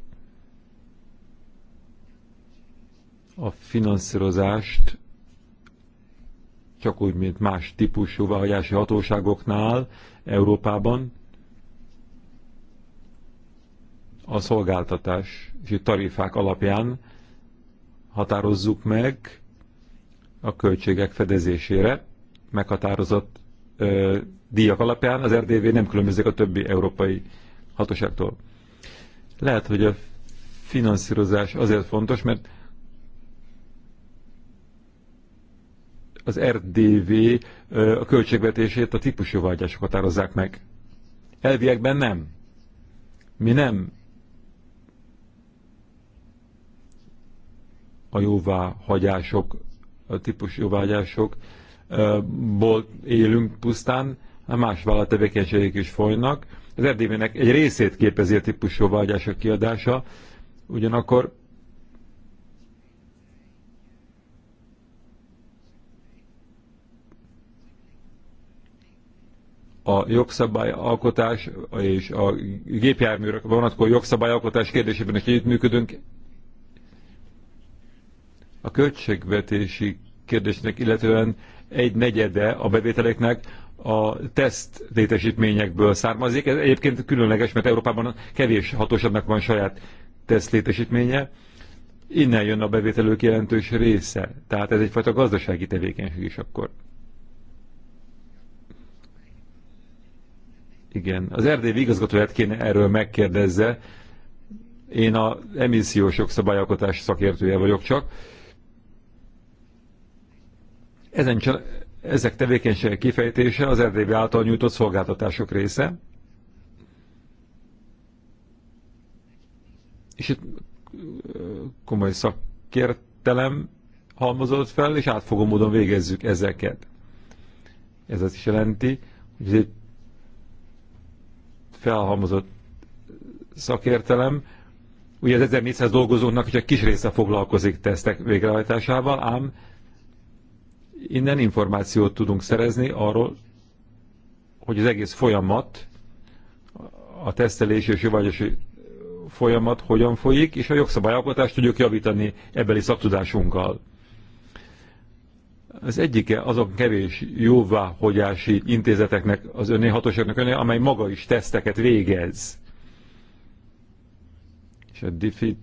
B: A finanszírozást csak úgy, mint más típus jóváhagyási hatóságoknál Európában a szolgáltatás és tarifák alapján határozzuk meg a költségek fedezésére meghatározott ö, díjak alapján. Az RDV nem különbözik a többi európai hatóságtól. Lehet, hogy a finanszírozás azért fontos, mert az RDV a költségvetését a típusú vágyások határozzák meg. Elviekben nem. Mi nem a jóváhagyások, a típus jóváhagyásokból élünk pusztán, a hát más vállalatevékenységek is folynak. Az erdélyének egy részét képezi a típus jóváhagyások kiadása, ugyanakkor a jogszabályalkotás és a gépjárműre vonatkozó jogszabályalkotás kérdésében is együttműködünk a költségvetési kérdésnek, illetően egy negyede a bevételeknek a teszt létesítményekből származik. Ez egyébként különleges, mert Európában kevés hatósabbnak van saját teszt létesítménye. Innen jön a bevételők jelentős része. Tehát ez egyfajta gazdasági tevékenység is akkor. Igen. Az erdélyi igazgatóját kéne erről megkérdezze. Én a emissziósok szabályalkotás szakértője vagyok csak ezen csal, ezek tevékenységek kifejtése az Erdélybe által nyújtott szolgáltatások része, és itt komoly szakértelem halmozott fel, és átfogó módon végezzük ezeket. Ez azt is jelenti, hogy ez egy felhalmozott szakértelem. Ugye az 1400 dolgozónak csak kis része foglalkozik tesztek végrehajtásával, ám Innen információt tudunk szerezni arról, hogy az egész folyamat, a tesztelési és jövágyási folyamat hogyan folyik, és a jogszabályalkotást tudjuk javítani ebbeli szaktudásunkkal. Az egyike azok kevés jóváhagyási intézeteknek, az önné hatóságnak önné, amely maga is teszteket végez. És a diffi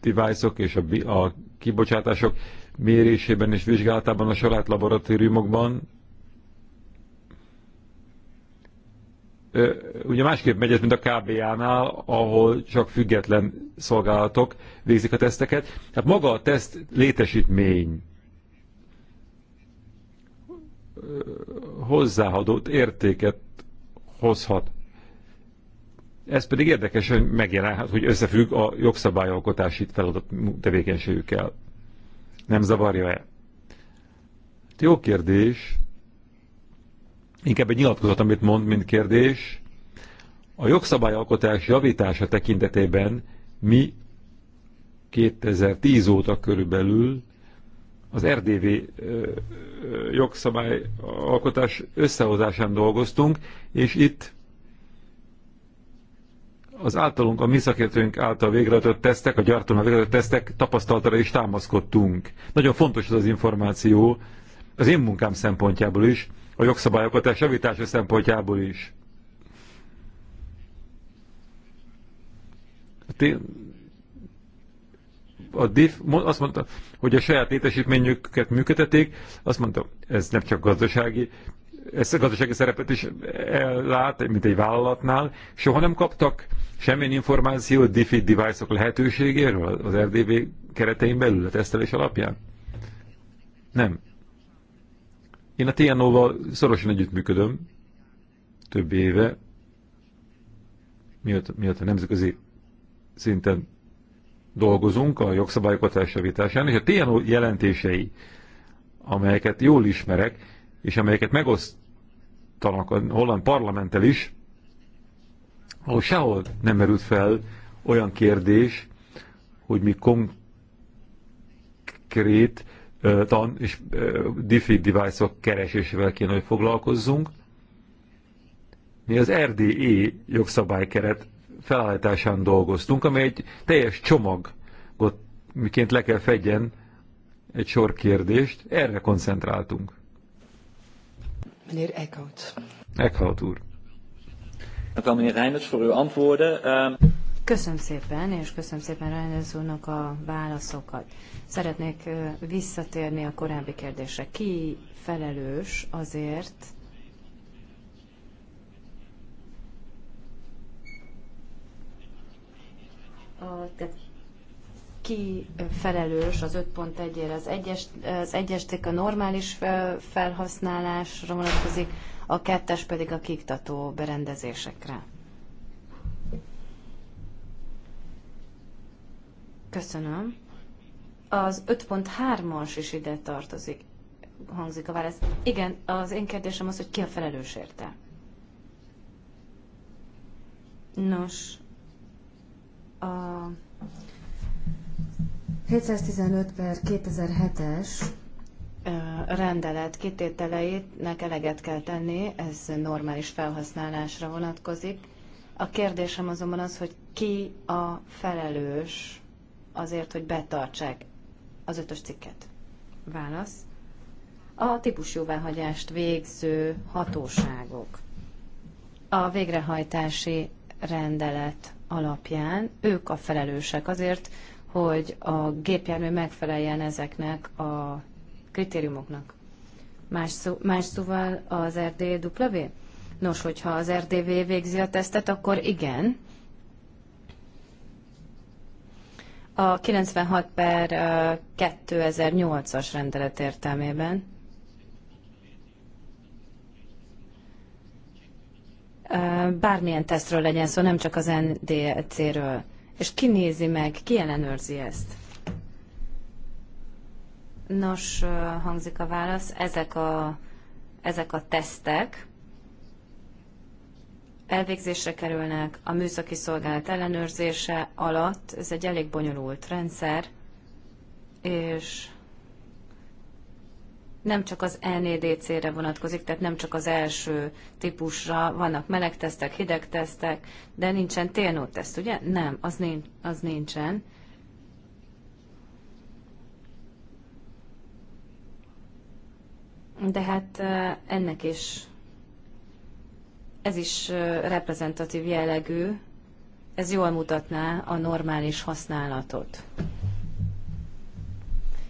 B: device -ok és a, a kibocsátások mérésében és vizsgálatában a saját laboratóriumokban ugye másképp megy ez, mint a KBA-nál, ahol csak független szolgálatok végzik a teszteket. Tehát maga a teszt létesítmény hozzáadott értéket hozhat. Ez pedig érdekesen megjelenhet, hogy összefügg a jogszabályalkotási feladat tevékenységükkel nem zavarja-e? Hát jó kérdés. Inkább egy nyilatkozat, amit mond, mint kérdés. A jogszabályalkotás javítása tekintetében mi 2010 óta körülbelül az RDV jogszabályalkotás összehozásán dolgoztunk, és itt az általunk, a mi szakértőink által végrehajtott tesztek, a gyártónak végrehajtott tesztek tapasztalatára is támaszkodtunk. Nagyon fontos ez az információ, az én munkám szempontjából is, a és javítása szempontjából is. A DIF azt mondta, hogy a saját létesítményüket működtették, azt mondta, ez nem csak gazdasági ezt a gazdasági szerepet is ellát, mint egy vállalatnál. Soha nem kaptak semmilyen információt defeat device-ok lehetőségéről az RDV keretein belül a tesztelés alapján? Nem. Én a TNO-val szorosan együttműködöm, több éve, miatt, miatt a nemzetközi szinten dolgozunk a jogszabályok hatásavításán, és a TNO jelentései, amelyeket jól ismerek, és amelyeket megosztanak a holland parlamenttel is, ahol sehol nem merült fel olyan kérdés, hogy mi konkrét tan és diffi device-ok keresésével kéne, hogy foglalkozzunk. Mi az RDE jogszabálykeret felállításán dolgoztunk, amely egy teljes csomagot miként le kell fedjen egy sor kérdést, erre koncentráltunk.
D: Meneer Eckhout.
B: Eckhout úr. Dank u wel, meneer Reinders voor uw antwoorden. Ehm,
C: köszönöm szépen, és köszönöm szépen Reinders úrnak a válaszokat. Szeretnék visszatérni a korábbi kérdésre. Ki felelős azért, a, tehát ki felelős az 5.1-ére. Az egyes, az egyesték a normális felhasználásra vonatkozik, a kettes pedig a kiktató berendezésekre. Köszönöm. Az 5.3-as is ide tartozik, hangzik a válasz. Igen, az én kérdésem az, hogy ki a felelős érte. Nos, a 715 per 2007-es rendelet kitételeinek eleget kell tenni, ez normális felhasználásra vonatkozik. A kérdésem azonban az, hogy ki a felelős azért, hogy betartsák az ötös cikket? Válasz. A típusjóváhagyást végző hatóságok. A végrehajtási rendelet alapján ők a felelősek azért, hogy a gépjármű megfeleljen ezeknek a kritériumoknak. Más, szó, más szóval az RDW? Nos, hogyha az RDV végzi a tesztet, akkor igen. A 96 per 2008-as rendelet értelmében. Bármilyen tesztről legyen szó, nem csak az NDC-ről és ki nézi meg, ki ellenőrzi ezt? Nos, hangzik a válasz, ezek a, ezek a tesztek elvégzésre kerülnek a műszaki szolgálat ellenőrzése alatt. Ez egy elég bonyolult rendszer, és nem csak az NEDC-re vonatkozik, tehát nem csak az első típusra, vannak meleg tesztek, hideg tesztek, de nincsen TNO teszt, ugye? Nem, az, nincs, az nincsen. De hát ennek is, ez is reprezentatív jellegű, ez jól mutatná a normális használatot.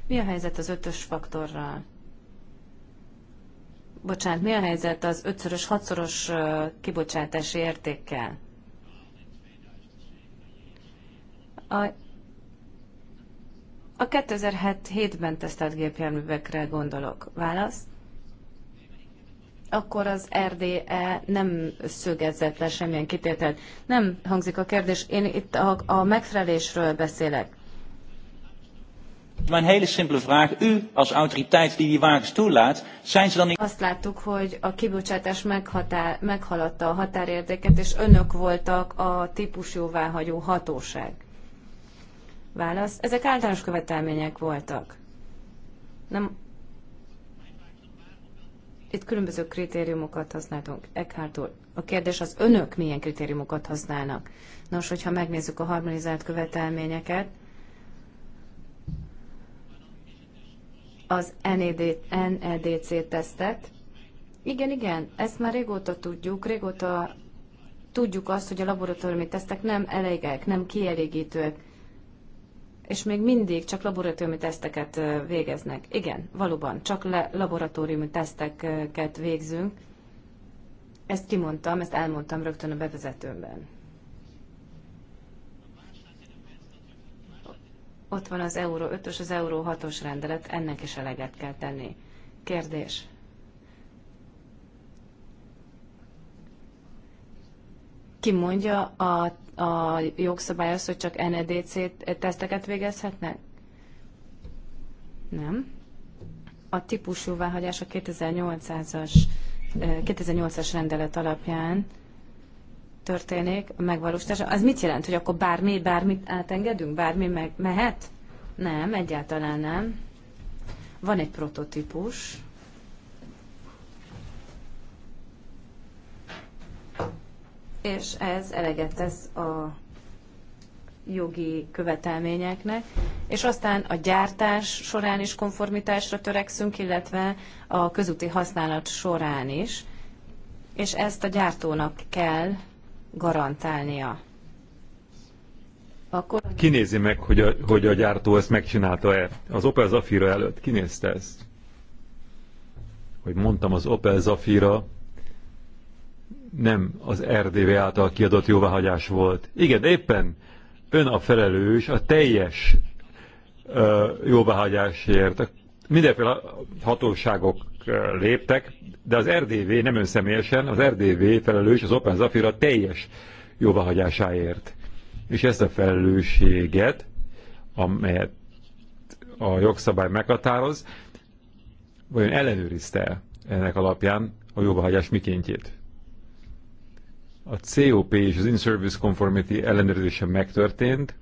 C: Mi a helyzet az ötös faktorral? bocsánat, mi a helyzet az ötszörös, hatszoros kibocsátási értékkel? A, a 2007-ben tesztelt gépjárművekre gondolok. Válasz? Akkor az RDE nem szögezett le semmilyen kitételt. Nem hangzik a kérdés. Én itt a, a megfelelésről beszélek.
D: Mijn hele simpele vraag, u als autoriteit die die wagens toelaat, zijn ze dan niet...
C: Azt láttuk, hogy a kibocsátás meghatár, meghaladta a határértéket, és önök voltak a típusjóváhagyó hatóság. Válasz, ezek általános követelmények voltak. Nem... Itt különböző kritériumokat használtunk. Eckhart úr, a kérdés az önök milyen kritériumokat használnak. Nos, hogyha megnézzük a harmonizált követelményeket, az NEDC e tesztet. Igen, igen, ezt már régóta tudjuk, régóta tudjuk azt, hogy a laboratóriumi tesztek nem elégek, nem kielégítőek, és még mindig csak laboratóriumi teszteket végeznek. Igen, valóban, csak le laboratóriumi teszteket végzünk. Ezt kimondtam, ezt elmondtam rögtön a bevezetőmben. Ott van az Euró 5-ös, az Euró 6-os rendelet, ennek is eleget kell tenni. Kérdés. Ki mondja a, a jogszabály azt, hogy csak NEDC teszteket végezhetnek? Nem. A típusúváhagyás a 2800-as 2008 eh, rendelet alapján történik a megvalósítása, az mit jelent, hogy akkor bármi, bármit átengedünk, bármi meg mehet? Nem, egyáltalán nem. Van egy prototípus. És ez eleget tesz a jogi követelményeknek, és aztán a gyártás során is konformitásra törekszünk, illetve a közúti használat során is, és ezt a gyártónak kell garantálnia.
B: Akkor... Kinézi meg, hogy a, hogy a gyártó ezt megcsinálta-e? Az Opel Zafira előtt kinézte ezt? Hogy mondtam, az Opel Zafira nem az RDV által kiadott jóváhagyás volt. Igen, éppen ön a felelős a teljes uh, jóváhagyásért. Mindenféle hatóságok léptek, de az RDV nem önszemélyesen, az RDV felelős az Open Zafira teljes jóváhagyásáért. És ezt a felelősséget, amelyet a jogszabály meghatároz, vajon ellenőrizte -e ennek alapján a jóváhagyás mikéntjét? A COP és az In-Service Conformity ellenőrzése megtörtént,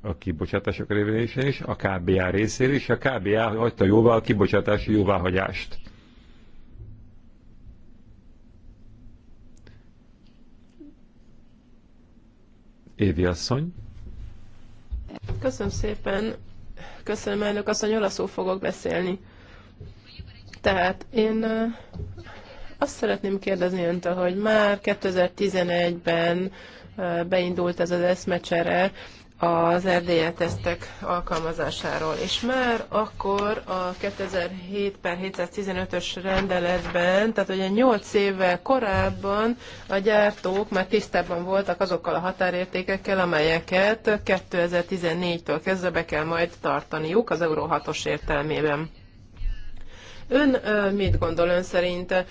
B: a kibocsátások révén is, a KBA részéről, és a KBA hagyta jóvá a kibocsátási jóváhagyást. Évi asszony.
A: Köszönöm szépen. Köszönöm, elnök asszony, olaszul fogok beszélni. Tehát én azt szeretném kérdezni öntől, hogy már 2011-ben beindult ez az eszmecsere az erdélye tesztek alkalmazásáról. És már akkor a 2007 per 715-ös rendeletben, tehát ugye 8 évvel korábban a gyártók már tisztában voltak azokkal a határértékekkel, amelyeket 2014-től kezdve be kell majd tartaniuk az Euró 6-os értelmében. Ön mit gondol ön szerint?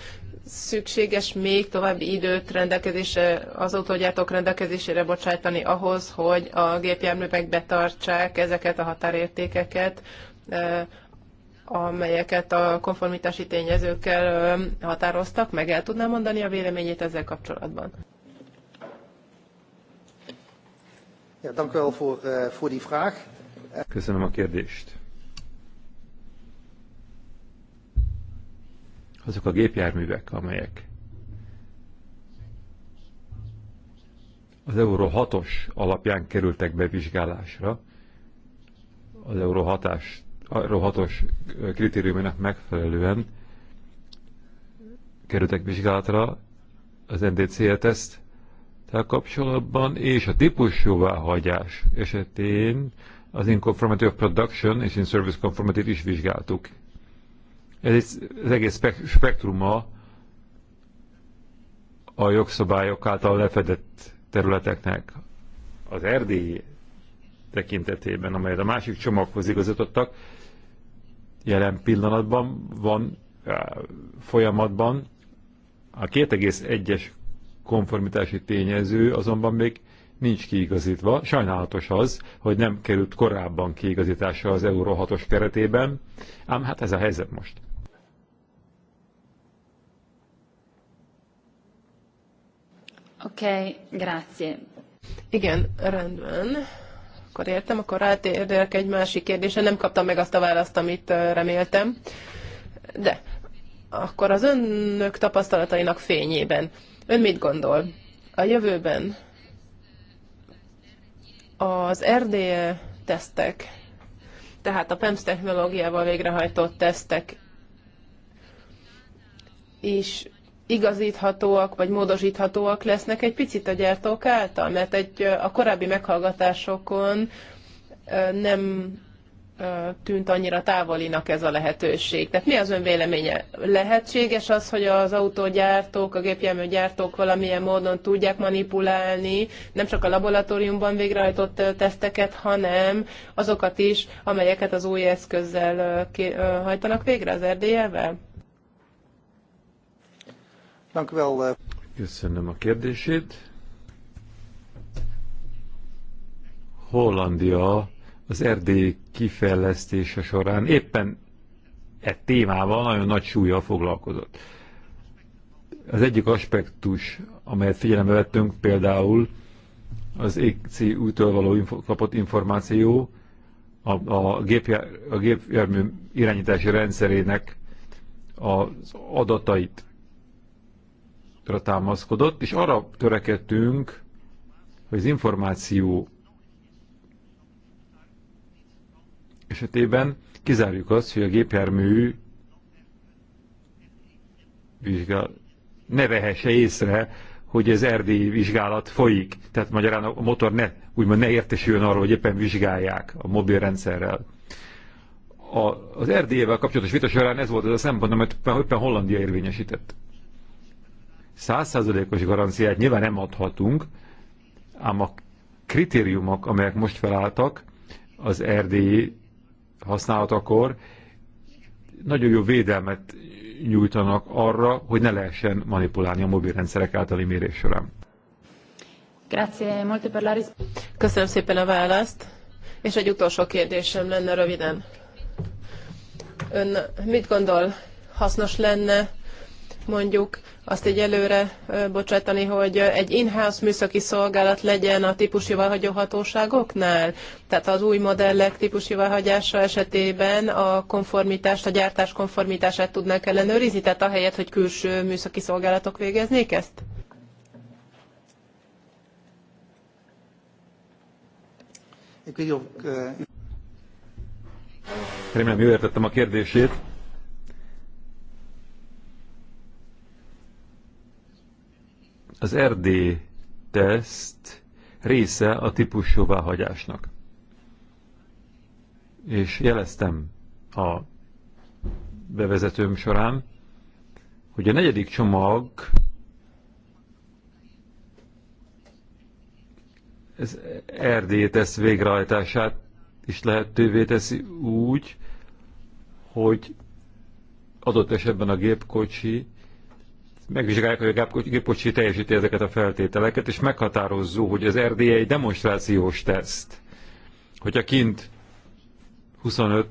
A: szükséges még további időt rendelkezésre, az autógyártók rendelkezésére bocsájtani ahhoz, hogy a gépjárművek betartsák ezeket a határértékeket, amelyeket a konformitási tényezőkkel határoztak meg. El tudná mondani a véleményét ezzel kapcsolatban?
D: Eh,
B: Köszönöm a kérdést. azok a gépjárművek, amelyek az Euró 6-os alapján kerültek bevizsgálásra, az Euró 6-os, Euró kritériumának megfelelően kerültek vizsgálatra az ndc teszt kapcsolatban, és a típus jóváhagyás esetén az Inconformity of Production és In-Service Conformity-t is vizsgáltuk ez az egész spektruma a jogszabályok által lefedett területeknek. Az erdélyi tekintetében, amelyet a másik csomaghoz igazítottak, jelen pillanatban van folyamatban a 2,1-es konformitási tényező azonban még nincs kiigazítva. Sajnálatos az, hogy nem került korábban kiigazításra az Euró 6-os keretében, ám hát ez a helyzet most.
A: Oké, okay, grazie. Igen, rendben. Akkor értem, akkor rátérjek egy másik kérdésre. Nem kaptam meg azt a választ, amit reméltem. De akkor az önök tapasztalatainak fényében. Ön mit gondol? A jövőben az RDE tesztek, tehát a PEMS technológiával végrehajtott tesztek is igazíthatóak vagy módosíthatóak lesznek egy picit a gyártók által, mert egy, a korábbi meghallgatásokon nem tűnt annyira távolinak ez a lehetőség. Tehát mi az ön véleménye? Lehetséges az, hogy az autógyártók, a gépjárműgyártók valamilyen módon tudják manipulálni nem csak a laboratóriumban végrehajtott teszteket, hanem azokat is, amelyeket az új eszközzel hajtanak végre az erdélyevel?
B: Eh. Köszönöm a kérdését. Hollandia az erdély kifejlesztése során éppen e témával nagyon nagy súlyjal foglalkozott. Az egyik aspektus, amelyet figyelembe vettünk például az ecu útól való info, kapott információ, a, a, gépjár, a gépjármű irányítási rendszerének az adatait támaszkodott, és arra törekedtünk, hogy az információ esetében kizárjuk azt, hogy a gépjármű vizsgál, ne vehesse észre, hogy az erdélyi vizsgálat folyik. Tehát magyarán a motor ne, úgymond ne értesüljön arról, hogy éppen vizsgálják a mobilrendszerrel. A, az erdélyével kapcsolatos vita során ez volt az a szempont, amit éppen Hollandia érvényesített százszázalékos garanciát nyilván nem adhatunk, ám a kritériumok, amelyek most felálltak az erdélyi használatakor, nagyon jó védelmet nyújtanak arra, hogy ne lehessen manipulálni a mobilrendszerek általi mérés során.
A: Köszönöm szépen a választ, és egy utolsó kérdésem lenne röviden. Ön mit gondol, hasznos lenne mondjuk azt így előre bocsátani, hogy egy in-house műszaki szolgálat legyen a típusjóváhagyó hatóságoknál? Tehát az új modellek típusjóváhagyása esetében a konformitást, a gyártás konformitását tudnák ellenőrizni, tehát ahelyett, hogy külső műszaki szolgálatok végeznék ezt?
B: Remélem, jól értettem a kérdését. Az RD teszt része a típus jóváhagyásnak. És jeleztem a bevezetőm során, hogy a negyedik csomag ez RD teszt végrehajtását is lehetővé teszi úgy, hogy adott esetben a gépkocsi megvizsgálják, hogy a gépkocsi teljesíti ezeket a feltételeket, és meghatározzó, hogy az RDI egy demonstrációs teszt. Hogyha kint 25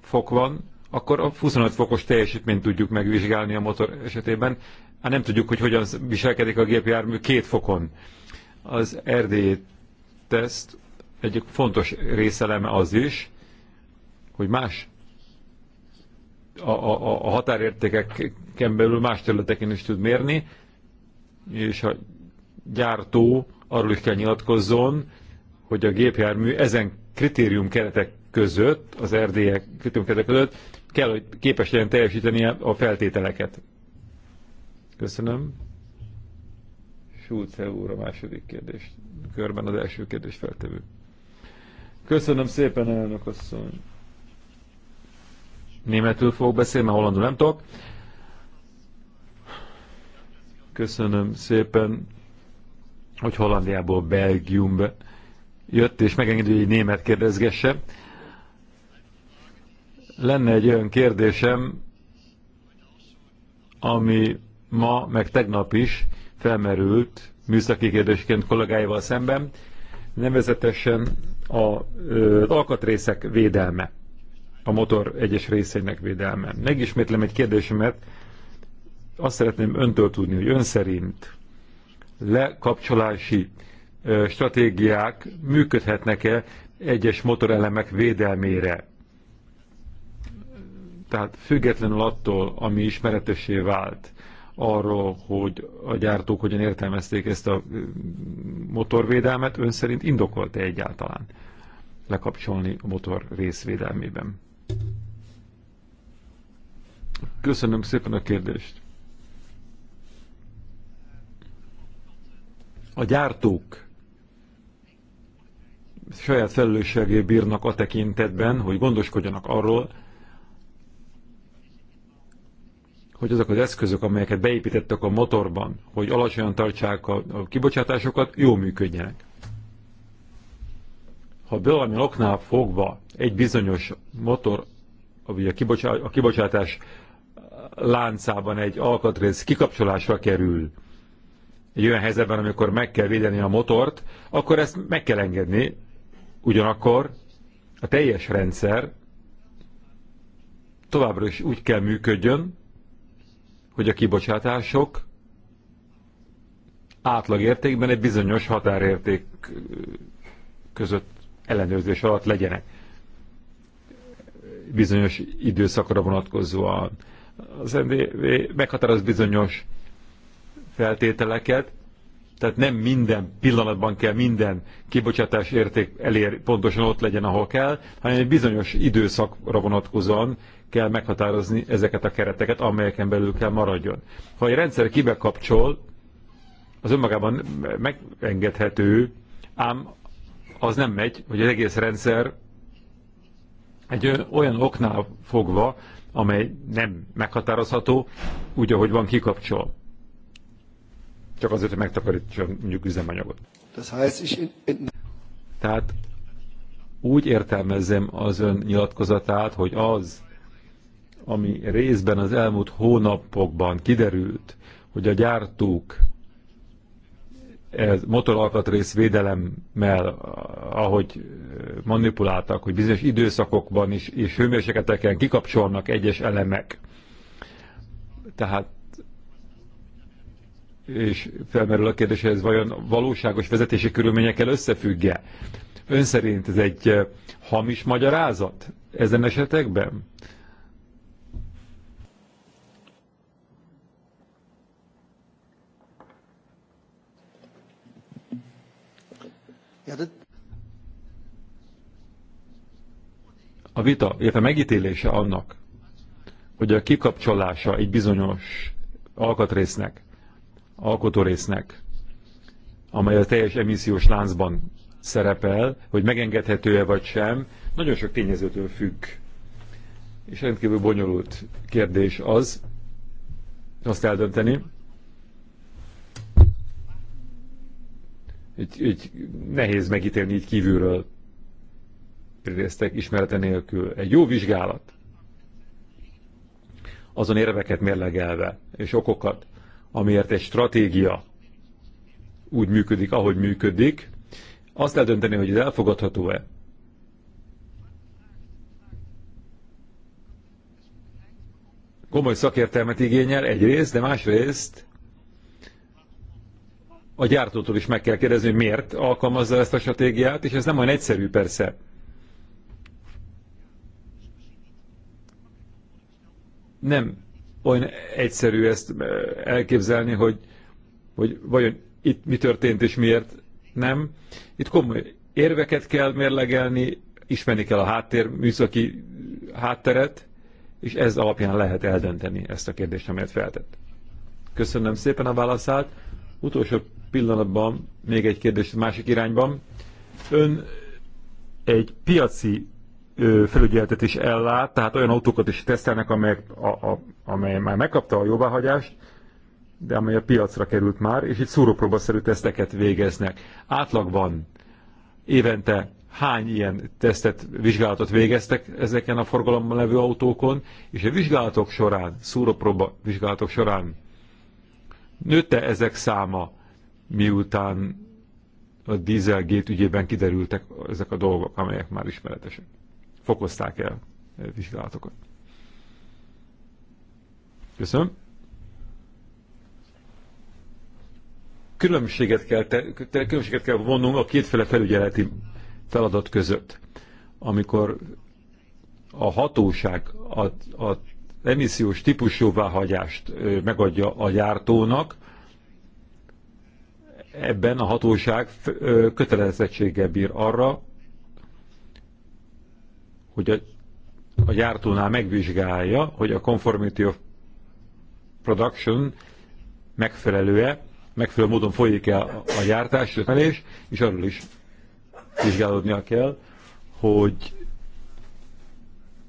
B: fok van, akkor a 25 fokos teljesítményt tudjuk megvizsgálni a motor esetében, hát nem tudjuk, hogy hogyan viselkedik a gépjármű két fokon. Az RDI teszt egyik fontos részeleme az is, hogy más a, a, a határértékeken belül más területeken is tud mérni, és a gyártó arról is kell nyilatkozzon, hogy a gépjármű ezen kritérium keretek között, az RDE kritérium keretek között kell, hogy képes legyen teljesíteni a feltételeket. Köszönöm. Schulze úr a második kérdés. Körben az első kérdés feltevő. Köszönöm szépen, elnök asszony németül fogok beszélni, mert hollandul nem tudok. Köszönöm szépen, hogy Hollandiából Belgiumbe jött, és megengedő, hogy német kérdezgesse. Lenne egy olyan kérdésem, ami ma, meg tegnap is felmerült műszaki kérdésként kollégáival szemben, nevezetesen a, az alkatrészek védelme a motor egyes részeinek védelme. Megismétlem egy kérdésemet, azt szeretném öntől tudni, hogy ön szerint lekapcsolási stratégiák működhetnek-e egyes motorelemek védelmére? Tehát függetlenül attól, ami ismeretessé vált, arról, hogy a gyártók hogyan értelmezték ezt a motorvédelmet, ön szerint indokolt-e egyáltalán lekapcsolni a motor részvédelmében? Köszönöm szépen a kérdést. A gyártók saját felelősségé bírnak a tekintetben, hogy gondoskodjanak arról, hogy azok az eszközök, amelyeket beépítettek a motorban, hogy alacsonyan tartsák a, kibocsátásokat, jól működjenek ha valami oknál fogva egy bizonyos motor, vagy a, a kibocsátás láncában egy alkatrész kikapcsolásra kerül, egy olyan helyzetben, amikor meg kell védeni a motort, akkor ezt meg kell engedni. Ugyanakkor a teljes rendszer továbbra is úgy kell működjön, hogy a kibocsátások átlagértékben egy bizonyos határérték között ellenőrzés alatt legyenek bizonyos időszakra vonatkozóan. Az MVV meghatároz bizonyos feltételeket, tehát nem minden pillanatban kell minden kibocsátás érték elér, pontosan ott legyen, ahol kell, hanem egy bizonyos időszakra vonatkozóan kell meghatározni ezeket a kereteket, amelyeken belül kell maradjon. Ha egy rendszer kibekapcsol, az önmagában megengedhető, ám az nem megy, hogy az egész rendszer egy olyan oknál fogva, amely nem meghatározható, úgy, ahogy van, kikapcsol. Csak azért, hogy megtakarítsa mondjuk üzemanyagot. Tehát úgy értelmezem az ön nyilatkozatát, hogy az, ami részben az elmúlt hónapokban kiderült, hogy a gyártók ez motoralkatrész védelemmel, ahogy manipuláltak, hogy bizonyos időszakokban is, és hőmérsékleteken kikapcsolnak egyes elemek. Tehát és felmerül a kérdés, hogy ez vajon valóságos vezetési körülményekkel összefügg-e? Ön szerint ez egy hamis magyarázat ezen esetekben? A vita, illetve megítélése annak, hogy a kikapcsolása egy bizonyos alkatrésznek, alkotórésznek, amely a teljes emissziós láncban szerepel, hogy megengedhető-e vagy sem, nagyon sok tényezőtől függ. És rendkívül bonyolult kérdés az, azt eldönteni, Úgy, úgy nehéz megítélni így kívülről résztek ismerete nélkül. Egy jó vizsgálat, azon érveket mérlegelve, és okokat, amiért egy stratégia úgy működik, ahogy működik, azt lehet dönteni, hogy ez elfogadható-e. Komoly szakértelmet igényel egyrészt, de másrészt a gyártótól is meg kell kérdezni, hogy miért alkalmazza ezt a stratégiát, és ez nem olyan egyszerű persze. Nem olyan egyszerű ezt eh, elképzelni, hogy, hogy vajon itt mi történt és miért nem. Itt komoly érveket kell mérlegelni, ismerni kell a háttér, műszaki hátteret, és ez alapján lehet eldönteni ezt a kérdést, amelyet feltett. Köszönöm szépen a válaszát. Utolsó pillanatban még egy kérdés a másik irányban. Ön egy piaci felügyeletet is ellát, tehát olyan autókat is tesztelnek, amelyek, a, a, amely már megkapta a jóváhagyást, de amely a piacra került már, és itt szúrópróbaszerű teszteket végeznek. Átlagban évente hány ilyen tesztet, vizsgálatot végeztek ezeken a forgalomban levő autókon, és a vizsgálatok során, szúrópróba vizsgálatok során nőtte ezek száma miután a Dieselgate ügyében kiderültek ezek a dolgok, amelyek már ismeretesek. Fokozták el vizsgálatokat. Köszönöm. Különbséget kell, te, különbséget kell vonnunk a kétféle felügyeleti feladat között. Amikor a hatóság az a emissziós típusjóváhagyást megadja a gyártónak, ebben a hatóság kötelezettséggel bír arra, hogy a, a gyártónál megvizsgálja, hogy a conformity of production megfelelő-e, megfelelő módon folyik-e a, a gyártás, és és arról is vizsgálódnia kell, hogy,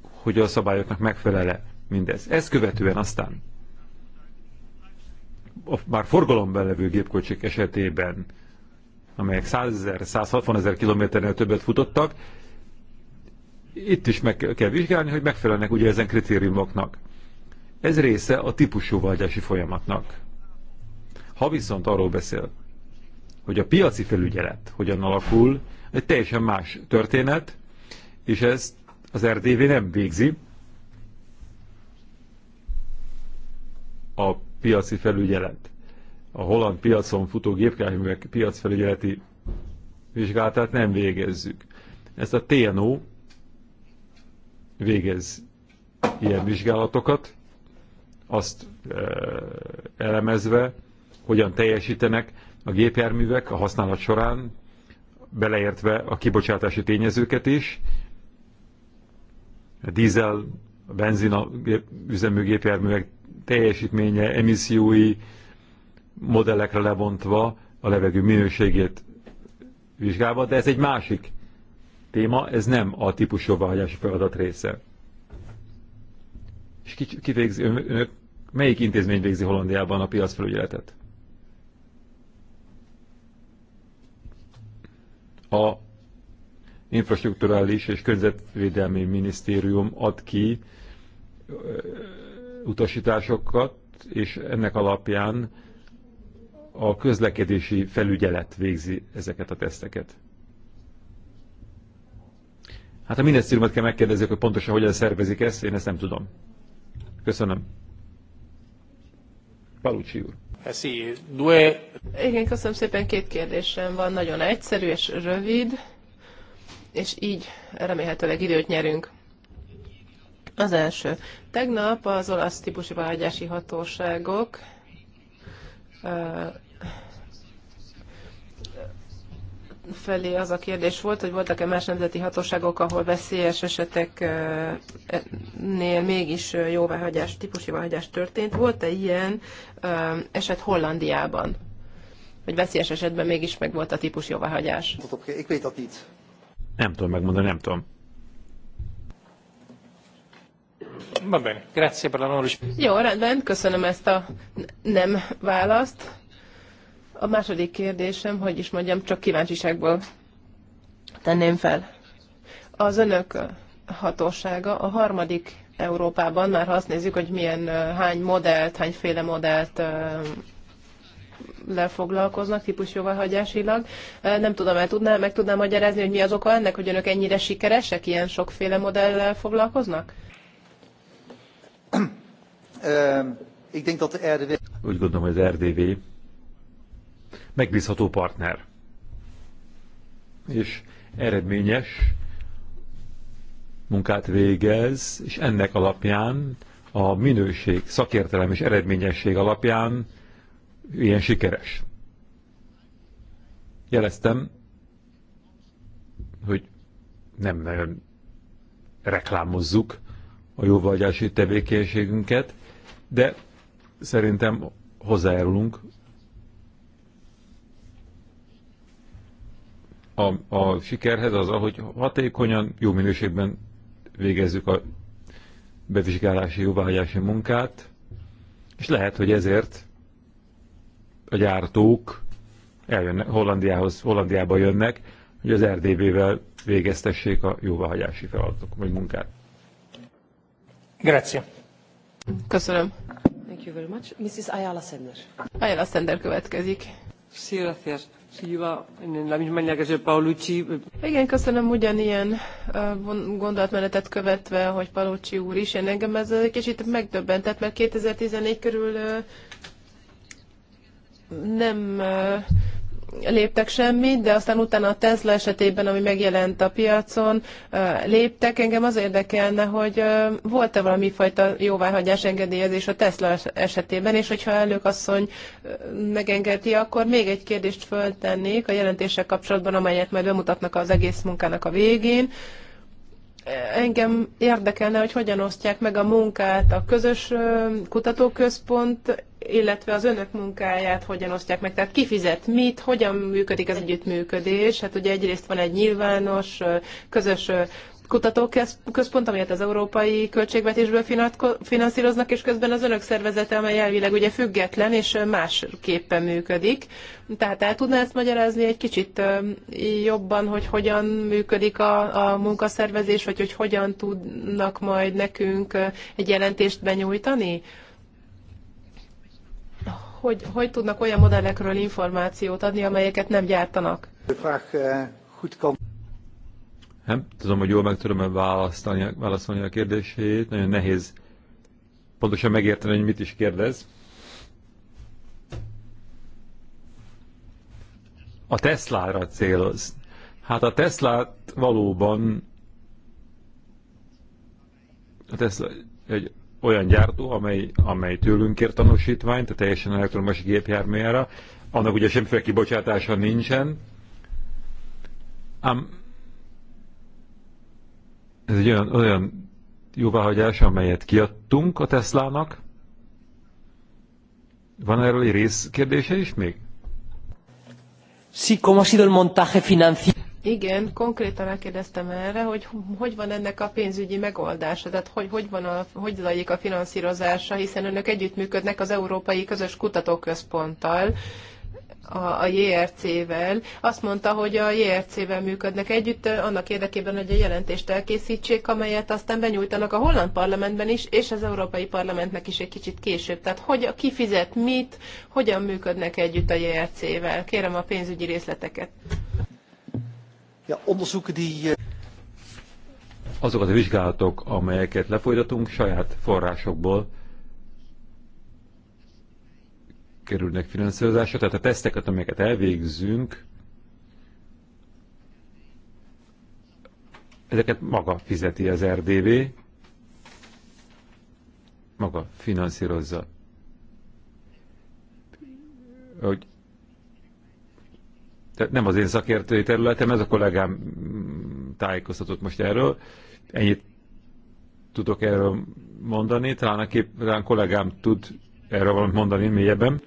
B: hogy a szabályoknak megfelele mindez. Ezt követően aztán a már forgalomban levő gépkocsik esetében, amelyek 100 ezer, 160 ezer kilométernél többet futottak, itt is meg kell vizsgálni, hogy megfelelnek ugye ezen kritériumoknak. Ez része a típusú vágyási folyamatnak. Ha viszont arról beszél, hogy a piaci felügyelet hogyan alakul, egy teljesen más történet, és ezt az RDV nem végzi. A piaci felügyelet. A holland piacon futó gépjárművek piacfelügyeleti vizsgálatát nem végezzük. Ezt a TNO végez ilyen vizsgálatokat, azt elemezve, hogyan teljesítenek a gépjárművek a használat során, beleértve a kibocsátási tényezőket is, a dízel, a benzin üzemű gépjárművek teljesítménye, emissziói modellekre lebontva a levegő minőségét vizsgálva, de ez egy másik téma, ez nem a típusjóváhagyási feladat része. És ki, ki végzi, önök, melyik intézmény végzi Hollandiában a piacfelügyeletet? A infrastruktúrális és környezetvédelmi minisztérium ad ki utasításokat, és ennek alapján a közlekedési felügyelet végzi ezeket a teszteket. Hát a minisztériumot kell megkérdezni, hogy pontosan hogyan szervezik ezt, én ezt nem tudom. Köszönöm. Palucsi úr. Eh
A: Igen, köszönöm szépen. Két kérdésem van, nagyon egyszerű és rövid, és így remélhetőleg időt nyerünk. Az első. Tegnap az olasz típusú vágyási hatóságok felé az a kérdés volt, hogy voltak-e más nemzeti hatóságok, ahol veszélyes eseteknél mégis jóváhagyás, típusi jóváhagyás történt. Volt-e ilyen eset Hollandiában? Hogy veszélyes esetben mégis meg volt a típus jóváhagyás?
B: Nem tudom megmondani, nem tudom.
D: Va bene, grazie per la non
A: Jó, rendben, köszönöm ezt a nem választ. A második kérdésem, hogy is mondjam, csak kíváncsiságból tenném fel. Az önök hatósága a harmadik Európában, már ha azt nézzük, hogy milyen hány modellt, hányféle modellt lefoglalkoznak típus jóváhagyásilag. Nem tudom, el tudnám, meg tudnám magyarázni, hogy mi az oka ennek, hogy önök ennyire sikeresek, ilyen sokféle modellel foglalkoznak?
D: Ik denk dat de RDW...
B: Úgy gondolom, hogy az RDW megbízható partner. És eredményes munkát végez, és ennek alapján a minőség, szakértelem és eredményesség alapján ilyen sikeres. Jeleztem, hogy nem nagyon reklámozzuk a jóvágyási tevékenységünket, de szerintem hozzájárulunk a, a sikerhez az, hogy hatékonyan, jó minőségben végezzük a bevizsgálási, jóváhagyási munkát, és lehet, hogy ezért a gyártók eljönnek, Hollandiához, Hollandiába jönnek, hogy az RDB-vel végeztessék a jóváhagyási feladatok, vagy munkát.
A: Köszönöm. Mrs. Ayala Sender. Ayala Sender következik. Sí, gracias. Igen, köszönöm ugyanilyen gondolatmenetet követve, hogy Palucci úr is. Én engem ez egy kicsit megdöbbentett, mert 2014 körül nem léptek semmit, de aztán utána a Tesla esetében, ami megjelent a piacon, léptek. Engem az érdekelne, hogy volt-e valami fajta jóváhagyás engedélyezés a Tesla esetében, és hogyha elnök asszony megengedi, akkor még egy kérdést föltennék a jelentések kapcsolatban, amelyet majd bemutatnak az egész munkának a végén engem érdekelne, hogy hogyan osztják meg a munkát a közös kutatóközpont illetve az önök munkáját hogyan osztják meg, tehát kifizet, mit, hogyan működik az együttműködés. Hát ugye egyrészt van egy nyilvános, közös kutatóközpont, amelyet az európai költségvetésből finanszíroznak, és közben az önök szervezete, amely elvileg ugye független és másképpen működik. Tehát el tudná ezt magyarázni egy kicsit jobban, hogy hogyan működik a, a munkaszervezés, vagy hogy hogyan tudnak majd nekünk egy jelentést benyújtani? hogy, hogy tudnak olyan modellekről információt adni, amelyeket nem gyártanak?
D: Eh,
B: nem tudom, hogy jól meg tudom-e választani, válaszolni a kérdését. Nagyon nehéz pontosan megérteni, hogy mit is kérdez. A Tesla-ra céloz. Hát a Tesla valóban a Tesla egy olyan gyártó, amely, amely tőlünk kér tanúsítványt, a teljesen elektromos gépjárműjára, annak ugye semmiféle kibocsátása nincsen, ám ez egy olyan, olyan jóváhagyás, amelyet kiadtunk a Teslának. Van erről egy rész kérdése is még? Sí, como ha sido el montaje financiero?
A: Igen, konkrétan rákérdeztem erre, hogy hogy van ennek a pénzügyi megoldása, tehát hogy, hogy, van a, hogy zajlik a finanszírozása, hiszen önök együttműködnek az Európai Közös Kutatóközponttal, a, a JRC-vel. Azt mondta, hogy a JRC-vel működnek együtt, annak érdekében, hogy a jelentést elkészítsék, amelyet aztán benyújtanak a holland parlamentben is, és az Európai Parlamentnek is egy kicsit később. Tehát hogy ki fizet mit, hogyan működnek együtt a JRC-vel. Kérem a pénzügyi részleteket.
B: Ja,
D: onderzoeken die... Eh,
B: Azokat a vizsgálatok, amelyeket lefolytatunk saját forrásokból, kerülnek finanszírozásra, tehát a teszteket, amelyeket elvégzünk, ezeket maga fizeti az RDV, maga finanszírozza. Hogy nem az én szakértői területem, ez a kollégám tájékoztatott most erről. Ennyit tudok erről mondani, talán a kép, talán kollégám tud erről valamit mondani mélyebben.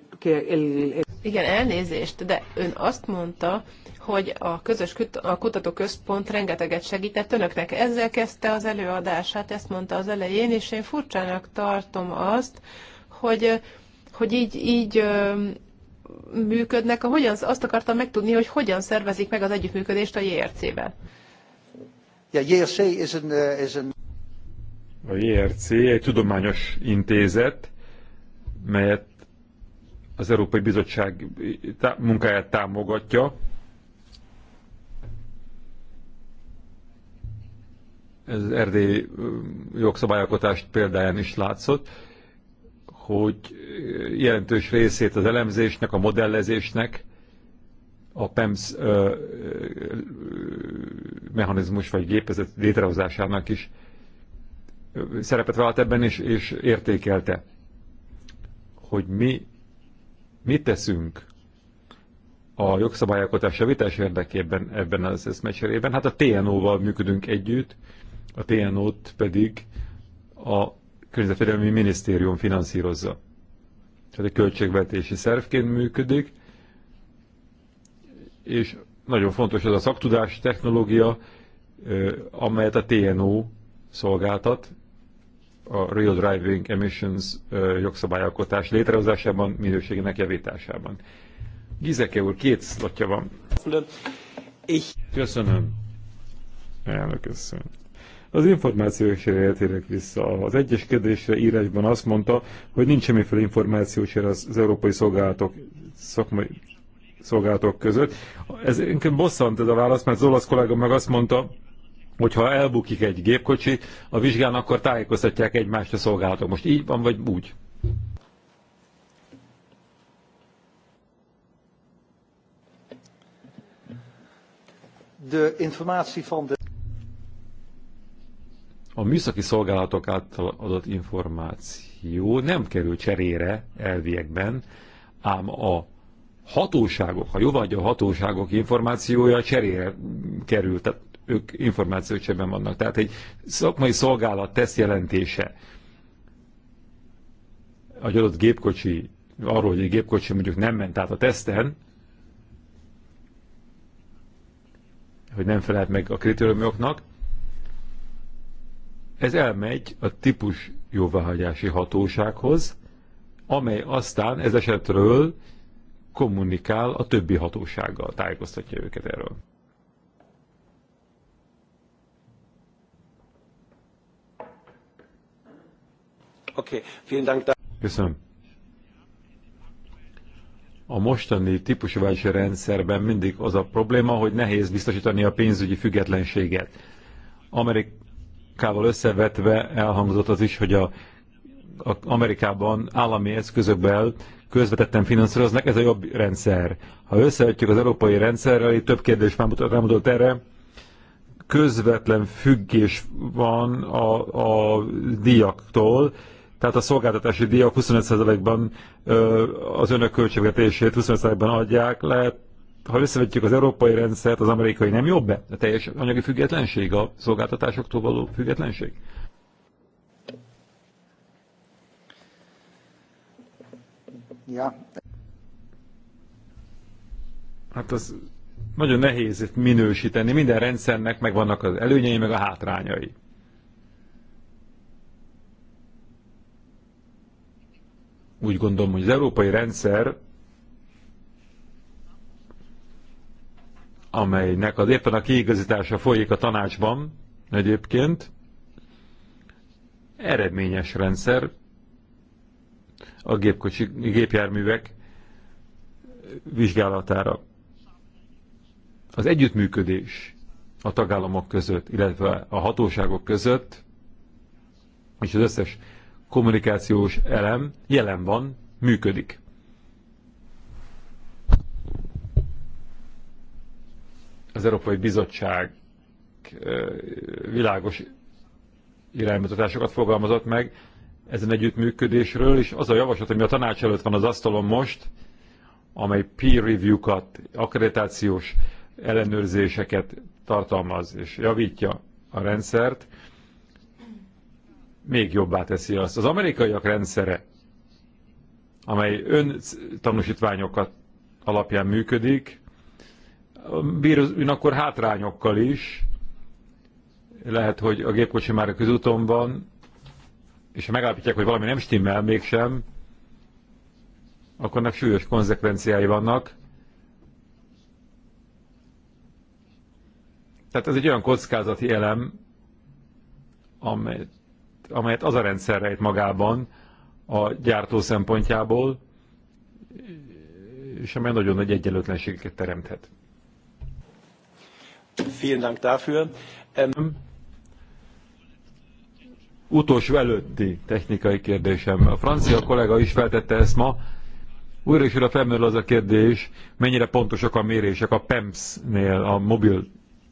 A: Igen, elnézést, de ön azt mondta, hogy a közös küt, a kutatóközpont rengeteget segített önöknek. Ezzel kezdte az előadását, ezt mondta az elején, és én furcsának tartom azt, hogy hogy így, így működnek, hogyan, azt akartam megtudni, hogy hogyan szervezik meg az együttműködést a JRC-ben.
D: Eh,
B: a JRC egy tudományos intézet, melyet az Európai Bizottság munkáját támogatja. Ez erdély jogszabályalkotást példáján is látszott hogy jelentős részét az elemzésnek, a modellezésnek a PEMS ö, ö, mechanizmus vagy gépezet létrehozásának is szerepet vállalt ebben, és, és értékelte, hogy mi mit teszünk a jogszabályalkotás javítás érdekében ebben az eszmecserében. Hát a TNO-val működünk együtt, a TNO-t pedig a Környezetvédelmi Minisztérium finanszírozza. Tehát egy költségvetési szervként működik, és nagyon fontos ez a szaktudás, technológia, amelyet a TNO szolgáltat, a Real Driving Emissions jogszabályalkotás létrehozásában, minőségének javításában. Gizeke úr, két szlotja van. Köszönöm. Elnök, köszönöm. Az információ cserére térek vissza. Az egyes kérdésre írásban azt mondta, hogy nincs semmiféle információ az, az európai szolgálatok szakmai szolgálatok között. Ez inkább bosszant ez a válasz, mert az olasz kollégám meg azt mondta, hogy ha elbukik egy gépkocsi a vizsgán, akkor tájékoztatják egymást a szolgálatok. Most így van, vagy úgy?
D: De informatie van de
B: a műszaki szolgálatok által adott információ nem kerül cserére elviekben, ám a hatóságok, ha jó vagy a hatóságok információja cserére kerül, tehát ők sem vannak. Tehát egy szakmai szolgálat tesz jelentése a adott gépkocsi, arról, hogy egy gépkocsi mondjuk nem ment át a teszten, hogy nem felelt meg a kritériumoknak, ez elmegy a típus jóváhagyási hatósághoz, amely aztán ez esetről kommunikál a többi hatósággal, tájékoztatja őket erről. Dank. Köszönöm. A mostani típusvási rendszerben mindig az a probléma, hogy nehéz biztosítani a pénzügyi függetlenséget. Amerik Amerikával összevetve elhangzott az is, hogy a, a Amerikában állami eszközökből közvetetten finanszíroznak, ez a jobb rendszer. Ha összevetjük az európai rendszerrel, itt több kérdés már erre, közvetlen függés van a, a díjaktól, tehát a szolgáltatási díjak 25%-ban az önök költségvetését 25%-ban adják, le ha összevetjük az európai rendszert, az amerikai nem jobb-e? A teljes anyagi függetlenség, a szolgáltatásoktól való függetlenség? Ja. Hát az nagyon nehéz itt minősíteni. Minden rendszernek megvannak az előnyei, meg a hátrányai. Úgy gondolom, hogy az európai rendszer amelynek az éppen a kiigazítása folyik a tanácsban egyébként. Eredményes rendszer. A gépkocsi, gépjárművek vizsgálatára. Az együttműködés a tagállamok között, illetve a hatóságok között, és az összes kommunikációs elem jelen van, működik. az Európai Bizottság világos iránymutatásokat fogalmazott meg ezen együttműködésről, és az a javaslat, ami a tanács előtt van az asztalon most, amely peer review-kat, akkreditációs ellenőrzéseket tartalmaz és javítja a rendszert, még jobbá teszi azt. Az amerikaiak rendszere, amely ön tanúsítványokat alapján működik, bír akkor hátrányokkal is. Lehet, hogy a gépkocsi már a közúton van, és ha megállapítják, hogy valami nem stimmel mégsem, akkor nek súlyos konzekvenciái vannak. Tehát ez egy olyan kockázati elem, amelyet, amelyet az a rendszer rejt magában a gyártó szempontjából, és amely nagyon nagy egyenlőtlenségeket teremthet. Vielen Dank dafür. Ähm, Utolsó előtti technikai kérdésem. A francia kollega is feltette ezt ma. Újra és újra felmerül az a kérdés, mennyire pontosak a mérések a PEMS-nél, a mobil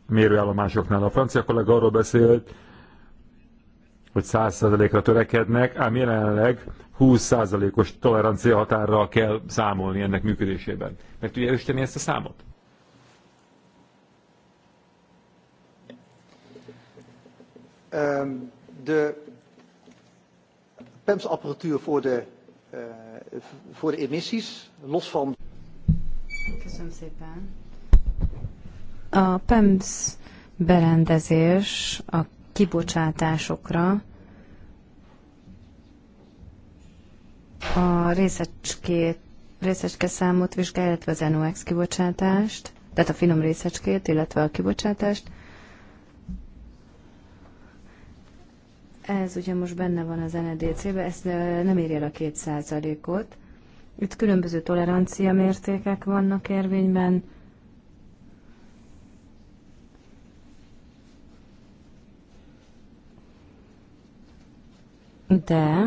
B: mérőállomásoknál. A francia kollega arról beszélt, hogy 100%-ra törekednek, ám jelenleg 20%-os tolerancia határral kell számolni ennek működésében. Meg tudja erősíteni ezt a számot?
D: Um, de PEMS-apparatuur voor uh, voor de emissies, los van... Köszönöm szépen.
C: A PEMS berendezés a kibocsátásokra a részecskét, részecske számot vizsgálja, illetve az NOx kibocsátást, tehát a finom részecskét, illetve a kibocsátást, Ez ugye most benne van az NDC-be, e ezt nem érje el a két százalékot. Itt különböző tolerancia mértékek vannak érvényben. De...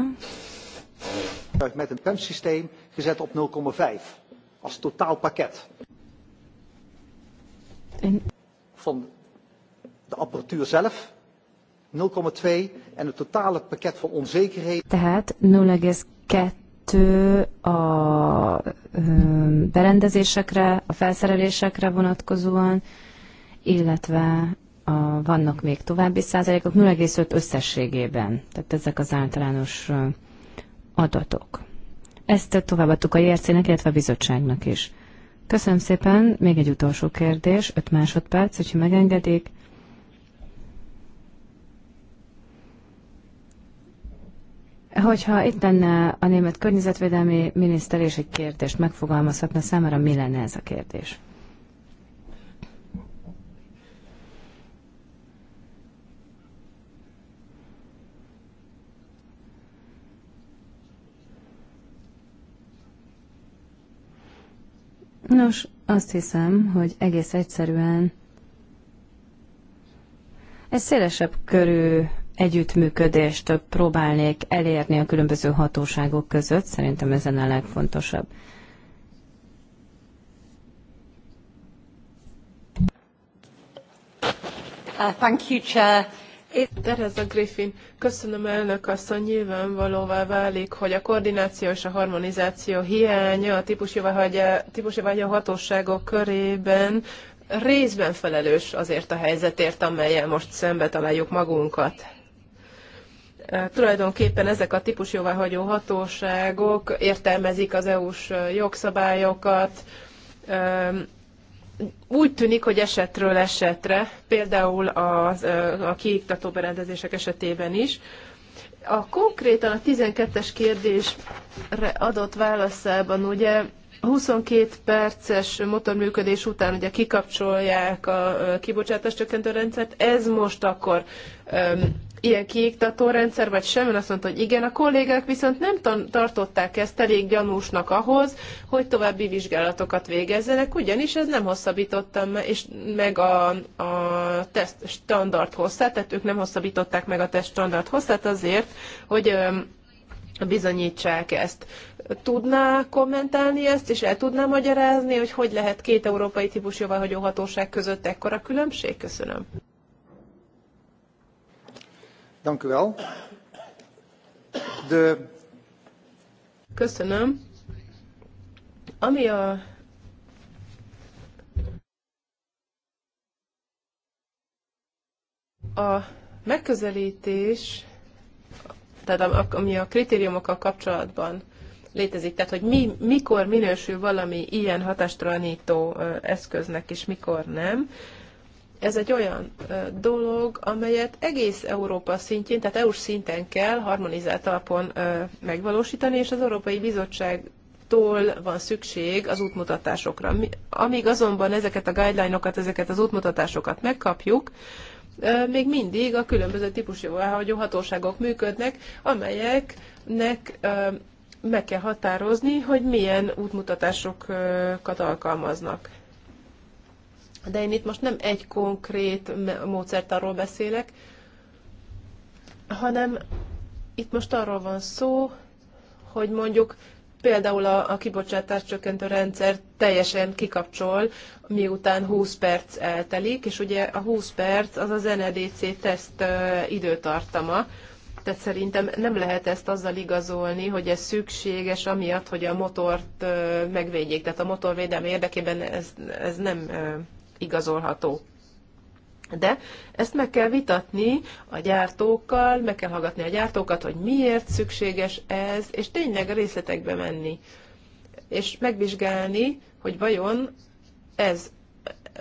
D: Met een pem gezet op 0,5 als totaalpakket. Van de apparatuur zelf 0,2 en het totale pakket van onzekerheden.
C: Tehát 0,2 a ehm, berendezésekre, a felszerelésekre vonatkozóan, illetve a, vannak még további százalékok, 0,5 összességében. Tehát ezek az általános adatok. Ezt továbbadtuk a JRC-nek, illetve a bizottságnak is. Köszönöm szépen, még egy utolsó kérdés, 5 másodperc, hogyha megengedik. Hogyha itt lenne eh, a német környezetvédelmi miniszter és egy kérdést megfogalmazhatna számára, mi lenne ez a kérdés? Nos, azt hiszem, hogy egész egyszerűen egy szélesebb körű együttműködést próbálnék elérni a különböző hatóságok között. Szerintem ezen a legfontosabb.
A: Uh, thank you, Chair. Tereza Griffin, köszönöm elnök asszony, nyilvánvalóvá válik, hogy a koordináció és a harmonizáció hiánya a típusjavágya hatóságok körében részben felelős azért a helyzetért, amelyen most szembe találjuk magunkat tulajdonképpen ezek a típus jóváhagyó hatóságok értelmezik az EU-s jogszabályokat, úgy tűnik, hogy esetről esetre, például az, a kiiktató berendezések esetében is. A konkrétan a 12-es kérdésre adott válaszában ugye 22 perces motorműködés után ugye kikapcsolják a kibocsátás csökkentő rendszert, ez most akkor ilyen kiiktató rendszer, vagy sem, mert azt mondta, hogy igen, a kollégák viszont nem tartották ezt elég gyanúsnak ahhoz, hogy további vizsgálatokat végezzenek, ugyanis ez nem hosszabbította me- és meg a, a teszt standard hosszát, tehát ők nem hosszabbították meg a teszt standard hosszát azért, hogy bizonyítsák ezt. Tudná kommentálni ezt, és el tudná magyarázni, hogy hogy lehet két európai típusú hatóság között ekkora különbség? Köszönöm. Dank u wel. De... Köszönöm. Ami a a megközelítés, tehát ami a kritériumokkal kapcsolatban létezik, tehát hogy mi, mikor minősül valami ilyen hatástalanító eszköznek, és mikor nem, ez egy olyan dolog, amelyet egész Európa szintjén, tehát EU-s szinten kell harmonizált alapon megvalósítani, és az Európai Bizottság tól van szükség az útmutatásokra. Amíg azonban ezeket a guideline-okat, ezeket az útmutatásokat megkapjuk, még mindig a különböző típusú elhagyó hatóságok működnek, amelyeknek meg kell határozni, hogy milyen útmutatásokat alkalmaznak. De én itt most nem egy konkrét módszert arról beszélek, hanem itt most arról van szó, hogy mondjuk például a, a kibocsátás csökkentő rendszer teljesen kikapcsol, miután 20 perc eltelik, és ugye a 20 perc az az NEDC teszt időtartama, tehát szerintem nem lehet ezt azzal igazolni, hogy ez szükséges, amiatt, hogy a motort megvédjék. Tehát a motorvédelmi érdekében ez, ez nem igazolható. De ezt meg kell vitatni a gyártókkal, meg kell hallgatni a gyártókat, hogy miért szükséges ez, és tényleg a részletekbe menni. És megvizsgálni, hogy vajon ez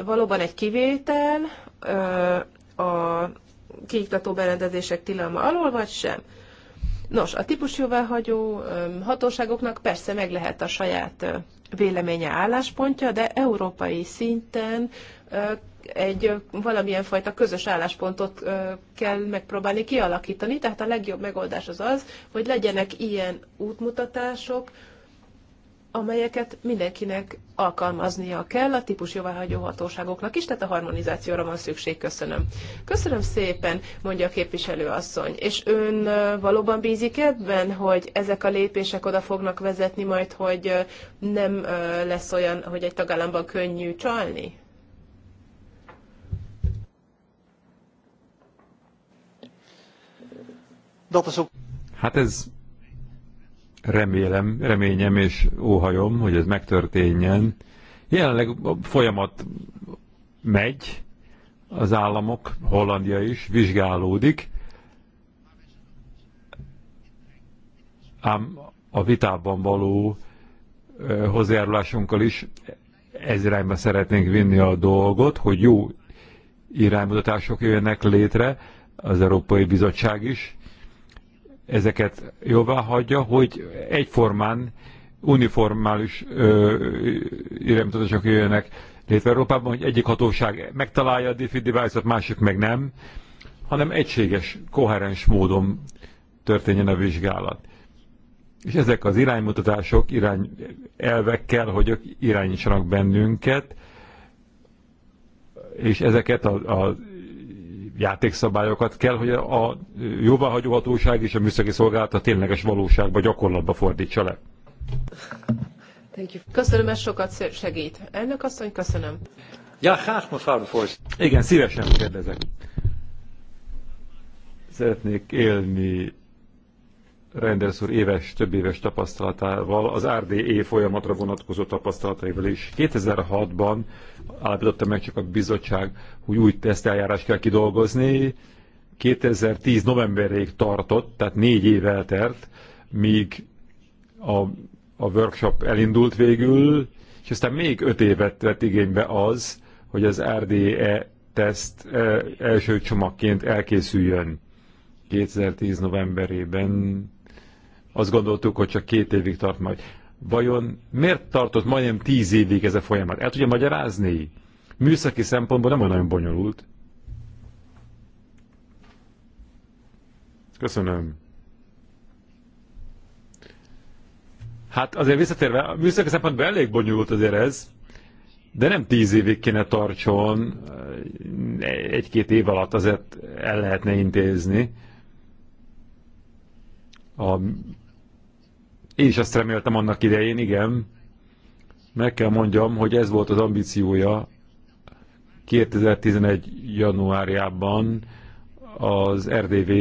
A: valóban egy kivétel a kiiktató berendezések tilalma alól, vagy sem. Nos, a típusjóváhagyó hatóságoknak persze meg lehet a saját véleménye, álláspontja, de európai szinten egy valamilyen fajta közös álláspontot kell megpróbálni kialakítani, tehát a legjobb megoldás az az, hogy legyenek ilyen útmutatások, amelyeket mindenkinek alkalmaznia kell a típus jóváhagyó hatóságoknak is, tehát a harmonizációra van szükség. Köszönöm. Köszönöm szépen, mondja a képviselő asszony. És ön valóban bízik ebben, hogy ezek a lépések oda fognak vezetni majd, hogy nem lesz olyan, hogy egy tagállamban könnyű csalni?
B: Hát ez Remélem, reményem és óhajom, hogy ez megtörténjen. Jelenleg a folyamat megy, az államok, Hollandia is vizsgálódik, ám a vitában való hozzájárulásunkkal is ez irányba szeretnénk vinni a dolgot, hogy jó iránymutatások jöjjenek létre, az Európai Bizottság is ezeket jóvá hagyja, hogy egyformán uniformális iránymutatások jöjjenek létre Európában, hogy egyik hatóság megtalálja a DeFi device-ot, másik meg nem, hanem egységes, koherens módon történjen a vizsgálat. És ezek az iránymutatások, irány elvekkel, hogy irányítsanak bennünket, és ezeket az játékszabályokat kell, hogy a jóváhagyó hatóság és a műszaki szolgálat a tényleges valóságba, gyakorlatba fordítsa le.
A: Thank you. Köszönöm, ez sokat segít. Elnök asszony, köszönöm.
B: Ja, hát most Ford. Igen, szívesen kérdezek. Szeretnék élni Renders úr éves, több éves tapasztalatával, az RDE folyamatra vonatkozó tapasztalataival is. 2006-ban állapította meg csak a bizottság, hogy új teszteljárás kell kidolgozni. 2010 novemberéig tartott, tehát négy év eltelt, míg a, a workshop elindult végül, és aztán még öt évet vett igénybe az, hogy az RDE teszt e, első csomagként elkészüljön. 2010 novemberében azt gondoltuk, hogy csak két évig tart majd. Vajon miért tartott majdnem tíz évig ez a folyamat? El tudja magyarázni? Műszaki szempontból nem olyan nagyon bonyolult. Köszönöm. Hát azért visszatérve, a műszaki szempontból elég bonyolult azért ez, de nem tíz évig kéne tartson, egy-két év alatt azért el lehetne intézni a én is azt reméltem annak idején, igen. Meg kell mondjam, hogy ez volt az ambíciója 2011. januárjában az RDV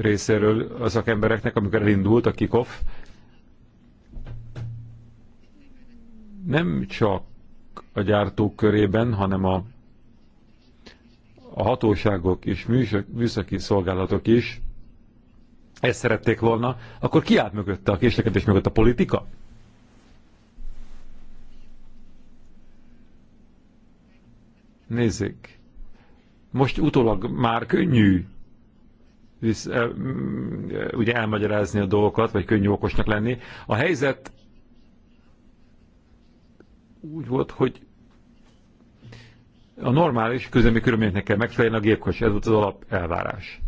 B: részéről a szakembereknek, amikor elindult a kikoff. Nem csak a gyártók körében, hanem a, a hatóságok és műszaki szolgálatok is ezt szerették volna, akkor ki állt mögötte a késlekedés mögött a politika? Nézzék. Most utólag már könnyű visz, e, ugye elmagyarázni a dolgokat, vagy könnyű okosnak lenni. A helyzet úgy volt, hogy a normális közömi körülményeknek kell megfelelni a gépkocsi, ez volt az alap elvárás.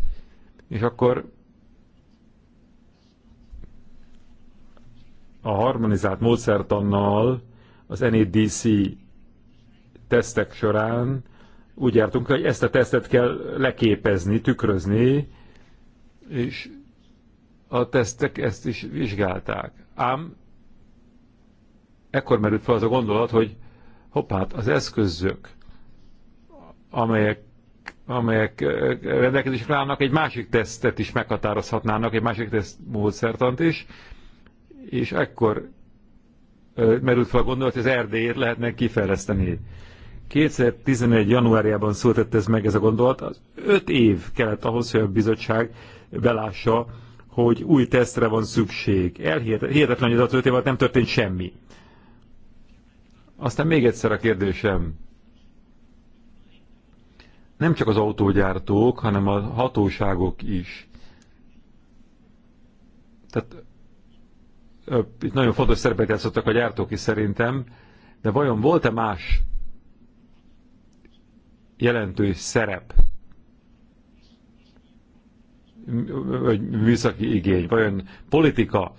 B: És akkor a harmonizált módszertannal az NADC e tesztek során úgy jártunk, hogy ezt a tesztet kell leképezni, tükrözni, és a tesztek ezt is vizsgálták. Ám ekkor merült fel az a gondolat, hogy hoppát, hát az eszközök, amelyek, amelyek eh, rendelkezésre állnak, egy másik tesztet is meghatározhatnának, egy másik teszt módszertant is, és ekkor merült fel a gondolat, hogy az Erdélyét lehetne kifejleszteni. 2011. januárjában született ez meg ez a gondolat. Az öt év kellett ahhoz, hogy a bizottság belássa, hogy új tesztre van szükség. Elhihetetlen, hogy az öt év alatt nem történt semmi. Aztán még egyszer a kérdésem. Nem csak az autógyártók, hanem a hatóságok is. Tehát itt nagyon fontos szerepet játszottak a gyártók is szerintem, de vajon volt-e más jelentős szerep, vagy műszaki igény, vajon politika,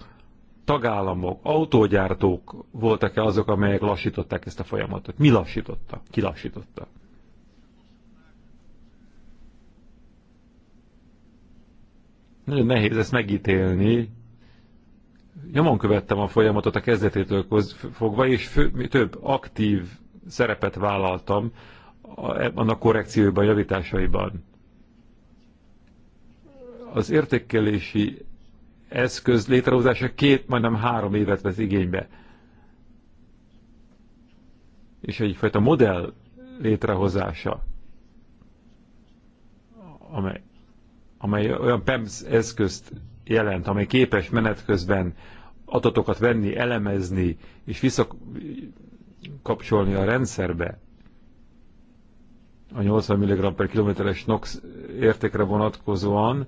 B: tagállamok, autógyártók voltak-e azok, amelyek lassították ezt a folyamatot? Mi lassította? Ki lassította? Nagyon nehéz ezt megítélni, nyomon követtem a folyamatot a kezdetétől fogva, és fő, több aktív szerepet vállaltam annak korrekcióiban, javításaiban. Az értékelési eszköz létrehozása két, majdnem három évet vesz igénybe. És egyfajta modell létrehozása, amely, amely olyan PEMS eszközt jelent, amely képes menet közben adatokat venni, elemezni és visszakapcsolni a rendszerbe, a 80 mg per kilométeres NOx értékre vonatkozóan,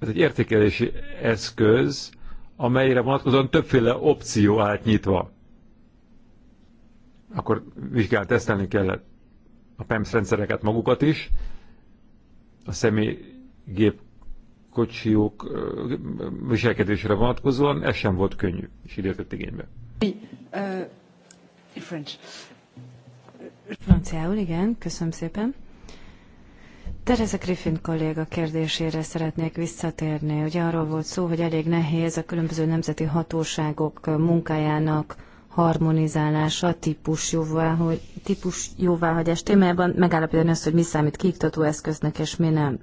B: ez egy értékelési eszköz, amelyre vonatkozóan többféle opció állt nyitva. Akkor vizsgált tesztelni kellett a PEMS rendszereket magukat is, a személy gépkocsiók viselkedésre vonatkozóan, ez sem volt könnyű, és így értett igénybe.
D: Euh, French.
C: Franciául, igen, köszönöm szépen. Tereza Griffin kolléga kérdésére szeretnék visszatérni. Ugye arról volt szó, hogy elég nehéz a különböző nemzeti hatóságok munkájának harmonizálása, típus, jóvá, hogy, típus jóváhagyás témájában megállapítani azt, hogy mi számít kiiktató eszköznek és mi nem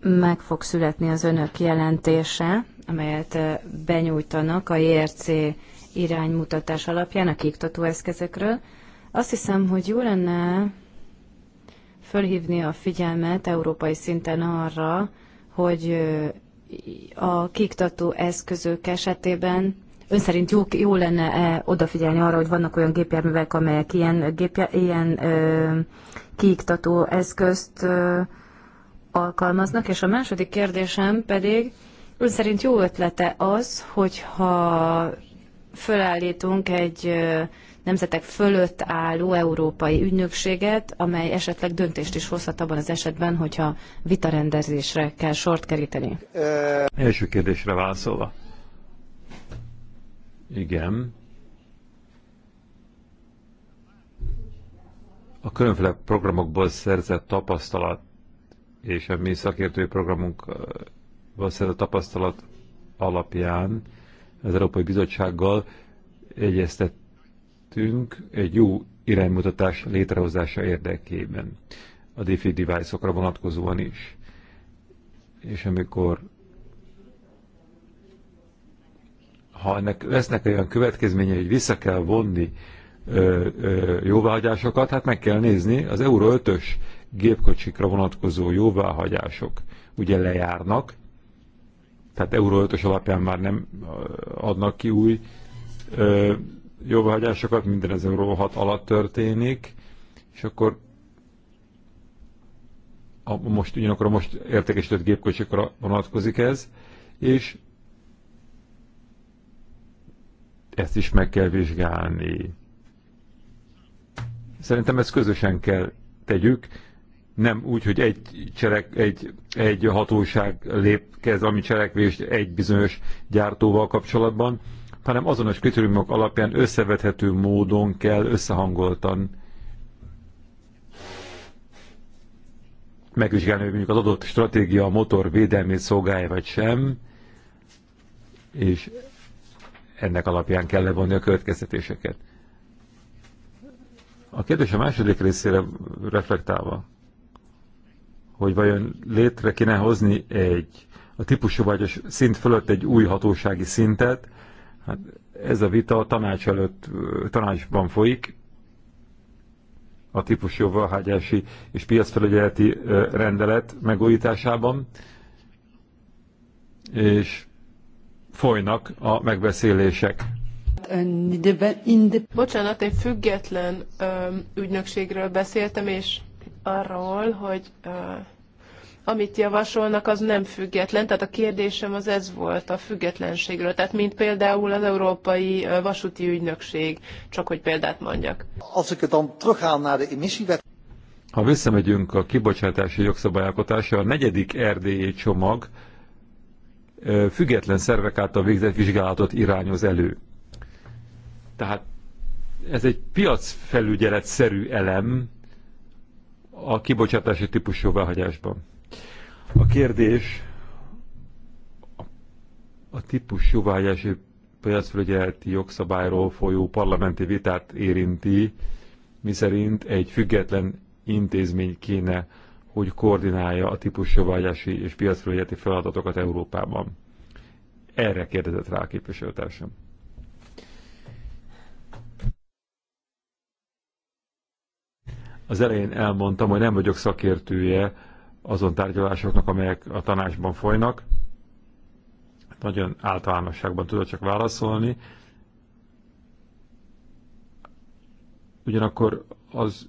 C: meg fog születni az önök jelentése, amelyet benyújtanak a JRC iránymutatás alapján a kiktató eszközökről. Azt hiszem, hogy jó lenne fölhívni a figyelmet európai szinten arra, hogy a kiktató eszközök esetében ön szerint jó, jó lenne -e odafigyelni arra, hogy vannak olyan gépjárművek, amelyek ilyen, gépje, ilyen ö, kiiktató eszközt ö, alkalmaznak, és a második kérdésem pedig, ön szerint jó ötlete az, hogyha fölállítunk egy nemzetek fölött álló európai ügynökséget, amely esetleg döntést is hozhat abban az esetben, hogyha vitarendezésre kell sort keríteni?
B: Első kérdésre válaszolva. Igen. A különféle programokból szerzett tapasztalat és a mi szakértői programunk valószínűleg a tapasztalat alapján az Európai Bizottsággal egyeztettünk egy jó iránymutatás létrehozása érdekében a DeFi device-okra vonatkozóan is. És amikor ha ennek lesznek olyan következményei, hogy vissza kell vonni ö, ö, jóváhagyásokat, hát meg kell nézni az Euró 5-ös gépkocsikra vonatkozó jóváhagyások ugye lejárnak, tehát Euró 5 alapján már nem adnak ki új ö, jóváhagyásokat, minden az Euró 6 alatt történik, és akkor a, most ugyanakkor a most értékesített gépkocsikra vonatkozik ez, és ezt is meg kell vizsgálni. Szerintem ezt közösen kell tegyük, nem úgy, hogy egy, cselek, egy, egy hatóság lép kezd ami cselekvést egy bizonyos gyártóval kapcsolatban, hanem azonos kritériumok alapján összevethető módon kell összehangoltan megvizsgálni, hogy mondjuk az adott stratégia a motor védelmét szolgálja vagy sem, és ennek alapján kell levonni a következtetéseket. A kérdés a második részére reflektálva hogy vajon létre kéne hozni egy a típusú vagyos szint fölött egy új hatósági szintet, hát ez a vita a tanács előtt, tanácsban folyik, a típusú jóváhagyási és piacfelügyeleti rendelet megújításában, és folynak a megbeszélések.
A: Bocsánat, egy független ügynökségről beszéltem, és arról, hogy uh, amit javasolnak, az nem független. Tehát a kérdésem az ez volt a függetlenségről. Tehát mint például az Európai Vasúti Ügynökség, csak hogy példát mondjak.
B: Ha visszamegyünk a kibocsátási jogszabályalkotásra, a negyedik erdélyi csomag független szervek által végzett vizsgálatot irányoz elő. Tehát ez egy piacfelügyeletszerű elem, a kibocsátási típus jóváhagyásban. A kérdés a típus jóváhagyási piacfelügyeleti jogszabályról folyó parlamenti vitát érinti, miszerint egy független intézmény kéne, hogy koordinálja a típus jóváhagyási és piacfelügyeleti feladatokat Európában. Erre kérdezett rá a képviselőtársam. Az elején elmondtam, hogy nem vagyok szakértője azon tárgyalásoknak, amelyek a tanácsban folynak. Nagyon általánosságban tudok csak válaszolni. Ugyanakkor az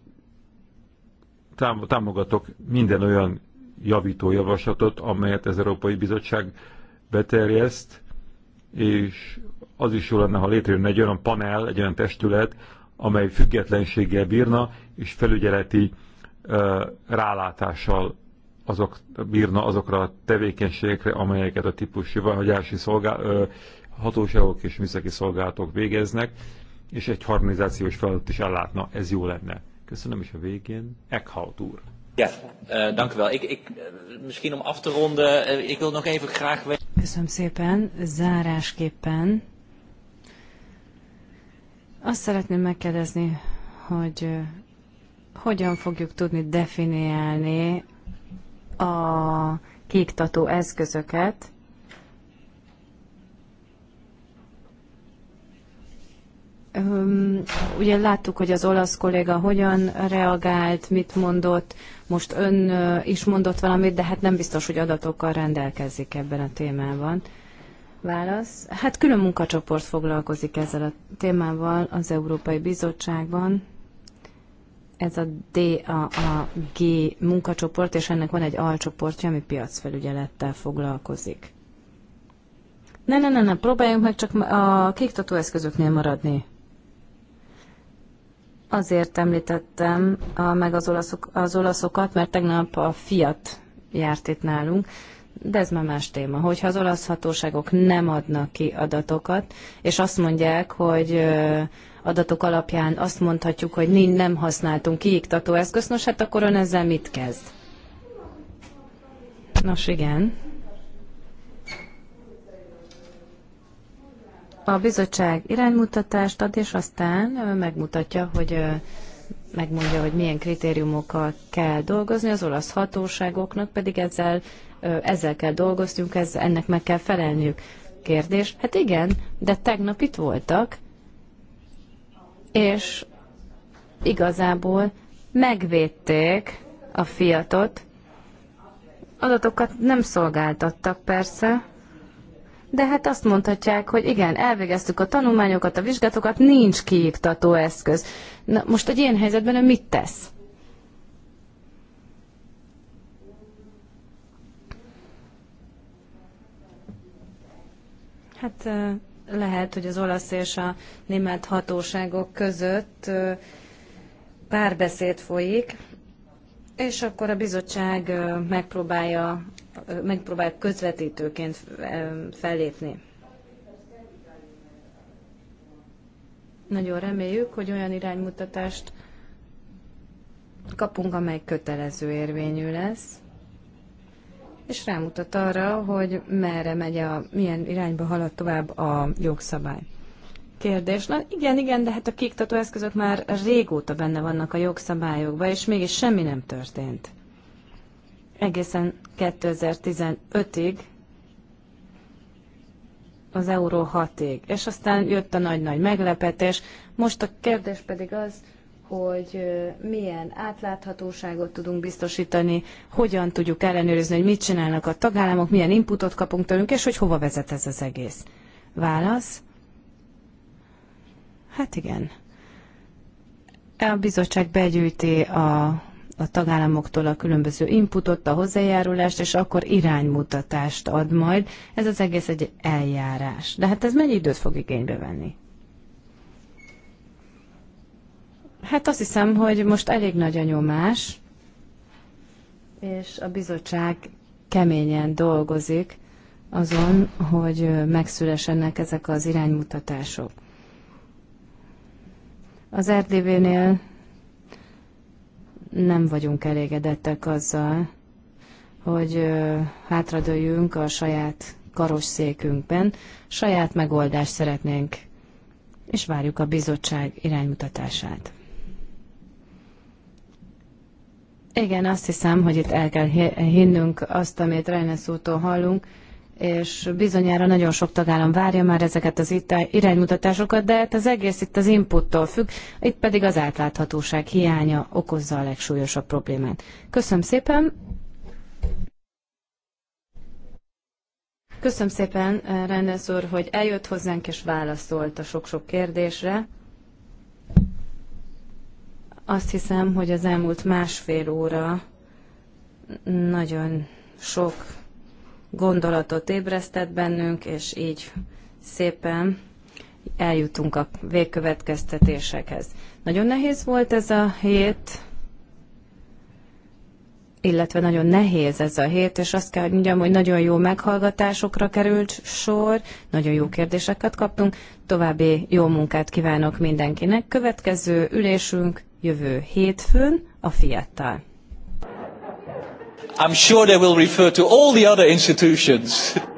B: támogatok minden olyan javító javaslatot, amelyet az Európai Bizottság beterjeszt, és az is jó lenne, ha létrejön egy olyan panel, egy olyan testület, amely függetlenséggel bírna, és felügyeleti rálátással azok, bírna azokra a tevékenységekre, amelyeket a típusú vagyási hatóságok és műszaki szolgálatok végeznek, és egy harmonizációs feladat is ellátna, ez jó lenne. Köszönöm, és a végén Eckhout úr. Ja,
D: uh, dank u wel. Ik, ik, misschien om af te ronden, uh, ik wil nog even graag... Köszönöm
C: szépen. Zárásképpen azt szeretném megkérdezni, hogy hogyan fogjuk tudni definiálni a kiktató eszközöket, ugye láttuk, hogy az olasz kolléga hogyan reagált, mit mondott, most ön is mondott valamit, de hát nem biztos, hogy adatokkal rendelkezik ebben a témában. Válasz. Hát külön munkacsoport foglalkozik ezzel a témával az Európai Bizottságban. Ez a DAG munkacsoport, és ennek van egy alcsoportja, ami piacfelügyelettel foglalkozik. Ne, ne, ne, ne, próbáljunk meg csak a kiktató eszközöknél maradni. Azért említettem a, meg az, olaszok, az olaszokat, mert tegnap a Fiat járt itt nálunk de ez már más téma. Hogyha az olasz hatóságok nem adnak ki adatokat, és azt mondják, hogy adatok alapján azt mondhatjuk, hogy nincs nem használtunk kiiktató eszközt, nos hát akkor ön ezzel mit kezd? Nos igen. A bizottság iránymutatást ad, és aztán megmutatja, hogy megmondja, hogy milyen kritériumokkal kell dolgozni, az olasz hatóságoknak pedig ezzel ezzel kell dolgoznunk, ez, ennek meg kell felelniük. Kérdés? Hát igen, de tegnap itt voltak, és igazából megvédték a fiatot. Adatokat nem szolgáltattak persze, de hát azt mondhatják, hogy igen, elvégeztük a tanulmányokat, a vizsgátokat, nincs kiiktató eszköz. Na most egy ilyen helyzetben ő mit tesz? Hát lehet, hogy az olasz és a német hatóságok között párbeszéd folyik, és akkor a bizottság megpróbálja, megpróbál közvetítőként fellépni. Nagyon reméljük, hogy olyan iránymutatást kapunk, amely kötelező érvényű lesz és rámutat arra, hogy merre megy a, milyen irányba halad tovább a jogszabály. Kérdés. Na igen, igen, de hát a kiktató eszközök már régóta benne vannak a jogszabályokban, és mégis semmi nem történt. Egészen 2015-ig az euró 6-ig, és aztán jött a nagy-nagy meglepetés. Most a kérdés pedig az, hogy milyen átláthatóságot tudunk biztosítani, hogyan tudjuk ellenőrizni, hogy mit csinálnak a tagállamok, milyen inputot kapunk tőlünk, és hogy hova vezet ez az egész. Válasz? Hát igen. A bizottság begyűjti a a tagállamoktól a különböző inputot, a hozzájárulást, és akkor iránymutatást ad majd. Ez az egész egy eljárás. De hát ez mennyi időt fog igénybe venni? Hát azt hiszem, hogy most elég nagy a nyomás, és a bizottság keményen dolgozik azon, hogy megszülesenek ezek az iránymutatások. Az RDV-nél nem vagyunk elégedettek azzal, hogy hátradőjünk a saját karosszékünkben, saját megoldást szeretnénk, és várjuk a bizottság iránymutatását. Igen, azt hiszem, hogy itt el kell hinnünk azt, amit Reines hallunk, és bizonyára nagyon sok tagállam várja már ezeket az itt iránymutatásokat, de hát az egész itt az inputtól függ, itt pedig az átláthatóság hiánya okozza a legsúlyosabb problémát. Köszönöm szépen! Köszönöm szépen, eh, Rendes úr, hogy eljött hozzánk és válaszolt a sok-sok kérdésre. Azt hiszem, hogy az elmúlt másfél óra nagyon sok gondolatot ébresztett bennünk, és így szépen eljutunk a végkövetkeztetésekhez. Nagyon nehéz volt ez a hét, illetve nagyon nehéz ez a hét, és azt kell, hogy mondjam, hogy nagyon jó meghallgatásokra került sor, nagyon jó kérdéseket kaptunk, további jó munkát kívánok mindenkinek. Következő ülésünk jövő hétfőn a Fiattal.
D: I'm sure they will refer to all the other institutions.